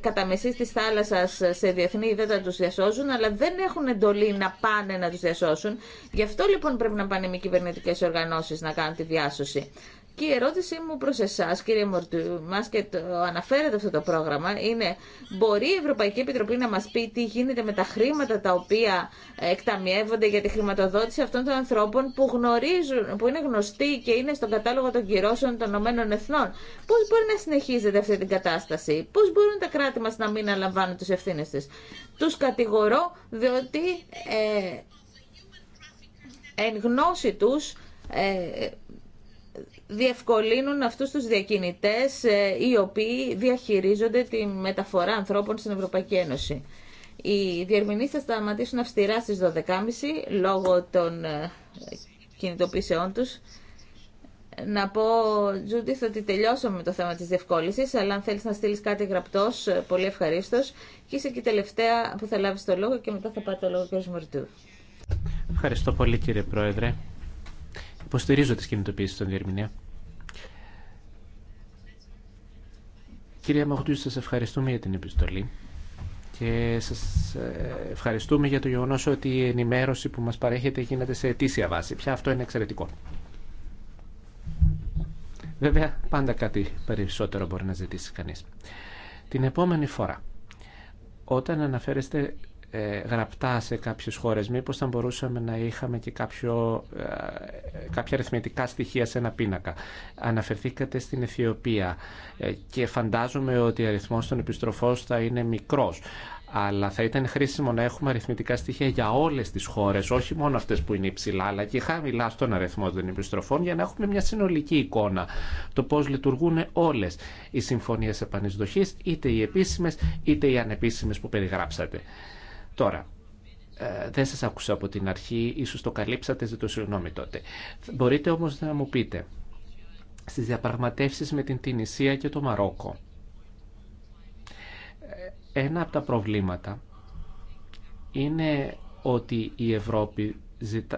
κατά μεσής της θάλασσας σε διεθνή δεν θα τους διασώσουν, αλλά δεν έχουν εντολή να πάνε να τους διασώσουν. Γι' αυτό λοιπόν πρέπει να πάνε οι μη κυβερνητικέ οργανώσεις να κάνουν τη διάσωση. Και η ερώτησή μου προ εσά, κύριε Μορτού, και το αναφέρετε αυτό το πρόγραμμα, είναι μπορεί η Ευρωπαϊκή Επιτροπή να μας πει τι γίνεται με τα χρήματα τα οποία εκταμιεύονται για τη χρηματοδότηση αυτών των ανθρώπων που γνωρίζουν, που είναι γνωστοί και είναι στον κατάλογο των κυρώσεων των Ηνωμένων Εθνών. Πώς μπορεί να συνεχίζεται αυτή την κατάσταση, Πώ μπορούν τα κράτη μα να μην αναλαμβάνουν τι ευθύνε τη, του κατηγορώ διότι ε, εν γνώση Ε, διευκολύνουν αυτούς τους διακινητές ε, οι οποίοι διαχειρίζονται τη μεταφορά ανθρώπων στην Ευρωπαϊκή Ένωση. Οι διερμηνείς θα σταματήσουν αυστηρά στις 12.30 λόγω των ε, κινητοποίησεών τους. Να πω, Τζούντιθ, ότι τελειώσαμε με το θέμα της διευκόλυσης, αλλά αν θέλεις να στείλεις κάτι γραπτός, ε, πολύ ευχαριστώ. Και είσαι και η τελευταία που θα λάβεις το λόγο και μετά θα πάρει το λόγο ο κ. Μορτού. Ευχαριστώ πολύ κύριε Πρόεδρε. Υποστηρίζω τις κινητοποίησεις των διερμηνέων. Κυρία Μαχτού, σας ευχαριστούμε για την επιστολή και σας ε, ευχαριστούμε για το γεγονός ότι η ενημέρωση που μας παρέχετε γίνεται σε αιτήσια βάση. Πια αυτό είναι εξαιρετικό. Βέβαια, πάντα κάτι περισσότερο μπορεί να ζητήσει κανείς. Την επόμενη φορά, όταν αναφέρεστε ε, γραπτά σε κάποιες χώρες. Μήπως θα μπορούσαμε να είχαμε και κάποιο, ε, κάποια αριθμητικά στοιχεία σε ένα πίνακα. Αναφερθήκατε στην Αιθιοπία ε, και φαντάζομαι ότι ο αριθμός των επιστροφών θα είναι μικρός. Αλλά θα ήταν χρήσιμο να έχουμε αριθμητικά στοιχεία για όλε τι χώρε, όχι μόνο αυτέ που είναι υψηλά, αλλά και χαμηλά στον αριθμό των επιστροφών, για να έχουμε μια συνολική εικόνα το πώ λειτουργούν όλε οι συμφωνίε επανεισδοχή, είτε οι επίσημε είτε οι ανεπίσημε που περιγράψατε. Τώρα, ε, δεν σας άκουσα από την αρχή, ίσως το καλύψατε, ζητώ συγγνώμη τότε. Μπορείτε όμως να μου πείτε, στις διαπραγματεύσεις με την Τινησία και το Μαρόκο, ε, ένα από τα προβλήματα είναι ότι η, Ευρώπη,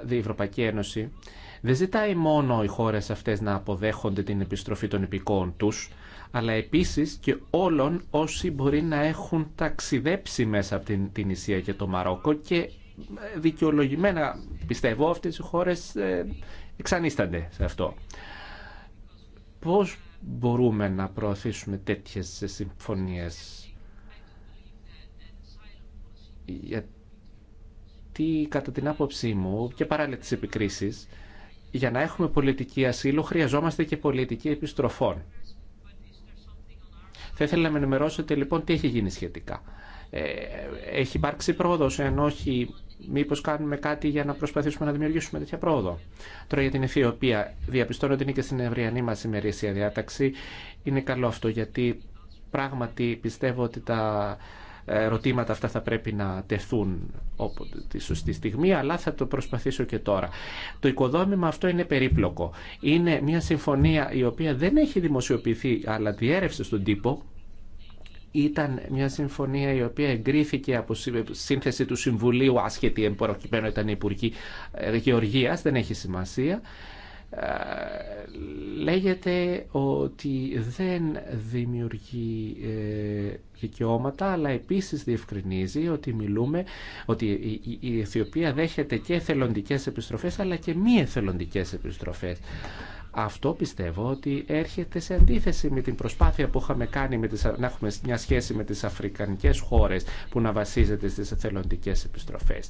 η Ευρωπαϊκή Ένωση δεν ζητάει μόνο οι χώρες αυτές να αποδέχονται την επιστροφή των υπηκόων τους, αλλά επίσης και όλων όσοι μπορεί να έχουν ταξιδέψει μέσα από την, την Ισία και το Μαρόκο και ε, δικαιολογημένα πιστεύω αυτές οι χώρες ε, εξανίστανται σε αυτό. Πώς μπορούμε να προωθήσουμε τέτοιες συμφωνίες γιατί κατά την άποψή μου και παράλληλα τις επικρίσεις για να έχουμε πολιτική ασύλου χρειαζόμαστε και πολιτική επιστροφών. Θα ήθελα να με ενημερώσετε λοιπόν τι έχει γίνει σχετικά. Ε, έχει υπάρξει πρόοδο, εάν όχι, μήπω κάνουμε κάτι για να προσπαθήσουμε να δημιουργήσουμε τέτοια πρόοδο. Τώρα για την οποία διαπιστώνω ότι είναι και στην ευριανή μα ημερήσια διάταξη. Είναι καλό αυτό γιατί πράγματι πιστεύω ότι τα ερωτήματα αυτά θα πρέπει να τεθούν όποτε τη σωστή στιγμή, αλλά θα το προσπαθήσω και τώρα. Το οικοδόμημα αυτό είναι περίπλοκο. Είναι μια συμφωνία η οποία δεν έχει δημοσιοποιηθεί, αλλά διέρευσε στον τύπο. Ήταν μια συμφωνία η οποία εγκρίθηκε από σύνθεση του Συμβουλίου, άσχετη εμποροκυπένο ήταν η Υπουργή ε, Γεωργίας, δεν έχει σημασία. Ε, λέγεται ότι δεν δημιουργεί ε, δικαιώματα αλλά επίσης διευκρινίζει ότι μιλούμε ότι η Αιθιοπία δέχεται και θελοντικές επιστροφές αλλά και μη θελοντικές επιστροφές. Αυτό πιστεύω ότι έρχεται σε αντίθεση με την προσπάθεια που είχαμε κάνει με τις, να έχουμε μια σχέση με τις αφρικανικές χώρες που να βασίζεται στις εθελοντικές επιστροφές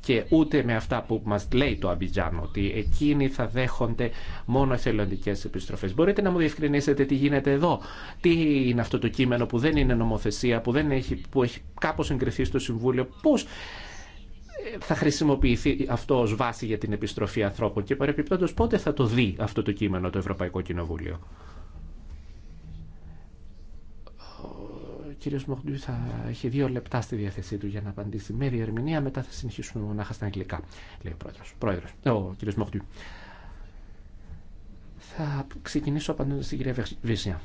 και ούτε με αυτά που μα λέει το Αμπιτζάν ότι εκείνοι θα δέχονται μόνο εθελοντικέ επιστροφέ. Μπορείτε να μου διευκρινίσετε τι γίνεται εδώ. Τι είναι αυτό το κείμενο που δεν είναι νομοθεσία, που, δεν έχει, που έχει κάπως εγκριθεί στο Συμβούλιο. πώ ε, θα χρησιμοποιηθεί αυτό ως βάση για την επιστροφή ανθρώπων και παρεπιπτόντως πότε θα το δει αυτό το κείμενο το Ευρωπαϊκό Κοινοβούλιο. κύριος Μοχντού θα έχει δύο λεπτά στη διάθεσή του για να απαντήσει με διερμηνία. Μετά θα συνεχίσουμε μονάχα στα αγγλικά, λέει ο πρόεδρος. πρόεδρος ο κύριος Μοχντού. Θα ξεκινήσω απαντώντας στην κυρία Βίσια.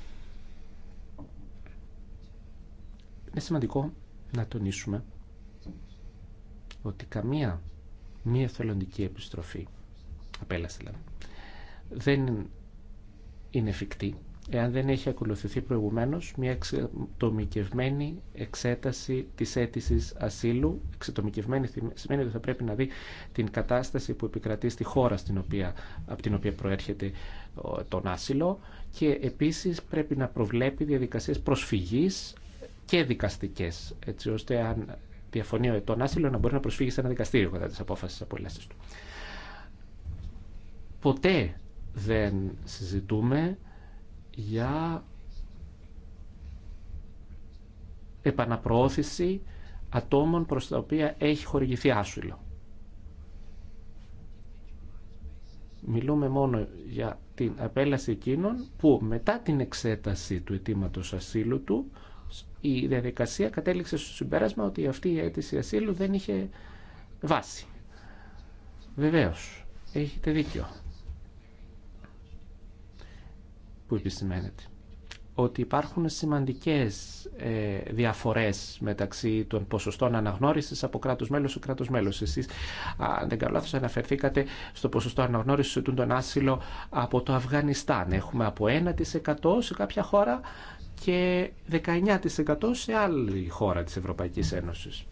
Είναι σημαντικό να τονίσουμε ότι καμία μη εθελοντική επιστροφή, απέλαση δηλαδή, δεν είναι εφικτή εάν δεν έχει ακολουθηθεί προηγουμένως μια εξετομικευμένη εξέταση της αίτηση ασύλου. Εξετομικευμένη σημαίνει ότι θα πρέπει να δει την κατάσταση που επικρατεί στη χώρα στην οποία, από την οποία προέρχεται τον άσυλο και επίσης πρέπει να προβλέπει διαδικασίες προσφυγής και δικαστικές, έτσι ώστε αν διαφωνεί ο άσυλο να μπορεί να προσφύγει σε ένα δικαστήριο κατά τις απόφασεις του. Ποτέ δεν συζητούμε για επαναπροώθηση ατόμων προς τα οποία έχει χορηγηθεί άσυλο. Μιλούμε μόνο για την απέλαση εκείνων που μετά την εξέταση του αιτήματο ασύλου του η διαδικασία κατέληξε στο συμπέρασμα ότι αυτή η αίτηση ασύλου δεν είχε βάση. Βεβαίως, έχετε δίκιο που επισημαίνεται ότι υπάρχουν σημαντικές ε, διαφορές μεταξύ των ποσοστών αναγνώρισης από κράτος μέλος σε κράτος μέλος. Εσείς, αν δεν κάνω αναφερθήκατε στο ποσοστό αναγνώρισης του τον άσυλο από το Αφγανιστάν. Έχουμε από 1% σε κάποια χώρα και 19% σε άλλη χώρα της Ευρωπαϊκής Ένωσης.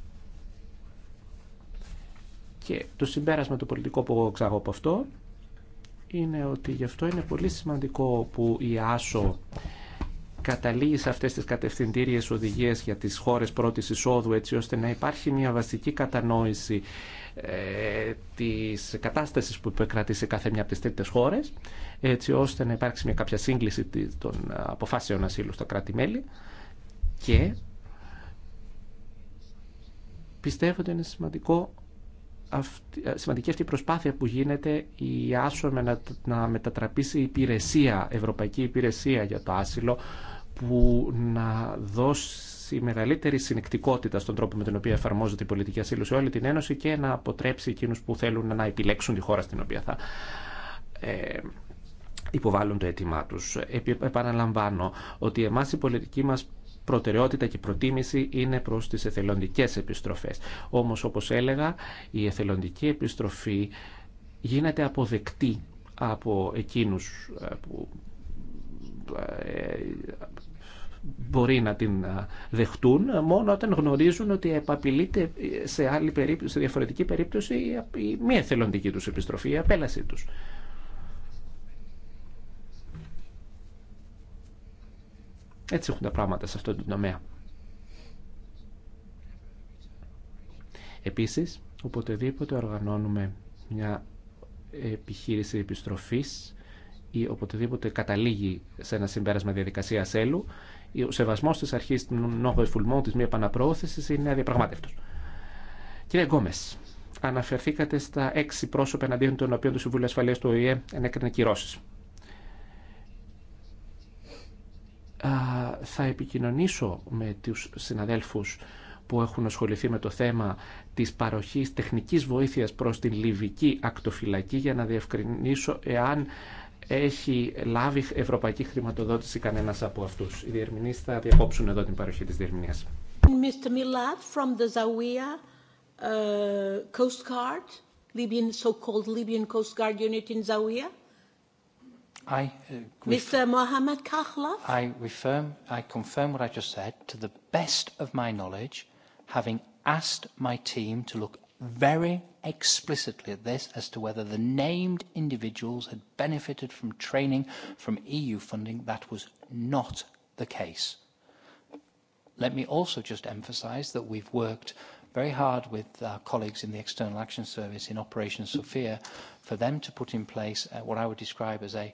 Και το συμπέρασμα το πολιτικό που εγώ ξάγω από αυτό είναι ότι γι' αυτό είναι πολύ σημαντικό που η ΆΣΟ καταλήγει σε αυτές τις κατευθυντήριες οδηγίες για τις χώρες πρώτης εισόδου έτσι ώστε να υπάρχει μια βασική κατανόηση ε, της κατάστασης που επικρατεί σε κάθε μια από τις τρίτες χώρες έτσι ώστε να υπάρξει μια κάποια σύγκληση των αποφάσεων ασύλου στα κράτη-μέλη και πιστεύω ότι είναι σημαντικό αυτή, ε, σημαντική αυτή η προσπάθεια που γίνεται η Άσο να, να μετατραπεί σε υπηρεσία, ευρωπαϊκή υπηρεσία για το άσυλο που να δώσει μεγαλύτερη συνεκτικότητα στον τρόπο με τον οποίο εφαρμόζεται η πολιτική ασύλου σε όλη την Ένωση και να αποτρέψει εκείνους που θέλουν να επιλέξουν τη χώρα στην οποία θα ε, υποβάλλουν το αίτημά τους. Επαναλαμβάνω ότι εμάς η πολιτική μας προτεραιότητα και προτίμηση είναι προς τις εθελοντικές επιστροφές. Όμως, όπως έλεγα, η εθελοντική επιστροφή γίνεται αποδεκτή από εκείνους ε, που ε, μπορεί να την ε, δεχτούν μόνο όταν γνωρίζουν ότι επαπειλείται σε, άλλη περίπτωση, σε διαφορετική περίπτωση η μη εθελοντική τους επιστροφή, η απέλασή τους. Έτσι έχουν τα πράγματα σε αυτό το τομέα. Επίσης, οποτεδήποτε οργανώνουμε μια επιχείρηση επιστροφής ή οποτεδήποτε καταλήγει σε ένα συμπέρασμα διαδικασία έλου, ο σεβασμό τη αρχή του νόχου εφουλμών τη μη επαναπροώθηση είναι αδιαπραγμάτευτο. Κύριε Γκόμε, αναφερθήκατε στα έξι πρόσωπα εναντίον των οποίων το Συμβούλιο Ασφαλεία του ΟΗΕ ενέκρινε κυρώσει. θα επικοινωνήσω με τους συναδέλφους που έχουν ασχοληθεί με το θέμα της παροχής τεχνικής βοήθειας προς την Λιβική ακτοφυλακή για να διευκρινίσω εάν έχει λάβει ευρωπαϊκή χρηματοδότηση κανένας από αυτούς. Οι διερμηνείς θα διακόψουν εδώ την παροχή της διερμηνίας. Mr. Milad from the Zawiya uh, Coast Guard, Libyan, so-called Libyan Coast Guard unit in Zawiya. I, Mr. Mohammed Kahla? I, confirm, I confirm what I just said. To the best of my knowledge, having asked my team to look very explicitly at this as to whether the named individuals had benefited from training from EU funding, that was not the case. Let me also just emphasize that we've worked very hard with our colleagues in the External Action Service in Operation Sophia for them to put in place what I would describe as a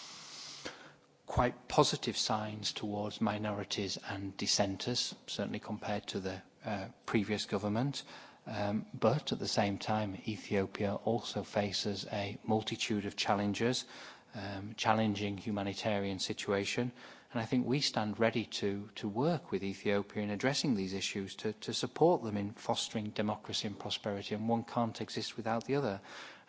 quite positive signs towards minorities and dissenters, certainly compared to the previous government. But at the same time, Ethiopia also faces a multitude of challenges, challenging humanitarian situation. And I think we stand ready to to work with Ethiopia in addressing these issues, to to support them in fostering democracy and prosperity, and one can't exist without the other